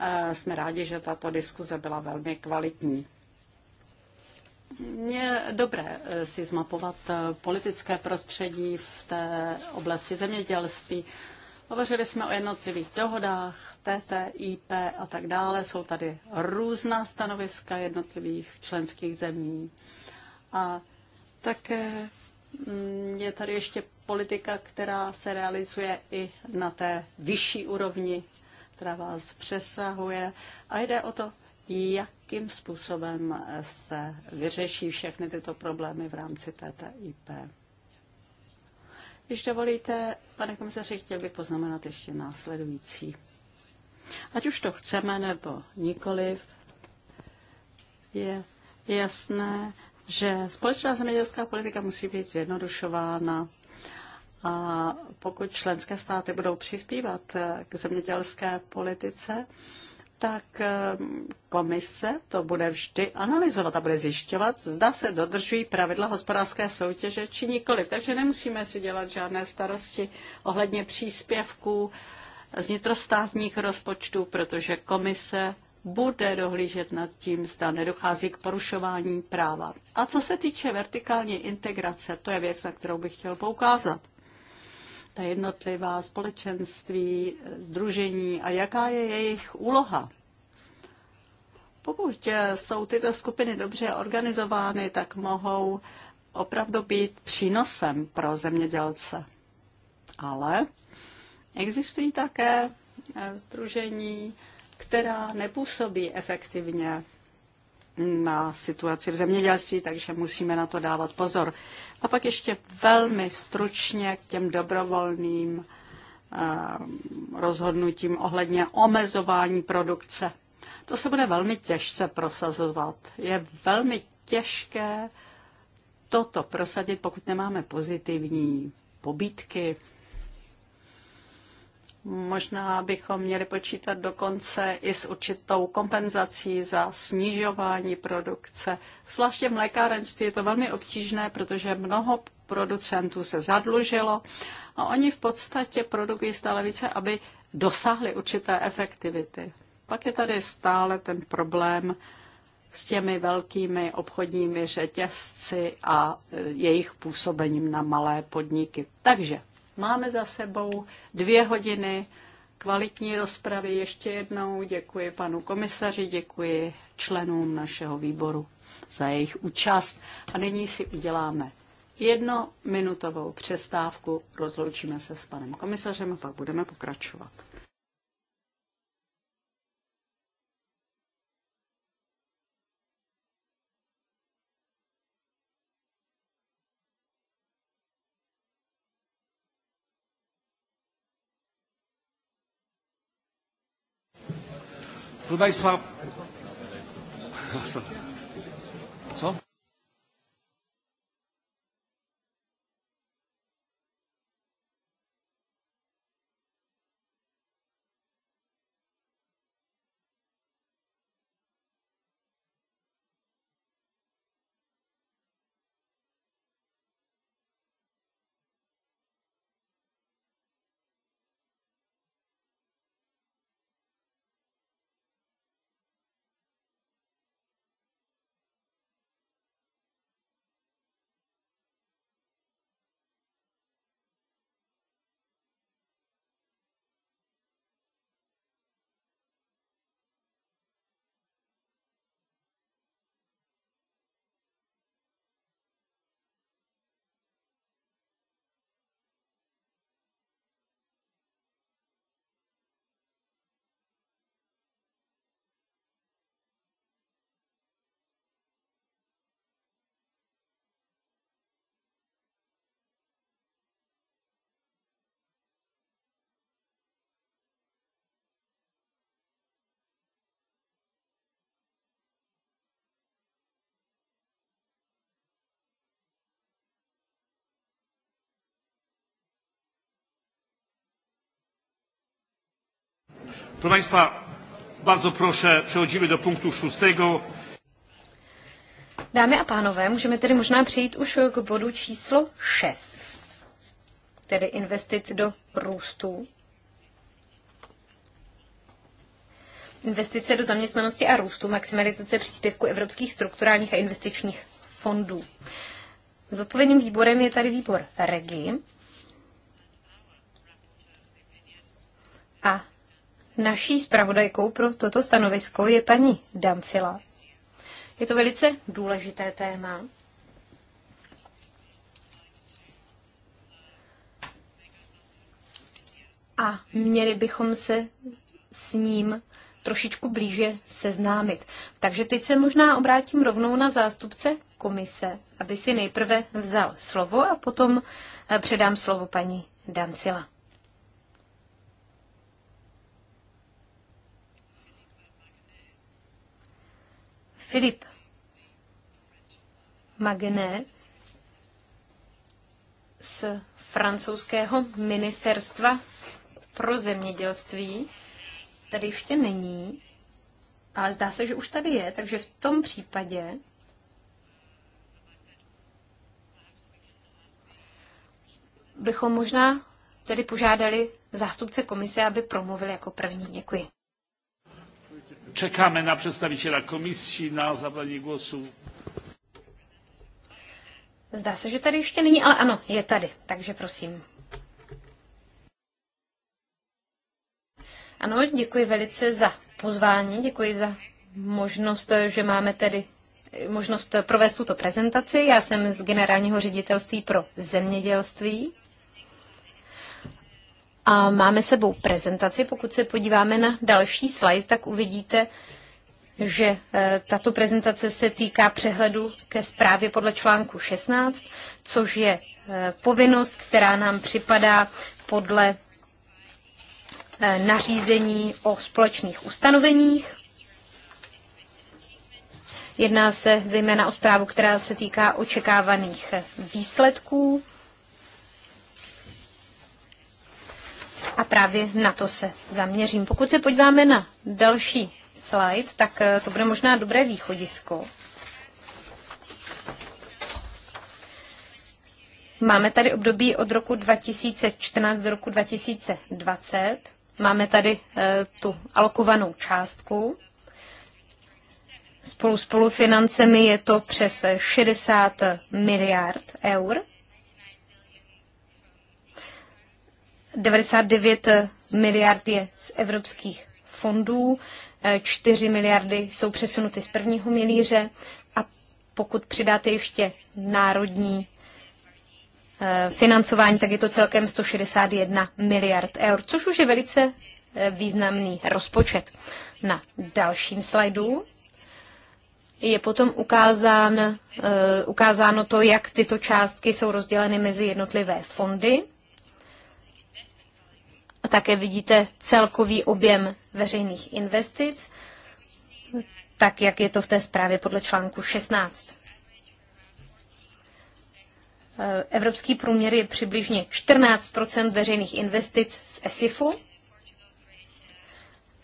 eh, jsme rádi, že tato diskuze byla velmi kvalitní. Je dobré eh, si zmapovat eh, politické prostředí v té oblasti zemědělství. Hovořili jsme o jednotlivých dohodách, TTIP a tak dále. Jsou tady různá stanoviska jednotlivých členských zemí. A také mm, je tady ještě politika, která se realizuje i na té vyšší úrovni, která vás přesahuje. A jde o to, jakým způsobem se vyřeší všechny tyto problémy v rámci TTIP. Když dovolíte, pane komisaři, chtěl bych poznamenat ještě následující. Ať už to chceme nebo nikoliv, je jasné, že společná zemědělská politika musí být zjednodušována a pokud členské státy budou přispívat eh, k zemědělské politice, tak eh, komise to bude vždy analyzovat a bude zjišťovat, zda se dodržují pravidla hospodářské soutěže či nikoli. Takže nemusíme si dělat žádné starosti ohledně příspěvků z nitrostátních rozpočtů, protože komise bude dohlížet nad tím, zda nedochází k porušování práva. A co se týče vertikální integrace, to je věc, na kterou bych chtěl poukázat ta jednotlivá společenství, združení a jaká je jejich úloha. Pokud eh, jsou tyto skupiny dobře organizovány, tak mohou opravdu být přínosem pro zemědělce. Ale existují také eh, združení, která nepůsobí efektivně na situaci v zemědělství, takže musíme na to dávat pozor. A pak ještě velmi stručně k těm dobrovolným eh, rozhodnutím ohledně omezování produkce. To se bude velmi těžce prosazovat. Je velmi těžké toto prosadit, pokud nemáme pozitivní pobítky, Možná bychom měli počítat dokonce i s určitou kompenzací za snižování produkce. Zvláště v mlékárenství je to velmi obtížné, protože mnoho producentů se zadlužilo a oni v podstatě produkují stále více, aby dosáhli určité efektivity. Pak je tady stále ten problém s těmi velkými obchodními řetězci a e, jejich působením na malé podniky. Takže Máme za sebou dvě hodiny kvalitní rozpravy. Ještě jednou děkuji panu komisaři, děkuji členům našeho výboru za jejich účast. A nyní si uděláme jednominutovou přestávku, rozloučíme se s panem komisařem a pak budeme pokračovat. Proszę Państwa, Proszę Państwa, bardzo proszę, przechodzimy do punktu szóstego. Dámy a pánové, můžeme tedy možná přejít už k bodu číslo 6, tedy investic do růstu. Investice do zaměstnanosti a růstu, maximalizace příspěvku evropských strukturálních a investičních fondů. Zodpovědným výborem je tady výbor REGI. A Naší zpravodajkou pro toto stanovisko je paní Dancila. Je to velice důležité téma. A měli bychom se s ním trošičku blíže seznámit. Takže teď se možná obrátím rovnou na zástupce komise, aby si nejprve vzal slovo a potom eh, předám slovo paní Dancila. Filip Magné z francouzského ministerstva pro zemědělství tady ještě není, ale zdá se, že už tady je, takže v tom případě bychom možná tedy požádali zástupce komise, aby promluvil jako první. Děkuji. Czekamy na przedstawiciela komisji, na zabranie głosu. Zdá se, že tady ještě není, ale ano, je tady, takže prosím. Ano, děkuji velice za pozvání, děkuji za možnost, že máme tedy možnost provést tuto prezentaci. Já jsem z Generálního ředitelství pro zemědělství a máme sebou prezentaci. Pokud se podíváme na další slide, tak uvidíte, že e, tato prezentace se týká přehledu ke zprávě podle článku 16, což je e, povinnost, která nám připadá podle e, nařízení o společných ustanoveních. Jedná se zejména o zprávu, která se týká očekávaných výsledků. a právě na to se zaměřím. Pokud se podíváme na další slide, tak eh, to bude možná dobré východisko. Máme tady období od roku 2014 do roku 2020. Máme tady eh, tu alokovanou částku. Spolu s polufinancemi je to přes 60 miliard eur. 99 miliard je z evropských fondů, 4 eh, miliardy jsou přesunuty z prvního milíře a pokud přidáte ještě národní eh, financování, tak je to celkem 161 miliard eur, což už je velice eh, významný rozpočet. Na dalším slajdu je potom ukázán, ukázáno to, jak tyto částky jsou rozděleny mezi jednotlivé fondy. Také vidíte celkový objem veřejných investic, tak jak je to v té zprávě podle článku 16. Eh, evropský průměr je přibližně 14 veřejných investic z ESIFu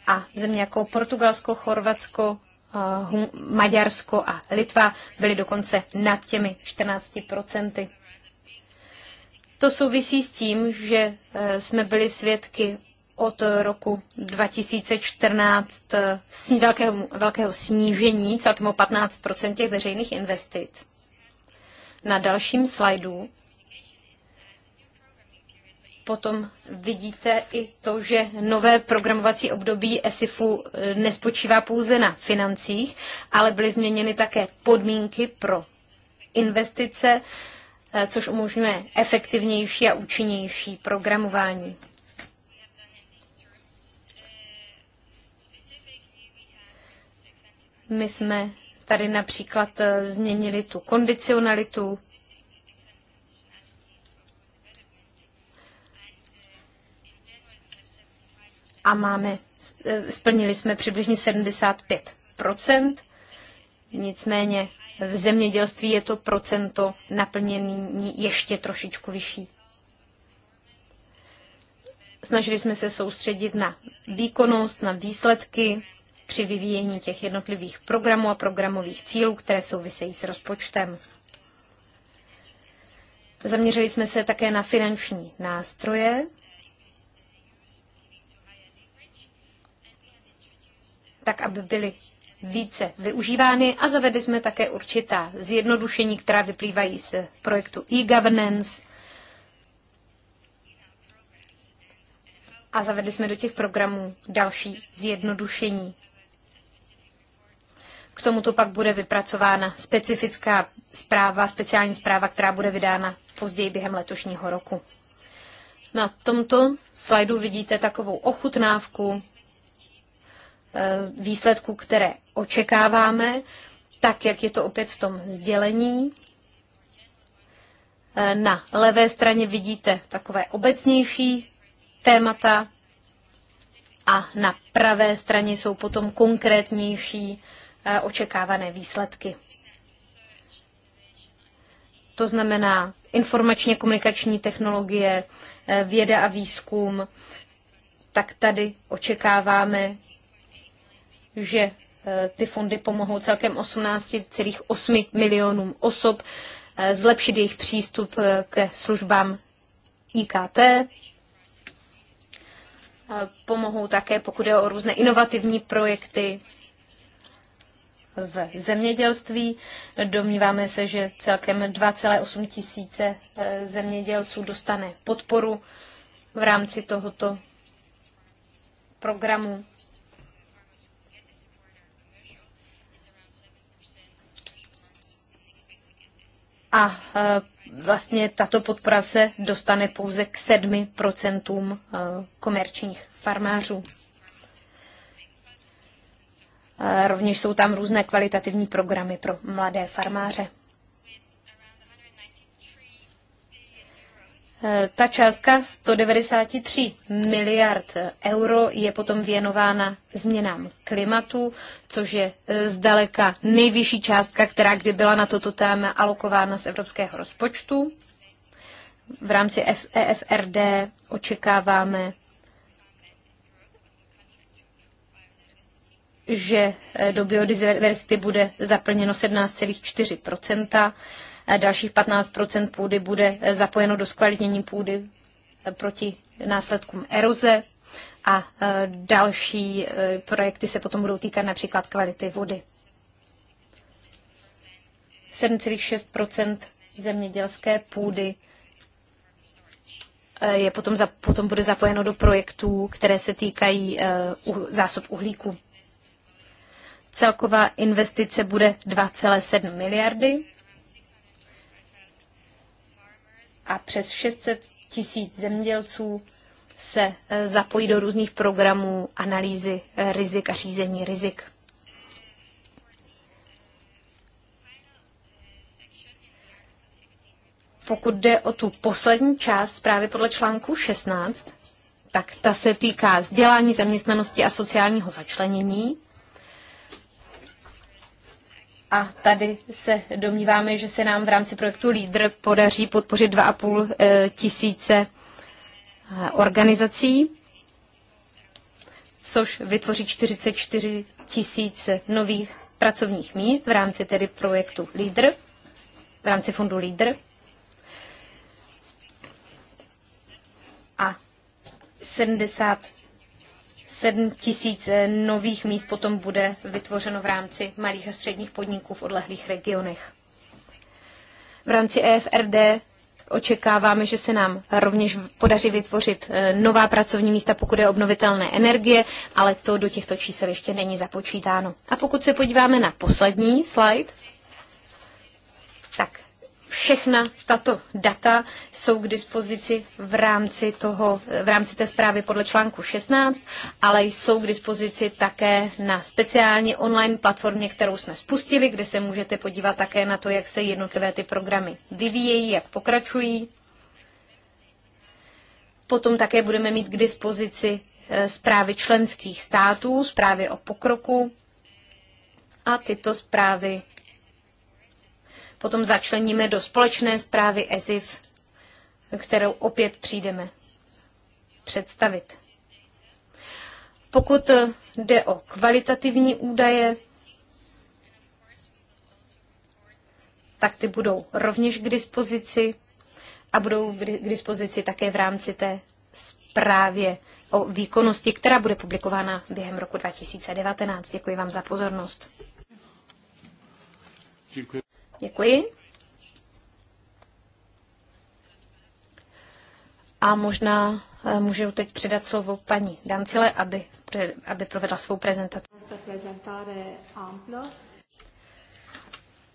a země jako Portugalsko, Chorvatsko, eh, Maďarsko a Litva byly dokonce nad těmi 14 to souvisí s tím, že eh, jsme byli svědky od roku 2014 eh, sní, velkého, velkého snížení, celkem o 15 těch veřejných investic. Na dalším slajdu potom vidíte i to, že nové programovací období ESIFu eh, nespočívá pouze na financích, ale byly změněny také podmínky pro investice, Eh, což umožňuje efektivnější a účinnější programování. My jsme tady například eh, změnili tu kondicionalitu. A máme, eh, splnili jsme přibližně 75 Nicméně v zemědělství je to procento naplnění ještě trošičku vyšší. Snažili jsme se soustředit na výkonnost, na výsledky při vyvíjení těch jednotlivých programů a programových cílů, které souvisejí s rozpočtem. Zaměřili jsme se také na finanční nástroje, tak aby byly více využívány a zavedli jsme také určitá zjednodušení, která vyplývají z projektu e-governance. A zavedli jsme do těch programů další zjednodušení. K tomuto pak bude vypracována specifická zpráva, speciální zpráva, která bude vydána později během letošního roku. Na tomto slajdu vidíte takovou ochutnávku Eh, výsledků, které očekáváme, tak jak je to opět v tom sdělení. Eh, na levé straně vidíte takové obecnější témata a na pravé straně jsou potom konkrétnější eh, očekávané výsledky. To znamená informačně komunikační technologie, věda a výzkum, tak tady očekáváme že eh, ty fondy pomohou celkem 18,8 milionům osob eh, zlepšit jejich přístup eh, ke službám IKT. Pomohou také, pokud je o různé inovativní projekty v zemědělství. Domníváme se, že celkem 2,8 tisíce zemědělců dostane podporu v rámci tohoto programu. a e, vlastně tato podpora se dostane pouze k 7% e, komerčních farmářů. E, rovněž jsou tam různé kvalitativní programy pro mladé farmáře. Eh, ta částka 193 miliard euro je potom věnována změnám klimatu, což je eh, zdaleka nejvyšší částka, která kdy byla na toto téma alokována z evropského rozpočtu. V rámci EFRD očekáváme, že eh, do biodiverzity bude zaplněno 17,4 dalších 15 půdy bude zapojeno do zkvalitnění půdy proti následkům eroze a e, další e, projekty se potom budou týkat například kvality vody. 7,6 zemědělské půdy e, je potom, za, potom bude zapojeno do projektů, které se týkají uh, zásob uhlíku. Celková investice bude 2,7 miliardy a přes 600 tisíc zemědělců se eh, zapojí do různých programů analýzy eh, rizik a řízení rizik. Pokud jde o tu poslední část zprávy podle článku 16, tak ta se týká vzdělání, zaměstnanosti a sociálního začlenění. A tady se domníváme, že se nám v rámci projektu LEADER podaří podpořit 2,5 e, tisíce e, organizací, což vytvoří 44 tisíc nových pracovních míst v rámci tedy projektu LEADER, v rámci fondu LEADER. A 70 7 tisíc eh, nových míst potom bude vytvořeno v rámci malých a středních podniků v odlehlých regionech. V rámci EFRD očekáváme, že se nám rovněž podaří vytvořit eh, nová pracovní místa, pokud je obnovitelné energie, ale to do těchto čísel ještě není započítáno. A pokud se podíváme na poslední slide, tak Všechna tato data jsou k dispozici v rámci, toho, v rámci té zprávy podle článku 16, ale jsou k dispozici také na speciální online platformě, kterou jsme spustili, kde se můžete podívat také na to, jak se jednotlivé ty programy vyvíjejí, jak pokračují. Potom také budeme mít k dispozici eh, zprávy členských států, zprávy o pokroku a tyto zprávy potom začleníme do společné zprávy ESIF, kterou opět přijdeme představit. Pokud jde o kvalitativní údaje, tak ty budou rovněž k dispozici a budou k dispozici také v rámci té zprávě o výkonnosti, která bude publikována během roku 2019. Děkuji vám za pozornost. Děkuji. Děkuji. A možná eh, můžu teď předat slovo paní Dancile, aby, aby provedla svou prezentaci.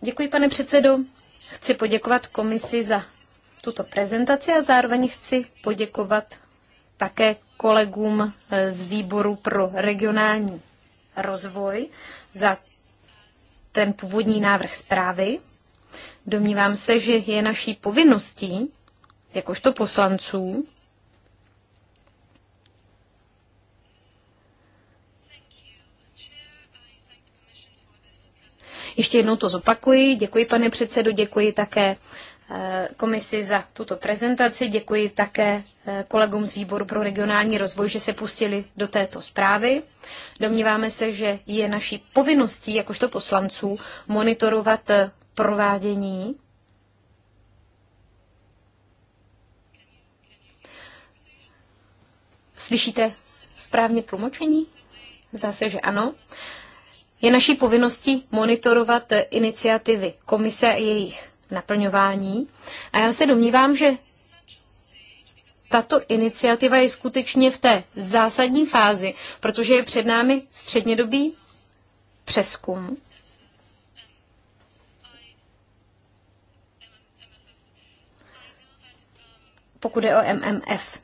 Děkuji, pane předsedo. Chci poděkovat komisi za tuto prezentaci a zároveň chci poděkovat také kolegům eh, z výboru pro regionální rozvoj za ten původní návrh zprávy. Domnívám se, že je naší povinností, jakožto poslanců, Ještě jednou to zopakuji. Děkuji, pane předsedu, děkuji také komisi za tuto prezentaci. Děkuji také eh, kolegům z výboru pro regionální rozvoj, že se pustili do této zprávy. Domníváme se, že je naší povinností, jakožto poslanců, monitorovat eh, provádění Slyšíte správně tlumočení? Zdá se, že ano. Je naší povinností monitorovat eh, iniciativy komise a jejich naplňování. A já se domnívám, že tato iniciativa je skutečně v té zásadní fázi, protože je před námi střednědobý přeskum. Pokud je o MMF.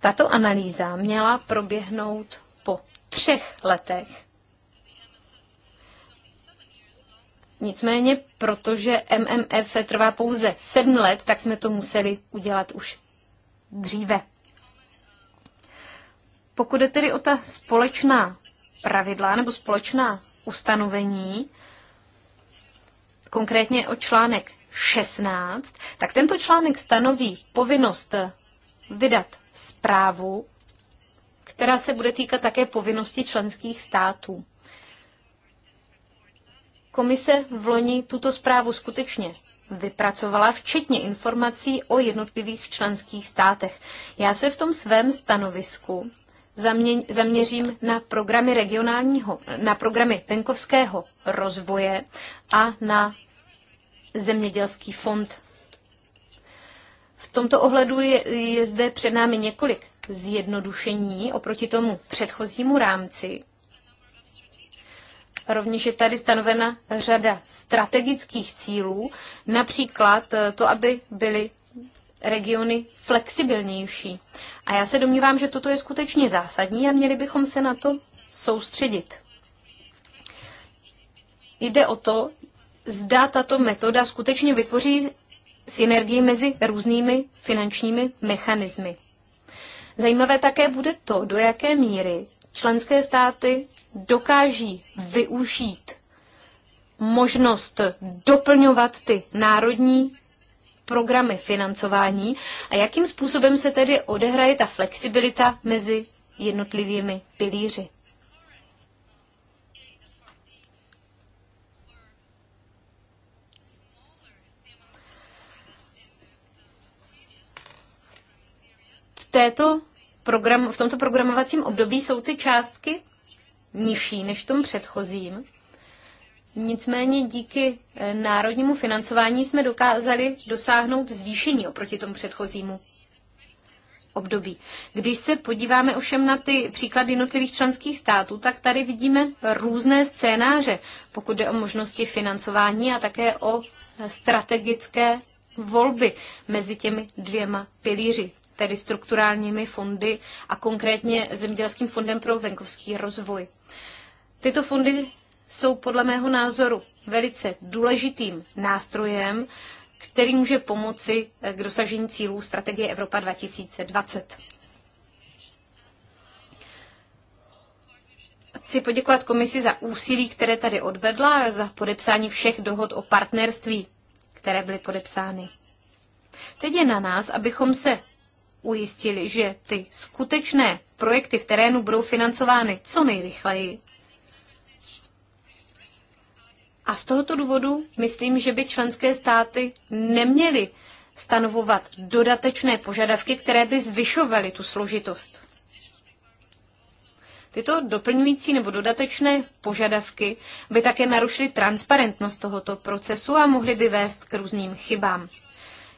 Tato analýza měla proběhnout po třech letech Nicméně, protože MMF trvá pouze sedm let, tak jsme to museli udělat už dříve. Pokud je tedy o ta společná pravidla nebo společná ustanovení, konkrétně o článek 16, tak tento článek stanoví povinnost vydat zprávu, která se bude týkat také povinnosti členských států. Komise v loni tuto zprávu skutečně vypracovala, včetně informací o jednotlivých členských státech. Já se v tom svém stanovisku zaměřím na programy regionálního, na programy venkovského rozvoje a na zemědělský fond. V tomto ohledu je, je zde před námi několik zjednodušení oproti tomu předchozímu rámci. Rovněž je tady stanovena řada strategických cílů, například eh, to, aby byly regiony flexibilnější. A já se domnívám, že toto je skutečně zásadní a měli bychom se na to soustředit. Jde o to, zda tato metoda skutečně vytvoří synergii mezi různými finančními mechanismy. Zajímavé také bude to, do jaké míry členské státy dokáží využít možnost doplňovat ty národní programy financování a jakým způsobem se tedy odehraje ta flexibilita mezi jednotlivými pilíři. V této program, v tomto programovacím období jsou ty částky nižší než v tom předchozím. Nicméně díky eh, národnímu financování jsme dokázali dosáhnout zvýšení oproti tomu předchozímu období. Když se podíváme ovšem na ty příklady jednotlivých členských států, tak tady vidíme různé scénáře, pokud jde o možnosti financování a také o strategické volby mezi těmi dvěma pilíři tedy strukturálními fondy a konkrétně Zemědělským fondem pro venkovský rozvoj. Tyto fondy jsou podle mého názoru velice důležitým nástrojem, který může pomoci k dosažení cílů strategie Evropa 2020. Chci poděkovat komisi za úsilí, které tady odvedla, za podepsání všech dohod o partnerství, které byly podepsány. Teď je na nás, abychom se ujistili, že ty skutečné projekty v terénu budou financovány co nejrychleji. A z tohoto důvodu myslím, že by členské státy neměly stanovovat dodatečné požadavky, které by zvyšovaly tu složitost. Tyto doplňující nebo dodatečné požadavky by také narušily transparentnost tohoto procesu a mohly by vést k různým chybám.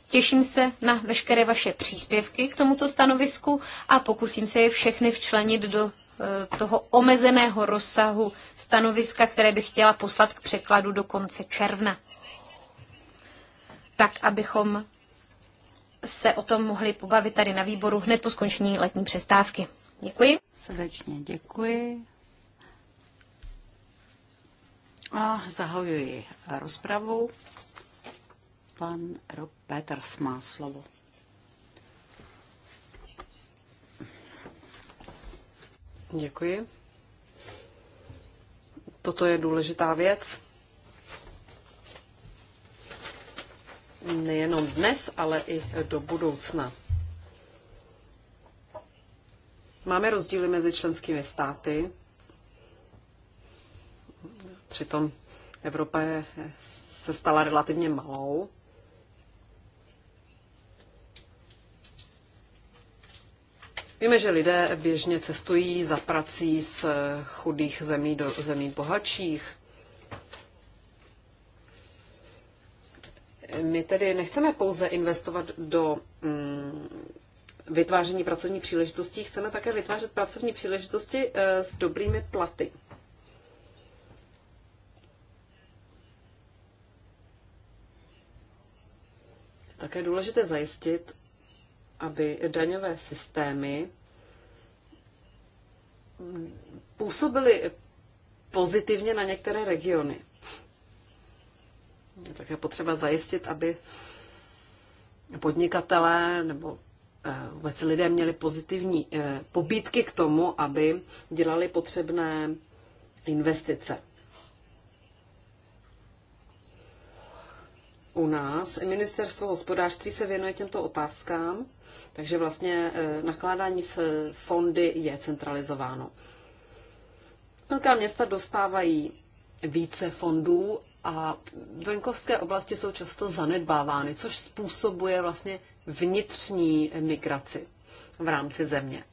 Těším se na veškeré vaše příspěvky k tomuto stanovisku a pokusím se je všechny včlenit do eh, toho omezeného rozsahu stanoviska, které bych chtěla poslat k překladu do konce června. Tak, abychom se o tom mohli pobavit tady na výboru hned po skončení letní přestávky. Děkuji. Srdečně děkuji. A zahajuji rozpravu. Pan Rob Peters má slovo. Děkuji. Toto je důležitá věc. Nejenom dnes, ale i do budoucna. Máme rozdíly mezi členskými státy. Přitom Evropa je, se stala relativně malou. Víme, že lidé běžně cestují za prací z chudých zemí do zemí bohatších. My tedy nechceme pouze investovat do mm, vytváření pracovní příležitostí, chceme také vytvářet pracovní příležitosti eh, s dobrými platy. Také je důležité zajistit, aby daňové systémy působily pozitivně na některé regiony. Je také potřeba zajistit, aby podnikatelé nebo eh, vůbec lidé měli pozitivní eh, pobídky k tomu, aby dělali potřebné investice. U nás ministerstvo hospodářství se věnuje těmto otázkám takže vlastně eh, nakládání s eh, fondy je centralizováno. Velká města dostávají více fondů a venkovské oblasti jsou často zanedbávány, což způsobuje vlastně vnitřní migraci v rámci země.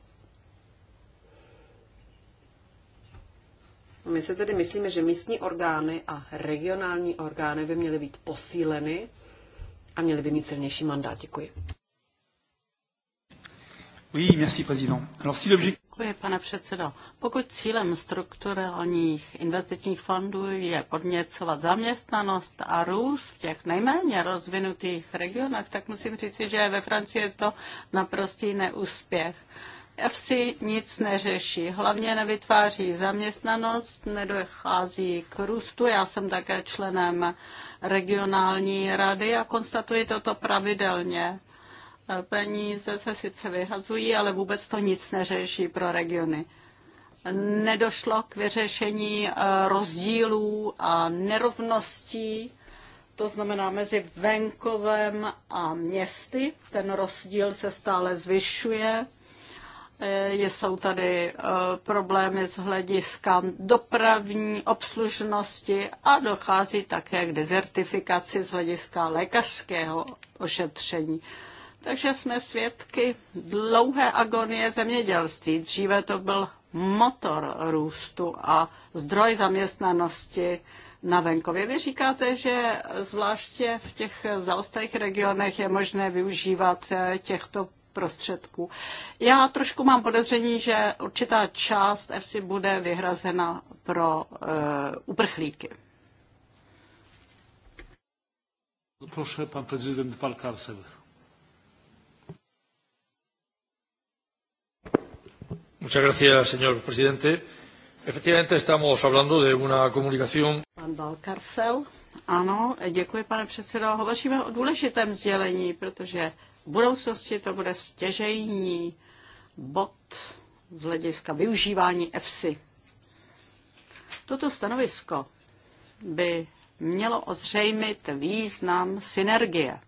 My se tedy myslíme, že místní orgány a regionální orgány by měly být posíleny a měly by mít silnější mandát. Děkuji. Oui, merci, président. Alors, si l'objectif... Děkuji, pane předsedo. Pokud cílem strukturálních investičních fondů je podněcovat zaměstnanost a růst v těch nejméně rozvinutých regionech, tak musím říci, že ve Francii je to naprostý neúspěch. EFSI nic neřeší, hlavně nevytváří zaměstnanost, nedochází k růstu. Já jsem také členem regionální rady a konstatuji toto pravidelně. Peníze se sice vyhazují, ale vůbec to nic neřeší pro regiony. Nedošlo k vyřešení eh, rozdílů a nerovností, to znamená mezi venkovem a městy. Ten rozdíl se stále zvyšuje. Eh, jsou tady eh, problémy z hlediska dopravní obslužnosti a dochází také k dezertifikaci z hlediska lékařského ošetření. Takže jsme svědky dlouhé agonie zemědělství. Dříve to byl motor růstu a zdroj zaměstnanosti na venkově. Vy říkáte, že zvláště v těch zaostalých regionech je možné využívat eh, těchto prostředků. Já trošku mám podezření, že určitá část EFSI bude vyhrazena pro uh, uprchlíky. Proszę, pan prezydent Valkarsel. Muchas gracias, señor presidente. Efectivamente estamos hablando de una comunicación. Ano, děkuji, pane předsedo. Hovoříme o důležitém sdělení, protože v budoucnosti to bude stěžejní bod z hlediska využívání EFSI. Toto stanovisko by mělo ozřejmit význam synergie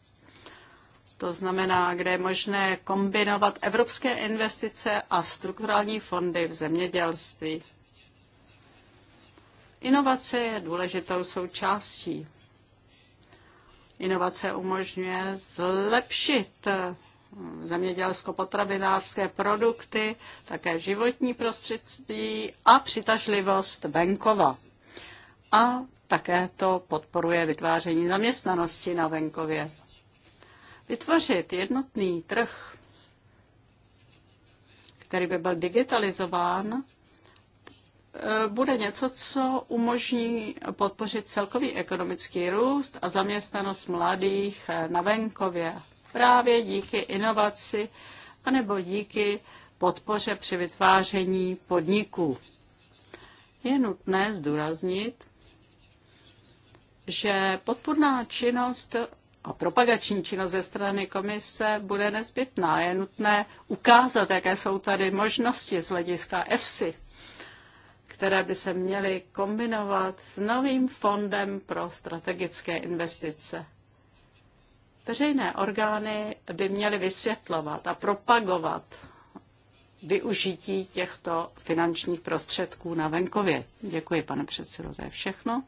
to znamená, kde je možné kombinovat evropské investice a strukturální fondy v zemědělství. Inovace je důležitou součástí. Inovace umožňuje zlepšit eh, zemědělsko-potravinářské produkty, také životní prostředí a přitažlivost venkova. A také to podporuje vytváření zaměstnanosti na venkově. Vytvořit jednotný trh, který by byl digitalizován, eh, bude něco, co umožní podpořit celkový ekonomický růst a zaměstnanost mladých eh, na venkově právě díky inovaci anebo díky podpoře při vytváření podniků. Je nutné zdůraznit, že podpůrná činnost a propagační činnost ze strany komise bude nezbytná. Je nutné ukázat, jaké jsou tady možnosti z hlediska EFSI, které by se měly kombinovat s novým fondem pro strategické investice. Veřejné orgány by měly vysvětlovat a propagovat využití těchto finančních prostředků na venkově. Děkuji, pane předsedo, to je všechno.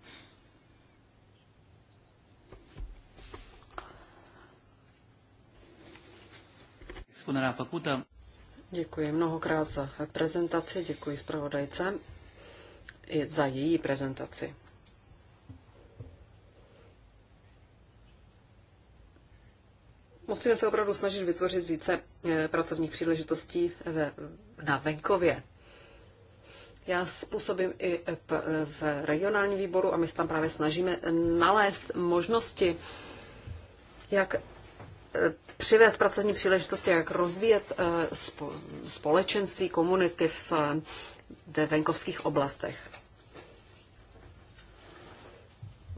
Děkuji mnohokrát za prezentaci, děkuji zpravodajce i za její prezentaci. Musíme se opravdu snažit vytvořit více eh, pracovních příležitostí na venkově. Já způsobím i eh, eh, v regionálním výboru a my se tam právě snažíme nalézt možnosti, jak přivést pracovní příležitosti, jak rozvíjet eh, společenství, komunity v, eh, ve venkovských oblastech.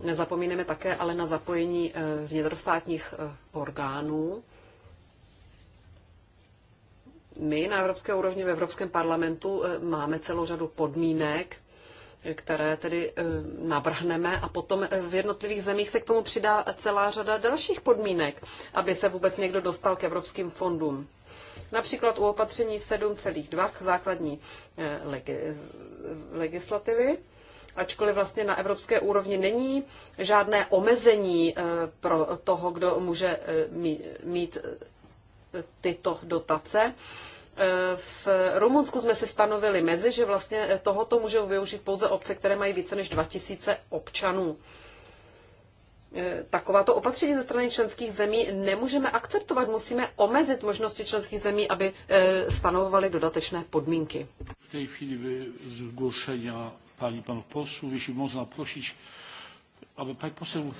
Nezapomínáme také ale na zapojení eh, vnitrostátních orgánů. My na evropské úrovni v Evropském parlamentu máme celou řadu podmínek, které tedy eh, navrhneme a potom eh, v jednotlivých zemích se k tomu přidá celá řada dalších podmínek, aby se vůbec někdo dostal k evropským fondům. Například u opatření 7,2 k základní eh, legislativy, ačkoliv vlastně na evropské úrovni není žádné omezení pro toho, kdo může mít tyto dotace, Eh, v Rumunsku jsme si stanovili mezi, že vlastně eh, tohoto můžou využít pouze obce, které mají více než 2000 občanů. Eh, takováto opatření ze strany členských zemí nemůžeme akceptovat. Musíme omezit možnosti členských zemí, aby stanovovali dodatečné podmínky. V té chvíli zgłoszenia paní panów posłów, jeśli można prosić, aby paní poseł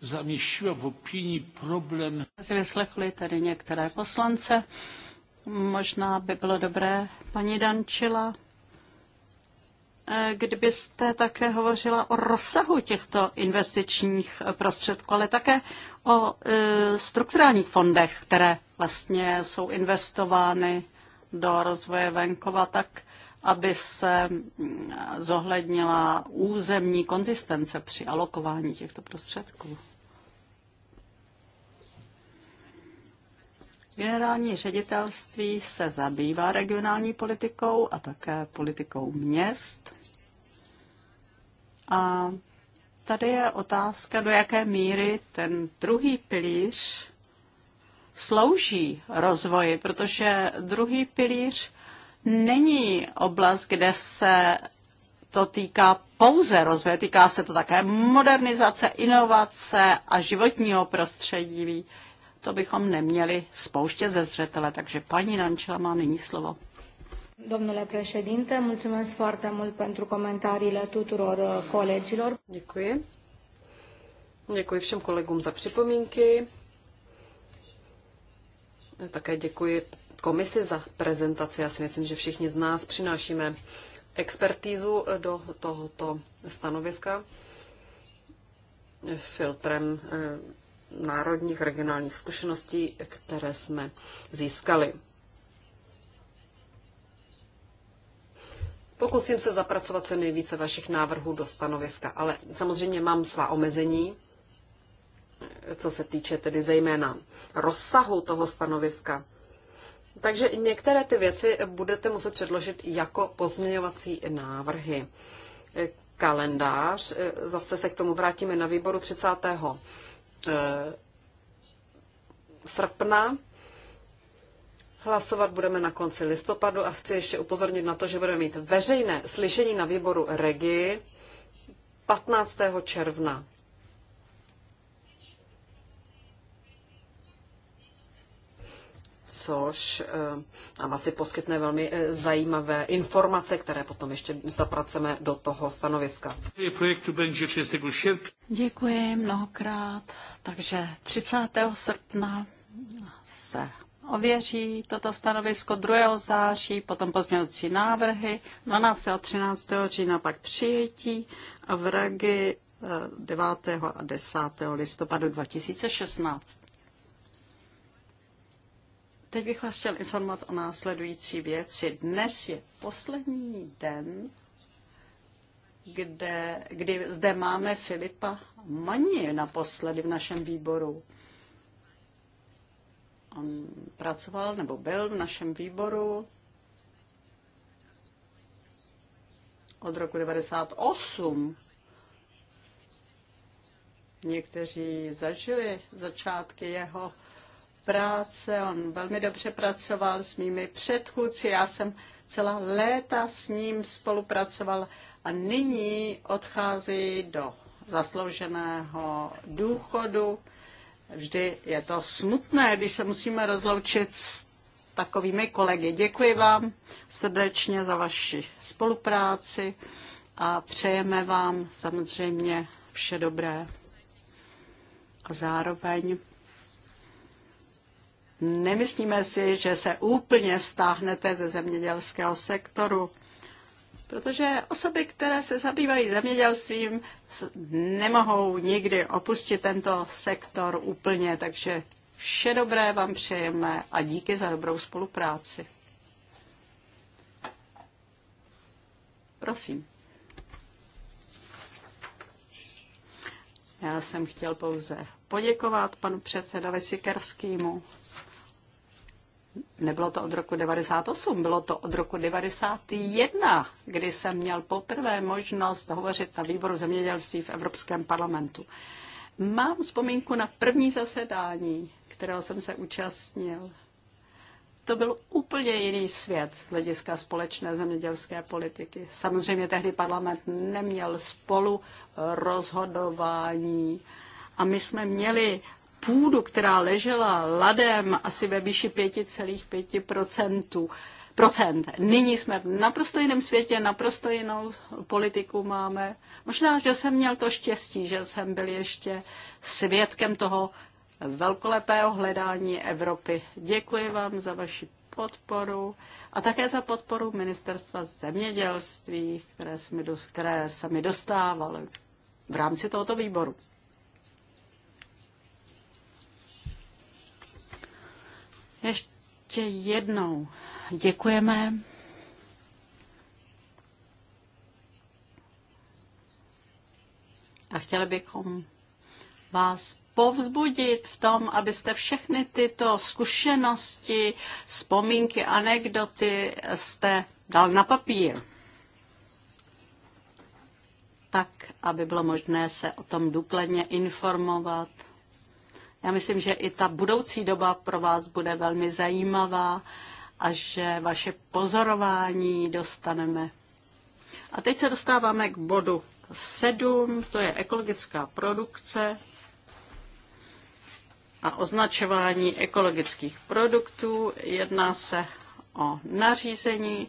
zamieściła v opinii problém. Vyslechli tady některé poslance Možná by bylo dobré, paní Dančila, eh, kdybyste také hovořila o rozsahu těchto investičních prostředků, ale také o eh, strukturálních fondech, které vlastně jsou investovány do rozvoje venkova, tak aby se mm, zohlednila územní konzistence při alokování těchto prostředků. Generální ředitelství se zabývá regionální politikou a také politikou měst. A tady je otázka, do jaké míry ten druhý pilíř slouží rozvoji, protože druhý pilíř není oblast, kde se to týká pouze rozvoje, týká se to také modernizace, inovace a životního prostředí to bychom neměli spouštět ze zřetele. Takže paní Nančela má nyní slovo. Domnule președinte, mulțumesc foarte mult pentru comentariile tuturor uh, colegilor. Děkuji. Děkuji všem kolegům za připomínky. Také děkuji komisi za prezentaci. Já si myslím, že všichni z nás přinášíme expertízu uh, do tohoto stanoviska. Filtrem uh, národních regionálních zkušeností, které jsme získali. Pokusím se zapracovat co nejvíce vašich návrhů do stanoviska, ale samozřejmě mám svá omezení, co se týče tedy zejména rozsahu toho stanoviska. Takže některé ty věci budete muset předložit jako pozměňovací návrhy. Kalendář, zase se k tomu vrátíme na výboru 30. Eh, srpna. Hlasovat budeme na konci listopadu a chci ještě upozornit na to, že budeme mít veřejné slyšení na výboru Regi 15. června. což eh, nám asi poskytne velmi eh, zajímavé informace, které potom ještě zapraceme do toho stanoviska. Projektu Děkuji mnohokrát. Takže 30. srpna se ověří toto stanovisko 2. září, potom pozměňovací návrhy, 12. a 13. října pak přijetí a vragy 9. Eh, a 10. listopadu 2016. Teď bych vás chtěl informovat o následující věci. Dnes je poslední den, kde, kdy zde máme Filipa Mani naposledy v našem výboru. On pracoval nebo byl v našem výboru od roku 98. Někteří zažili začátky jeho práce, on velmi dobře pracoval s mými předchůdci, já jsem celá léta s ním spolupracoval a nyní odchází do zaslouženého důchodu. Vždy je to smutné, když se musíme rozloučit s takovými kolegy. Děkuji vám srdečně za vaši spolupráci a přejeme vám samozřejmě vše dobré. A zároveň Nemyslíme si, že se úplně stáhnete ze zemědělského sektoru, protože osoby, které se zabývají zemědělstvím, nemohou nikdy opustit tento sektor úplně, takže vše dobré vám přejeme a díky za dobrou spolupráci. Prosím. Já jsem chtěl pouze poděkovat panu předsedovi Sikerskému Nebylo to od roku 98, bylo to od roku 91, kdy jsem měl poprvé možnost hovořit na výboru zemědělství v Evropském parlamentu. Mám vzpomínku na první zasedání, kterého jsem se účastnil. To byl úplně jiný svět z hlediska společné zemědělské politiky. Samozřejmě tehdy parlament neměl spolu rozhodování a my jsme měli půdu, která ležela ladem asi ve výši 5,5 procent. Nyní jsme v naprosto jiném světě, naprosto jinou politiku máme. Možná, že jsem měl to štěstí, že jsem byl ještě svědkem toho velkolepého hledání Evropy. Děkuji vám za vaši podporu a také za podporu Ministerstva zemědělství, které, jsme, které se mi dostávalo v rámci tohoto výboru. Ještě jednou děkujeme. A chtěli bychom vás povzbudit v tom, abyste všechny tyto zkušenosti, vzpomínky, anekdoty jste dal na papír. Tak, aby bylo možné se o tom důkladně informovat já myslím, že i ta budoucí doba pro vás bude velmi zajímavá a že vaše pozorování dostaneme. A teď se dostáváme k bodu 7, to je ekologická produkce a označování ekologických produktů. Jedná se o nařízení,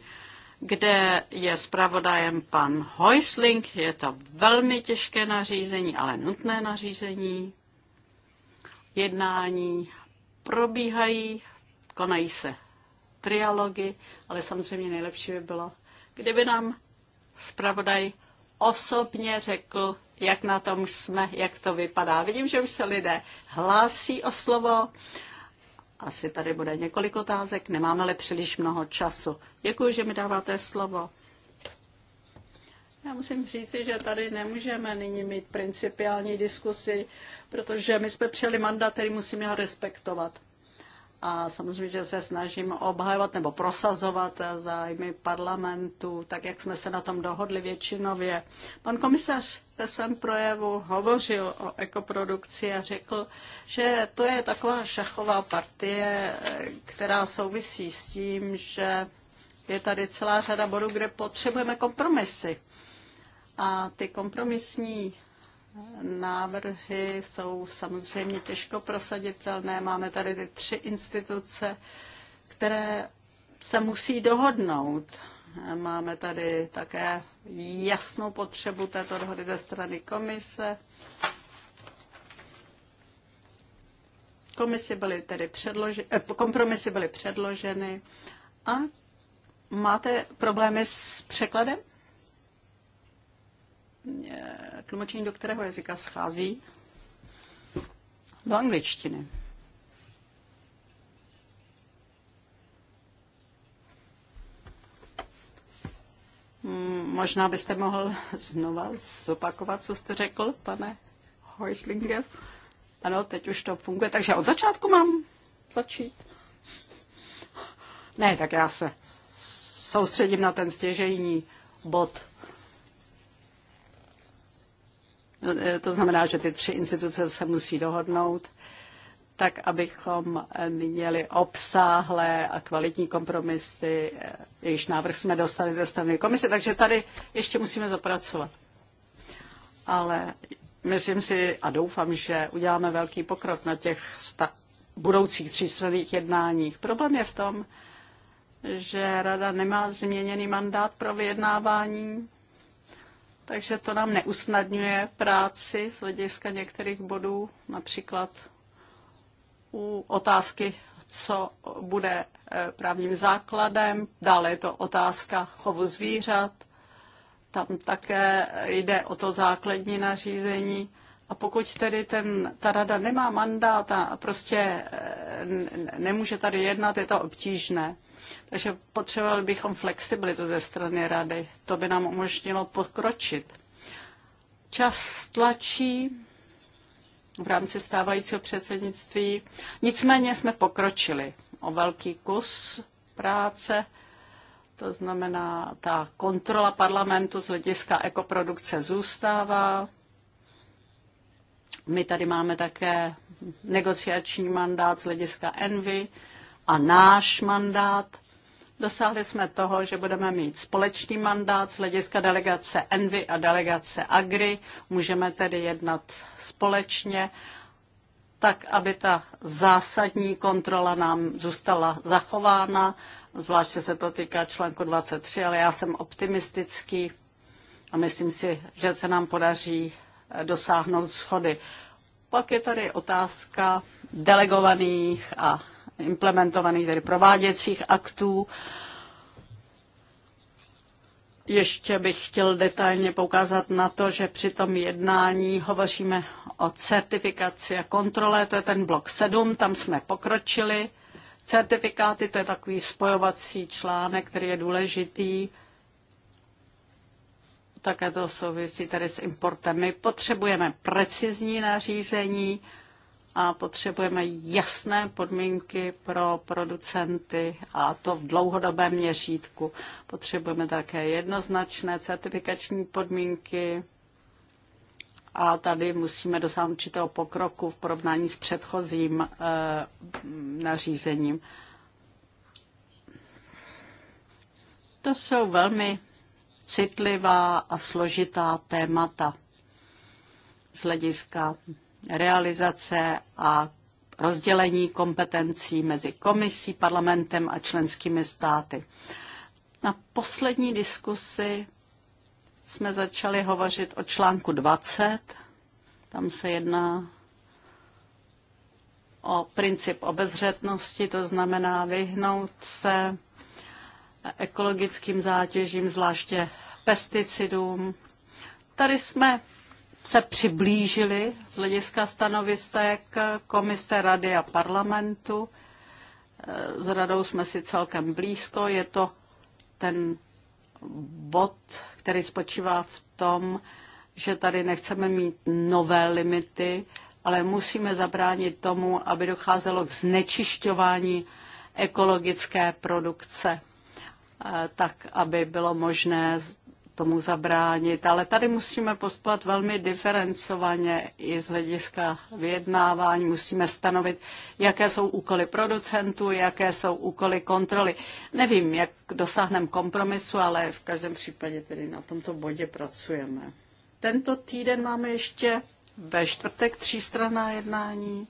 kde je zpravodajem pan Heusling. Je to velmi těžké nařízení, ale nutné nařízení. Jednání probíhají, konají se trialogy, ale samozřejmě nejlepší by bylo, kdyby nám zpravodaj osobně řekl, jak na tom jsme, jak to vypadá. Vidím, že už se lidé hlásí o slovo. Asi tady bude několik otázek, nemáme ale příliš mnoho času. Děkuji, že mi dáváte slovo. Já musím říci, že tady nemůžeme nyní mít principiální diskusi, protože my jsme přijeli mandát, který musíme já respektovat. A samozřejmě, že se snažím obhajovat nebo prosazovat zájmy parlamentu, tak jak jsme se na tom dohodli většinově. Pan komisař ve svém projevu hovořil o ekoprodukci a řekl, že to je taková šachová partie, která souvisí s tím, že je tady celá řada bodů, kde potřebujeme kompromisy. A ty kompromisní návrhy jsou samozřejmě těžko prosaditelné. Máme tady ty tři instituce, které se musí dohodnout. Máme tady také jasnou potřebu této dohody ze strany komise. Komisi byly tedy předloži- eh, kompromisy byly předloženy a máte problémy s překladem? Eh, tlumočení do kterého jazyka schází? Do angličtiny. Hmm, možná byste mohl znova zopakovat, co jste řekl, pane Heuslinger. Ano, teď už to funguje, takže od začátku mám začít. Ne, tak já se soustředím na ten stěžejní bod. To znamená, že ty tři instituce se musí dohodnout tak abychom měli obsáhlé a kvalitní kompromisy, jejichž návrh jsme dostali ze strany komise, takže tady ještě musíme zapracovat. Ale myslím si a doufám, že uděláme velký pokrok na těch budoucích třístranných jednáních. Problém je v tom, že Rada nemá změněný mandát pro vyjednávání takže to nám neusnadňuje práci z hlediska některých bodů, například u otázky, co bude eh, právním základem, dále je to otázka chovu zvířat, tam také jde o to základní nařízení. A pokud tedy ten, ta rada nemá mandát a prostě eh, nemůže tady jednat, je to obtížné. Takže potřebovali bychom flexibilitu ze strany rady. To by nám umožnilo pokročit. Čas tlačí v rámci stávajícího předsednictví. Nicméně jsme pokročili o velký kus práce. To znamená, ta kontrola parlamentu z hlediska ekoprodukce zůstává. My tady máme také negociační mandát z hlediska Envy a náš mandát. Dosáhli jsme toho, že budeme mít společný mandát z hlediska delegace Envy a delegace Agri. Můžeme tedy jednat společně, tak aby ta zásadní kontrola nám zůstala zachována. Zvláště se to týká článku 23, ale já jsem optimistický a myslím si, že se nám podaří dosáhnout schody. Pak je tady otázka delegovaných a implementovaných, tedy prováděcích aktů. Ještě bych chtěl detailně poukázat na to, že při tom jednání hovoříme o certifikaci a kontrole, to je ten blok 7, tam jsme pokročili. Certifikáty, to je takový spojovací článek, který je důležitý. Také to souvisí tady s importem. My potřebujeme precizní nařízení, a potřebujeme jasné podmínky pro producenty a to v dlouhodobém měřítku. Potřebujeme také jednoznačné certifikační podmínky a tady musíme dosáhnout určitého pokroku v porovnání s předchozím e, nařízením. To jsou velmi citlivá a složitá témata z hlediska realizace a rozdělení kompetencí mezi komisí, parlamentem a členskými státy. Na poslední diskusi jsme začali hovořit o článku 20. Tam se jedná o princip obezřetnosti, to znamená vyhnout se ekologickým zátěžím, zvláště pesticidům. Tady jsme se přiblížili z hlediska stanovisek komise rady a parlamentu. S radou jsme si celkem blízko. Je to ten bod, který spočívá v tom, že tady nechceme mít nové limity, ale musíme zabránit tomu, aby docházelo k znečišťování ekologické produkce, eh, tak aby bylo možné tomu zabránit, ale tady musíme postupovat velmi diferencovaně i z hlediska vyjednávání. Musíme stanovit, jaké jsou úkoly producentů, jaké jsou úkoly kontroly. Nevím, jak dosáhneme kompromisu, ale v každém případě tedy na tomto bodě pracujeme. Tento týden máme ještě ve čtvrtek třístranná jednání.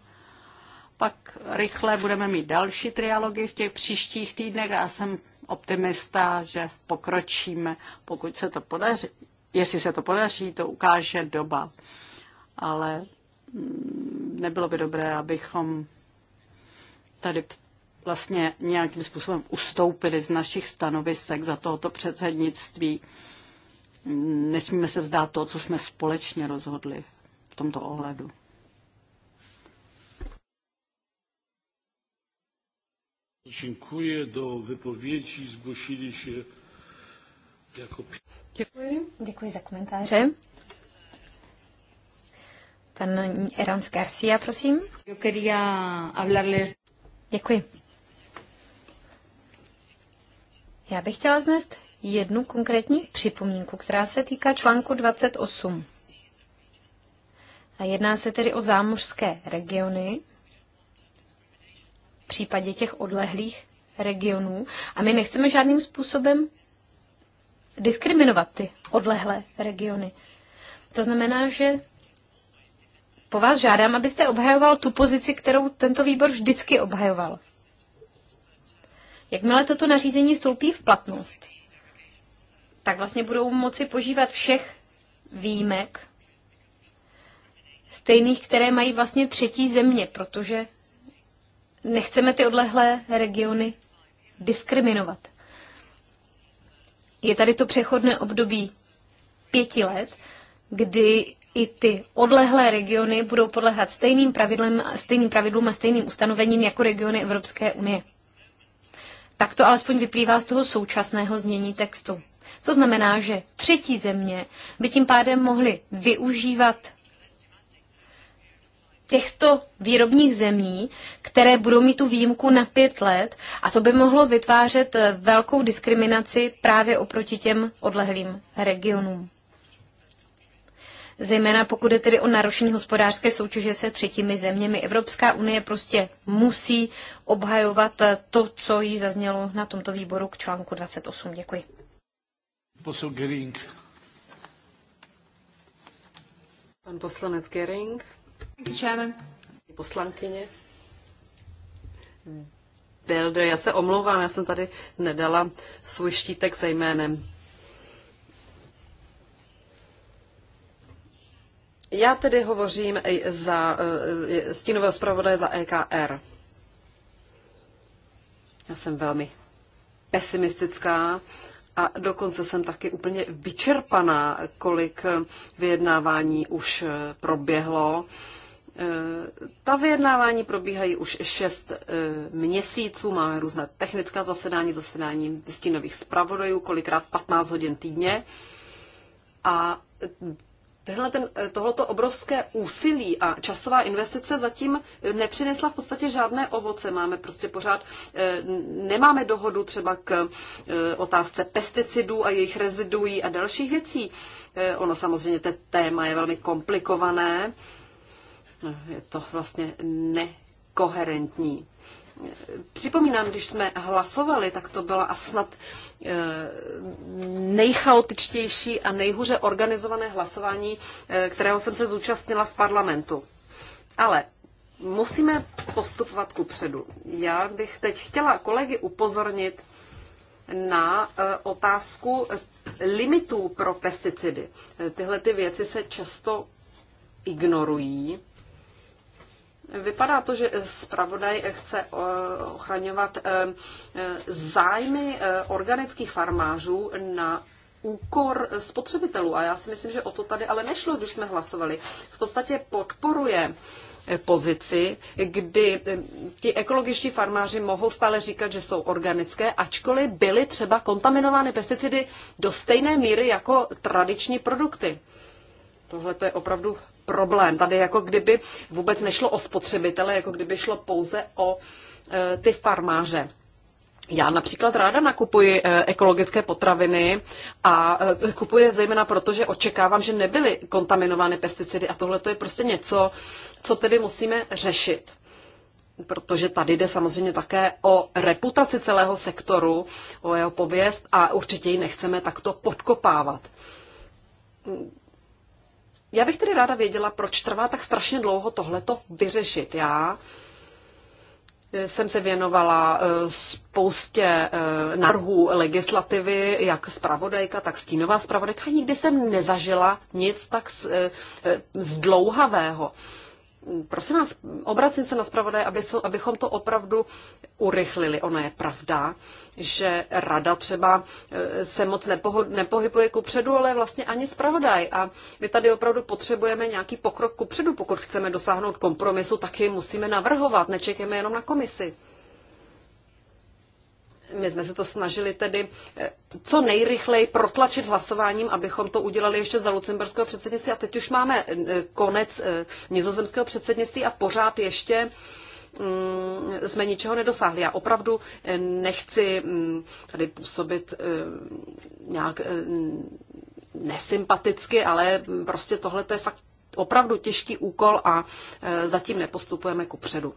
Pak rychle budeme mít další trialogy v těch příštích týdnech a jsem optimista, že pokročíme. Pokud se to podaří, jestli se to podaří, to ukáže doba. Ale mm, nebylo by dobré, abychom tady vlastně nějakým způsobem ustoupili z našich stanovisek za tohoto předsednictví. Nesmíme se vzdát toho, co jsme společně rozhodli v tomto ohledu. Děkuji. Do vypovědi zgłosili se jako... Děkuji. Děkuji za komentáře. Pan Erans Garcia, prosím. Yo quería hablarles... Děkuji. Já bych chtěla znést jednu konkrétní připomínku, která se týká článku 28. A jedná se tedy o zámořské regiony, případě těch odlehlých regionů. A my nechceme žádným způsobem diskriminovat ty odlehlé regiony. To znamená, že po vás žádám, abyste obhajoval tu pozici, kterou tento výbor vždycky obhajoval. Jakmile toto nařízení stoupí v platnost, tak vlastně budou moci požívat všech výjimek, stejných, které mají vlastně třetí země, protože nechceme ty odlehlé regiony diskriminovat. Je tady to přechodné období pěti let, kdy i ty odlehlé regiony budou podléhat stejným, pravidlem, stejným pravidlům a stejným ustanovením jako regiony Evropské unie. Tak to alespoň vyplývá z toho současného znění textu. To znamená, že třetí země by tím pádem mohly využívat těchto výrobních zemí, které budou mít tu výjimku na pět let a to by mohlo vytvářet eh, velkou diskriminaci právě oproti těm odlehlým regionům. Zejména pokud je tedy o narušení hospodářské soutěže se třetími zeměmi. Evropská unie prostě musí obhajovat eh, to, co jí zaznělo na tomto výboru k článku 28. Děkuji. Pan poslanec Gering. Poslankyně. Bildo, já se omlouvám, já jsem tady nedala svůj štítek se jménem. Já tedy hovořím za eh, stínového zpravodaje za EKR. Já jsem velmi pesimistická a dokonce jsem taky úplně vyčerpaná, kolik vyjednávání už eh, proběhlo. Eh, ta vyjednávání probíhají už šest eh, měsíců, máme různé technická zasedání, zasedání stínových zpravodajů, kolikrát 15 hodin týdně. A tenhle ten, eh, tohleto obrovské úsilí a časová investice zatím eh, nepřinesla v podstatě žádné ovoce. Máme prostě pořád, eh, nemáme dohodu třeba k otázce pesticidů a jejich reziduí a dalších věcí. Ono samozřejmě, té téma je velmi komplikované. Je to vlastně nekoherentní. Připomínám, když jsme hlasovali, tak to byla a snad eh, nejchaotičtější a nejhůře organizované hlasování, eh, kterého jsem se zúčastnila v parlamentu. Ale musíme postupovat ku předu. Já bych teď chtěla kolegy upozornit na eh, otázku limitů pro pesticidy. Tyhle ty věci se často ignorují Vypadá to, že zpravodaj chce eh, ochraňovat eh, eh, zájmy organických farmářů na úkor spotřebitelů. A já si myslím, že o to tady ale nešlo, když jsme hlasovali. V podstatě podporuje pozici, kdy ti ekologičtí farmáři mohou stále říkat, že jsou organické, ačkoliv byly třeba kontaminovány pesticidy do stejné míry jako tradiční produkty. Tohle to je opravdu problém. Tady jako kdyby vůbec nešlo o spotřebitele, jako kdyby šlo pouze o e, ty farmáře. Já například ráda nakupuji e, ekologické potraviny a e, kupuji zejména proto, že očekávám, že nebyly kontaminovány pesticidy a tohle to je prostě něco, co tedy musíme řešit. Protože tady jde samozřejmě také o reputaci celého sektoru, o jeho pověst a určitě ji nechceme takto podkopávat. Já bych tedy ráda věděla, proč trvá tak strašně dlouho tohleto vyřešit. Já eh, jsem se věnovala eh, spoustě eh, návrhů legislativy, jak zpravodajka, tak stínová zpravodajka. Nikdy jsem nezažila nic tak zdlouhavého prosím vás, obracím se na zpravodaj, aby, abychom to opravdu urychlili. Ono je pravda, že rada třeba e, se moc nepoho, nepohybuje ku předu, ale vlastně ani zpravodaj. A my tady opravdu potřebujeme nějaký pokrok ku předu. Pokud chceme dosáhnout kompromisu, tak musíme navrhovat. nečekáme jenom na komisi. My jsme se to snažili tedy eh, co nejrychleji protlačit hlasováním, abychom to udělali ještě za lucemburského předsednictví a teď už máme eh, konec eh, nizozemského předsednictví a pořád ještě mm, jsme ničeho nedosáhli. Já opravdu nechci mm, tady působit nějak nesympaticky, ale prostě tohle je fakt opravdu těžký úkol a zatím nepostupujeme ku předu.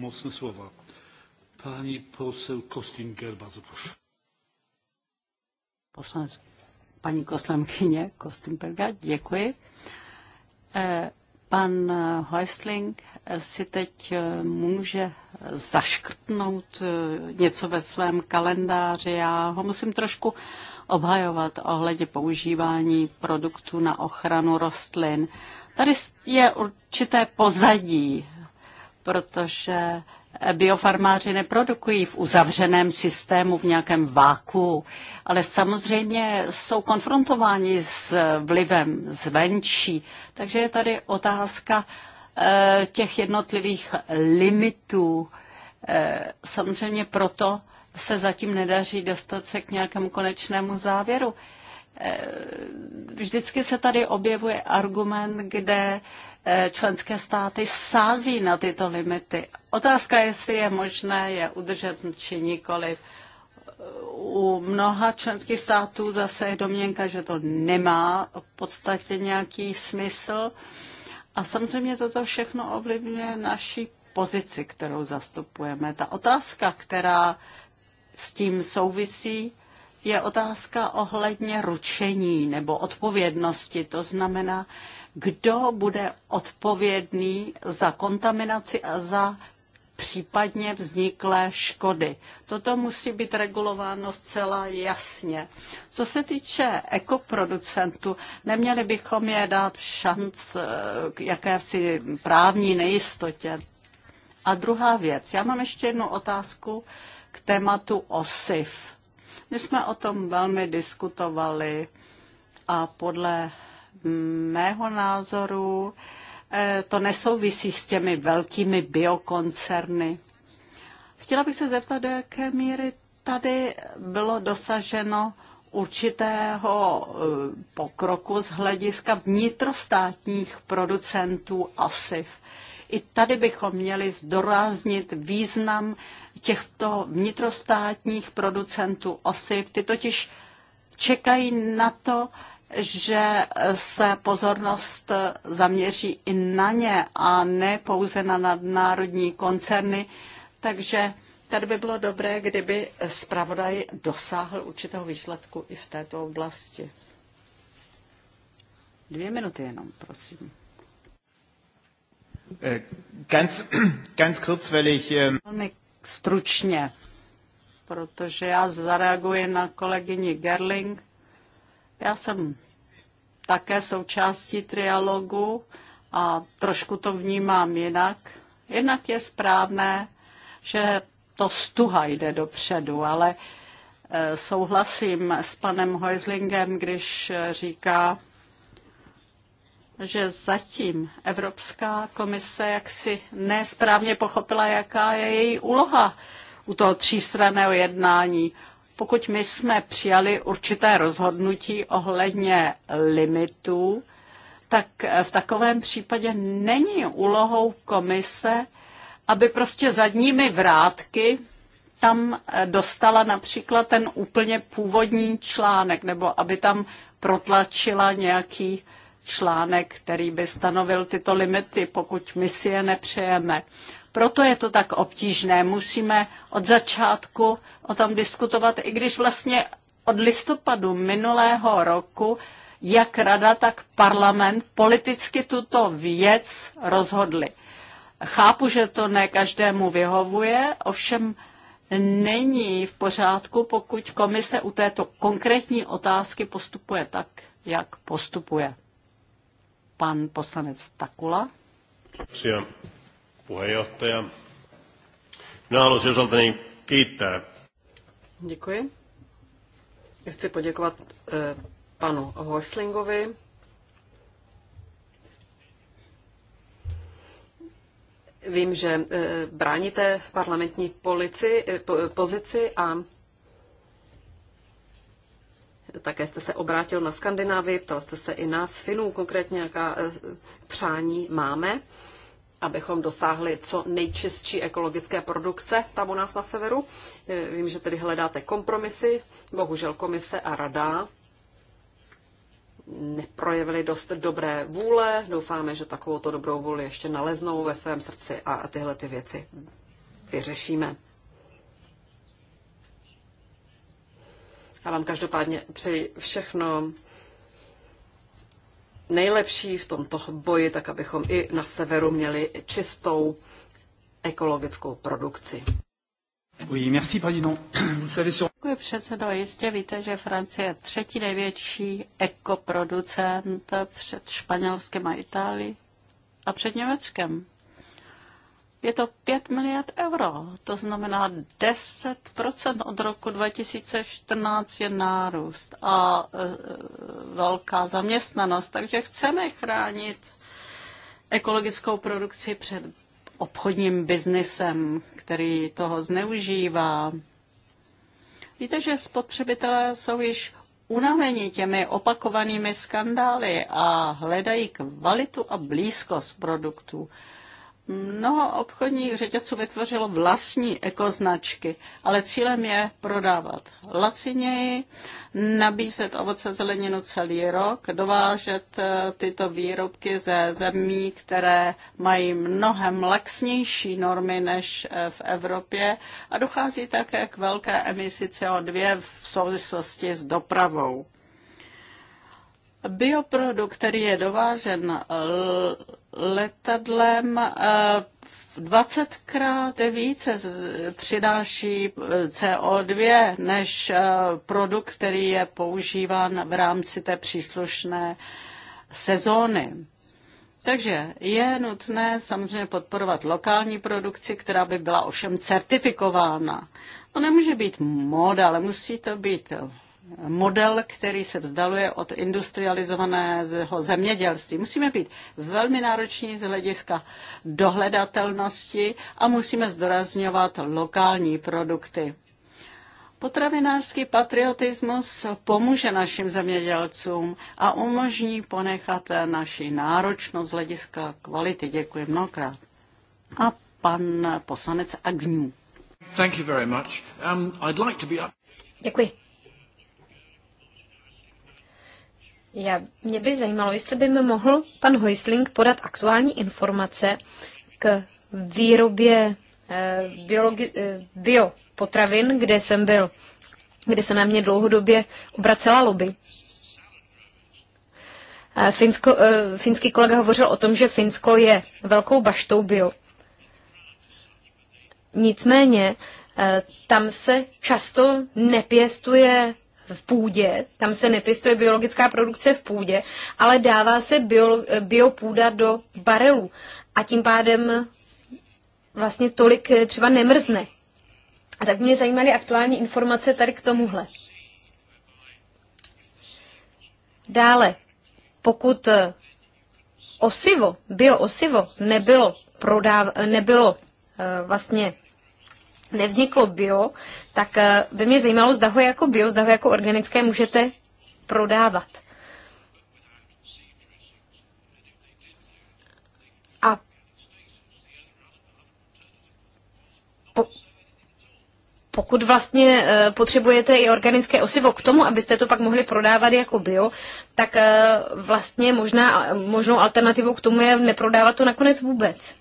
mocne słowa. Pani poseł Kostinger, bardzo proszę. Poslanec, paní poslankyně Kostimberga, děkuji. Eh, pan Häusling, si teď eh, může zaškrtnout eh, něco ve svém kalendáři. Já ho musím trošku obhajovat ohledně používání produktů na ochranu rostlin. Tady je určité pozadí protože biofarmáři neprodukují v uzavřeném systému, v nějakém váku, ale samozřejmě jsou konfrontováni s vlivem zvenčí. Takže je tady otázka eh, těch jednotlivých limitů. Eh, samozřejmě proto se zatím nedaří dostat se k nějakému konečnému závěru. Eh, vždycky se tady objevuje argument, kde Eh, členské státy sází na tyto limity. Otázka je, jestli je možné je udržet či nikoliv. U mnoha členských států zase je domněnka, že to nemá v podstatě nějaký smysl. A samozřejmě toto všechno ovlivňuje naši pozici, kterou zastupujeme. Ta otázka, která s tím souvisí, je otázka ohledně ručení nebo odpovědnosti. To znamená, kdo bude odpovědný za kontaminaci a za případně vzniklé škody. Toto musí být regulováno zcela jasně. Co se týče ekoproducentů, neměli bychom je dát šanc eh, k jakési právní nejistotě. A druhá věc, já mám ještě jednu otázku k tématu OSIF. My jsme o tom velmi diskutovali a podle mého názoru eh, to nesouvisí s těmi velkými biokoncerny. Chtěla bych se zeptat, do jaké míry tady bylo dosaženo určitého eh, pokroku z hlediska vnitrostátních producentů osiv. I tady bychom měli zdoráznit význam těchto vnitrostátních producentů osiv. Ty totiž čekají na to, že se pozornost zaměří i na ně a ne pouze na nadnárodní koncerny. Takže tady by bylo dobré, kdyby zpravodaj dosáhl určitého výsledku i v této oblasti. Dvě minuty jenom, prosím. Äh, ganz, ganz kurz, weil ich... Ähm, Velmi stručně, protože já zareaguji na kolegyni Gerling já jsem také součástí trialogu a trošku to vnímám jinak. Jednak je správné, že to stuha jde dopředu, ale e, souhlasím s panem Heuslingem, když říká, že zatím Evropská komise jaksi nesprávně pochopila, jaká je její úloha u toho třístraného jednání. Pokud my jsme přijali určité rozhodnutí ohledně limitů, tak v takovém případě není úlohou komise, aby prostě zadními vrátky tam dostala například ten úplně původní článek, nebo aby tam protlačila nějaký článek, který by stanovil tyto limity, pokud my si je nepřejeme. Proto je to tak obtížné. Musíme od začátku o tom diskutovat, i když vlastně od listopadu minulého roku jak rada, tak parlament politicky tuto věc rozhodli. Chápu, že to ne každému vyhovuje, ovšem není v pořádku, pokud komise u této konkrétní otázky postupuje tak, jak postupuje. Pan poslanec Takula. Přijám puheenjohtaja. Minä haluaisin osaltani kiittää. Děkuji. Chci poděkovat eh, panu Hoislingovi. Vím, že eh, bráníte parlamentní polici, eh, pozici a také jste se obrátil na Skandinávii, ptal jste se i nás, Finů konkrétně, jaká přání máme abychom dosáhli co nejčistší ekologické produkce tam u nás na severu. Eh, vím, že tedy hledáte kompromisy. Bohužel komise a rada neprojevili dost dobré vůle. Doufáme, že takovou to dobrou vůli ještě naleznou ve svém srdci a tyhle ty věci vyřešíme. Já vám každopádně přeji všechno nejlepší v tomto boji, tak abychom i na severu měli čistou ekologickou produkci. Oui, merci, Děkuji, předsedo. Jistě víte, že Francie je třetí největší ekoproducent před Španělskem a Itálií a před Německem je to 5 miliard euro, to znamená 10 od roku 2014 je nárůst a e, velká zaměstnanost. Takže chceme chránit ekologickou produkci před obchodním biznesem, který toho zneužívá. Víte, že spotřebitelé jsou již unavení těmi opakovanými skandály a hledají kvalitu a blízkost produktů. Mnoho obchodních řetězců vytvořilo vlastní ekoznačky, ale cílem je prodávat laciněji, nabízet ovoce zeleninu celý rok, dovážet eh, tyto výrobky ze zemí, které mají mnohem laxnější normy než eh, v Evropě a dochází také k velké emisi CO2 v souvislosti s dopravou. Bioprodukt, který je dovážen letadlem eh, dvacetkrát krát více přináší eh, CO2 než eh, produkt, který je používán v rámci té příslušné sezóny. Takže je nutné samozřejmě podporovat lokální produkci, která by byla ovšem certifikována. To nemůže být moda, ale musí to být model, který se vzdaluje od industrializovaného zemědělství. Musíme být velmi nároční z hlediska dohledatelnosti a musíme zdorazňovat lokální produkty. Potravinářský patriotismus pomůže našim zemědělcům a umožní ponechat naši náročnost z hlediska kvality. Děkuji mnohokrát. A pan poslanec Agňů. Um, Děkuji. Já, mě by zajímalo, jestli by mi mohl pan Hoisling podat aktuální informace k výrobě eh, biologi- eh, biopotravin, kde jsem byl, kde se na mě dlouhodobě obracela lobby. Eh, Finsko, eh, finský kolega hovořil o tom, že Finsko je velkou baštou bio. Nicméně eh, tam se často nepěstuje v půdě, tam se nepěstuje biologická produkce v půdě, ale dává se bio, biopůda do barelů a tím pádem vlastně tolik eh, třeba nemrzne. A tak mě zajímaly aktuální informace tady k tomuhle. Dále, pokud eh, osivo, bioosivo nebylo, prodáv, eh, nebylo vlastně nevzniklo bio, tak eh, by mě zajímalo, zda ho jako bio, zda ho jako organické můžete prodávat. A po, pokud vlastně eh, potřebujete i organické osivo k tomu, abyste to pak mohli prodávat jako bio, tak eh, vlastně možná, možnou alternativou k tomu je neprodávat to nakonec vůbec.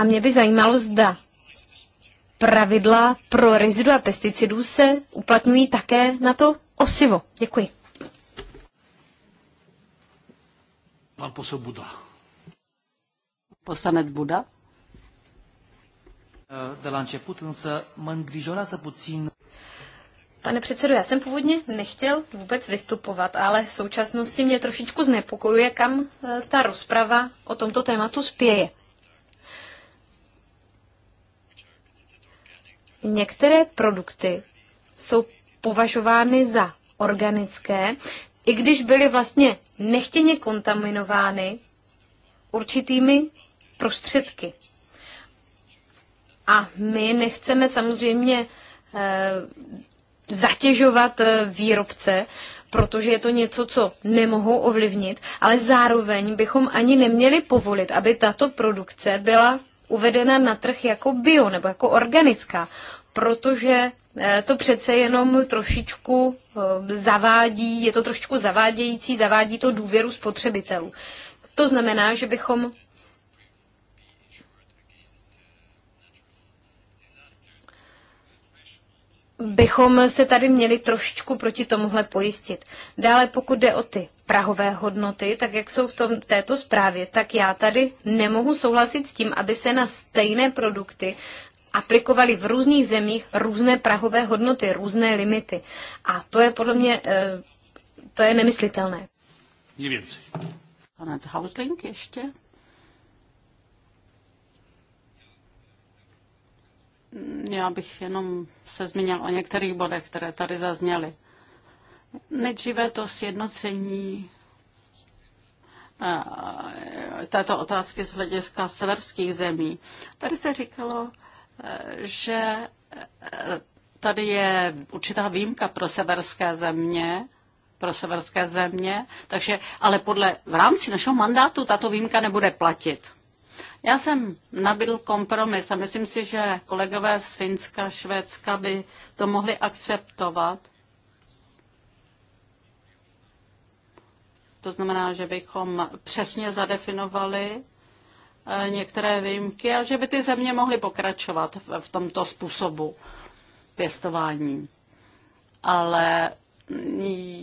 A mě by zajímalo, zda pravidla pro rezidua pesticidů se uplatňují také na to osivo. Děkuji. Pan posel Buda. Poslanec Buda. Eh, de la început, însă mă îngrijorează puțin Pane předsedo, já jsem původně nechtěl vůbec vystupovat, ale v současnosti mě trošičku znepokojuje, kam eh, ta rozprava o tomto tématu spěje. některé produkty jsou považovány za organické, i když byly vlastně nechtěně kontaminovány určitými prostředky. A my nechceme samozřejmě eh, zatěžovat eh, výrobce, protože je to něco, co nemohou ovlivnit, ale zároveň bychom ani neměli povolit, aby tato produkce byla uvedena na trh jako bio nebo jako organická, protože eh, to přece jenom trošičku eh, zavádí, je to trošičku zavádějící, zavádí to důvěru spotřebitelů. To znamená, že bychom bychom se tady měli trošičku proti tomuhle pojistit. Dále pokud jde o ty prahové hodnoty, tak jak jsou v tom, této zprávě, tak já tady nemohu souhlasit s tím, aby se na stejné produkty aplikovali v různých zemích různé prahové hodnoty, různé limity. A to je podle mě, eh, to je nemyslitelné. Je věci. Hanec Hausling ještě? Já bych jenom se zmínil o některých bodech, které tady zazněly. Nejdříve to sjednocení této otázky z hlediska severských zemí. Tady se říkalo, e, že e, tady je určitá výjimka pro severské země, pro severské země, takže, ale podle, v rámci našeho mandátu tato výjimka nebude platit. Já jsem nabídl kompromis a myslím si, že kolegové z Finska, Švédska by to mohli akceptovat, To znamená, že bychom přesně zadefinovali eh, některé výjimky a že by ty země mohly pokračovat v tomto způsobu pěstování. Ale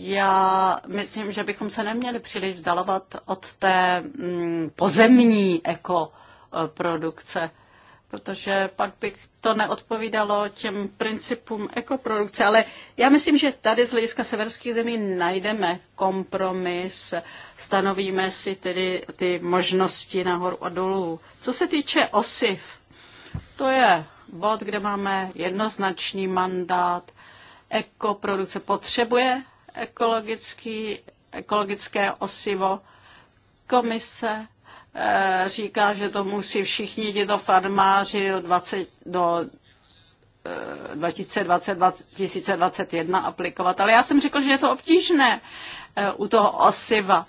já myslím, že bychom se neměli příliš vzdalovat od té mm, pozemní ekoprodukce protože pak by to neodpovídalo těm principům ekoprodukce. Ale já myslím, že tady z hlediska severských zemí najdeme kompromis, stanovíme si tedy ty možnosti nahoru a dolů. Co se týče osiv, to je bod, kde máme jednoznačný mandát. Ekoprodukce potřebuje ekologický, ekologické osivo. Komise Eh, říká, že to musí všichni tito farmáři do, 20, do 2020, eh, 2021 aplikovat. Ale já jsem řekl, že je to obtížné eh, u toho osiva.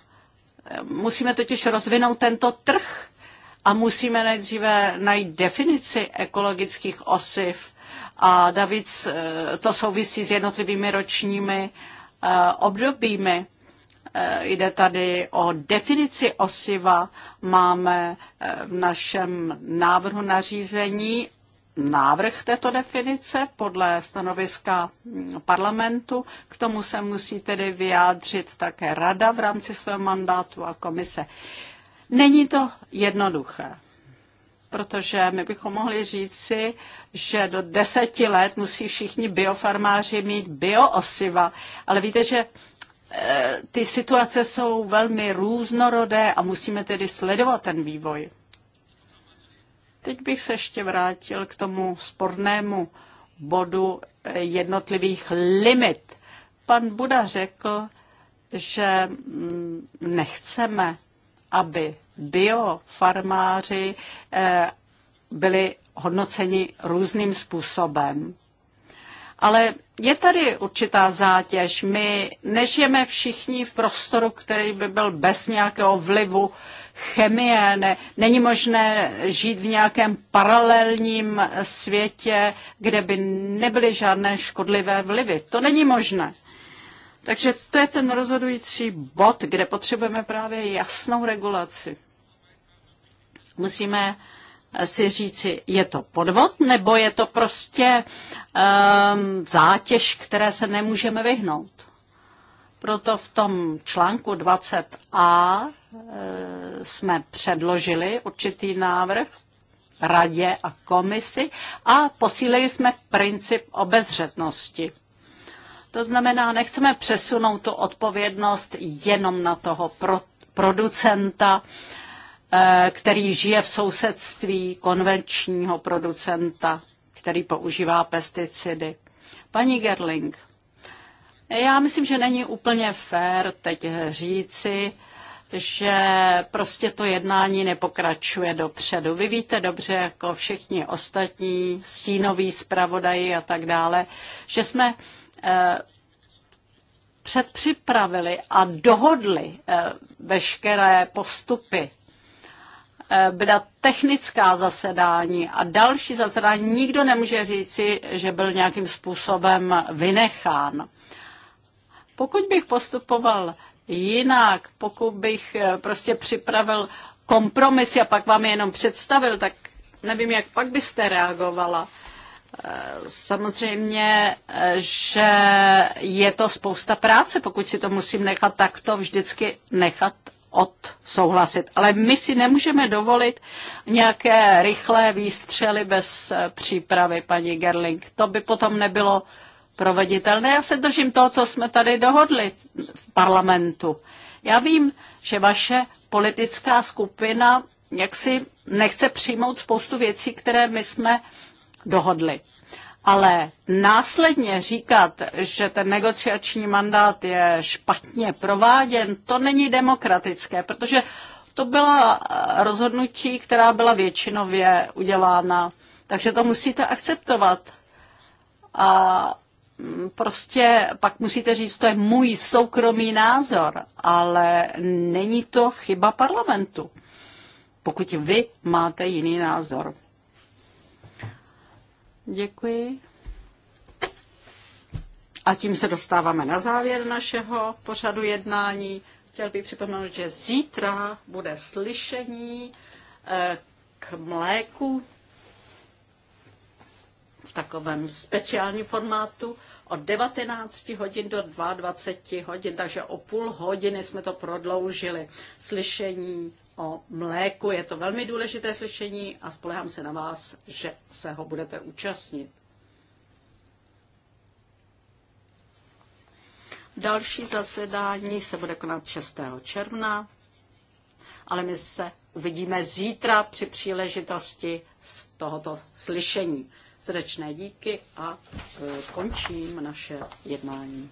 Musíme totiž rozvinout tento trh a musíme nejdříve najít definici ekologických osiv. A David, to souvisí s jednotlivými ročními obdobími. Eh, jde tady o definici osiva. Máme eh, v našem návrhu nařízení návrh této definice podle stanoviska mm, parlamentu. K tomu se musí tedy vyjádřit také rada v rámci svého mandátu a komise. Není to jednoduché, protože my bychom mohli říci, že do deseti let musí všichni biofarmáři mít bioosiva, ale víte, že Eh, ty situace jsou velmi různorodé a musíme tedy sledovat ten vývoj. Teď bych se ještě vrátil k tomu spornému bodu eh, jednotlivých limit. Pan Buda řekl, že mm, nechceme, aby biofarmáři eh, byli hodnoceni různým způsobem. Ale je tady určitá zátěž. My nežijeme všichni v prostoru, který by byl bez nějakého vlivu chemie. Ne, není možné žít v nějakém paralelním světě, kde by nebyly žádné škodlivé vlivy. To není možné. Takže to je ten rozhodující bod, kde potřebujeme právě jasnou regulaci. Musíme si říci, je to podvod nebo je to prostě um, zátěž, které se nemůžeme vyhnout. Proto v tom článku 20a e, eh, jsme předložili určitý návrh radě a komisi a posílili jsme princip obezřetnosti. To znamená, nechceme přesunout tu odpovědnost jenom na toho pro, producenta, Eh, který žije v sousedství konvenčního producenta, který používá pesticidy. Paní Gerling, já myslím, že není úplně fér teď říci, že prostě to jednání nepokračuje dopředu. Vy víte dobře, jako všichni ostatní, stínoví zpravodaji a tak dále, že jsme eh, předpřipravili a dohodli eh, veškeré postupy Eh, byla technická zasedání a další zasedání nikdo nemůže říci, že byl nějakým způsobem vynechán. Pokud bych postupoval jinak, pokud bych eh, prostě připravil kompromis a pak vám je jenom představil, tak nevím, jak pak byste reagovala. Eh, samozřejmě, že je to spousta práce, pokud si to musím nechat takto vždycky nechat odsouhlasit. Ale my si nemůžeme dovolit nějaké rychlé výstřely bez eh, přípravy, paní Gerling. To by potom nebylo proveditelné. Já se držím toho, co jsme tady dohodli v parlamentu. Já vím, že vaše politická skupina jaksi nechce přijmout spoustu věcí, které my jsme dohodli. Ale následně říkat, že ten negociační mandát je špatně prováděn, to není demokratické, protože to byla eh, rozhodnutí, která byla většinově udělána. Takže to musíte akceptovat. A mm, prostě pak musíte říct, to je můj soukromý názor, ale není to chyba parlamentu, pokud vy máte jiný názor. Děkuji. A tím se dostáváme na závěr našeho pořadu jednání. Chtěl bych připomenout, že zítra bude slyšení eh, k mléku v takovém speciálním formátu od 19 hodin do 22 hodin, takže o půl hodiny jsme to prodloužili. Slyšení o mléku, je to velmi důležité slyšení a spolehám se na vás, že se ho budete účastnit. Další zasedání se bude konat 6. června, ale my se uvidíme zítra při příležitosti z tohoto slyšení. Srdečné díky a e, končím naše jednání.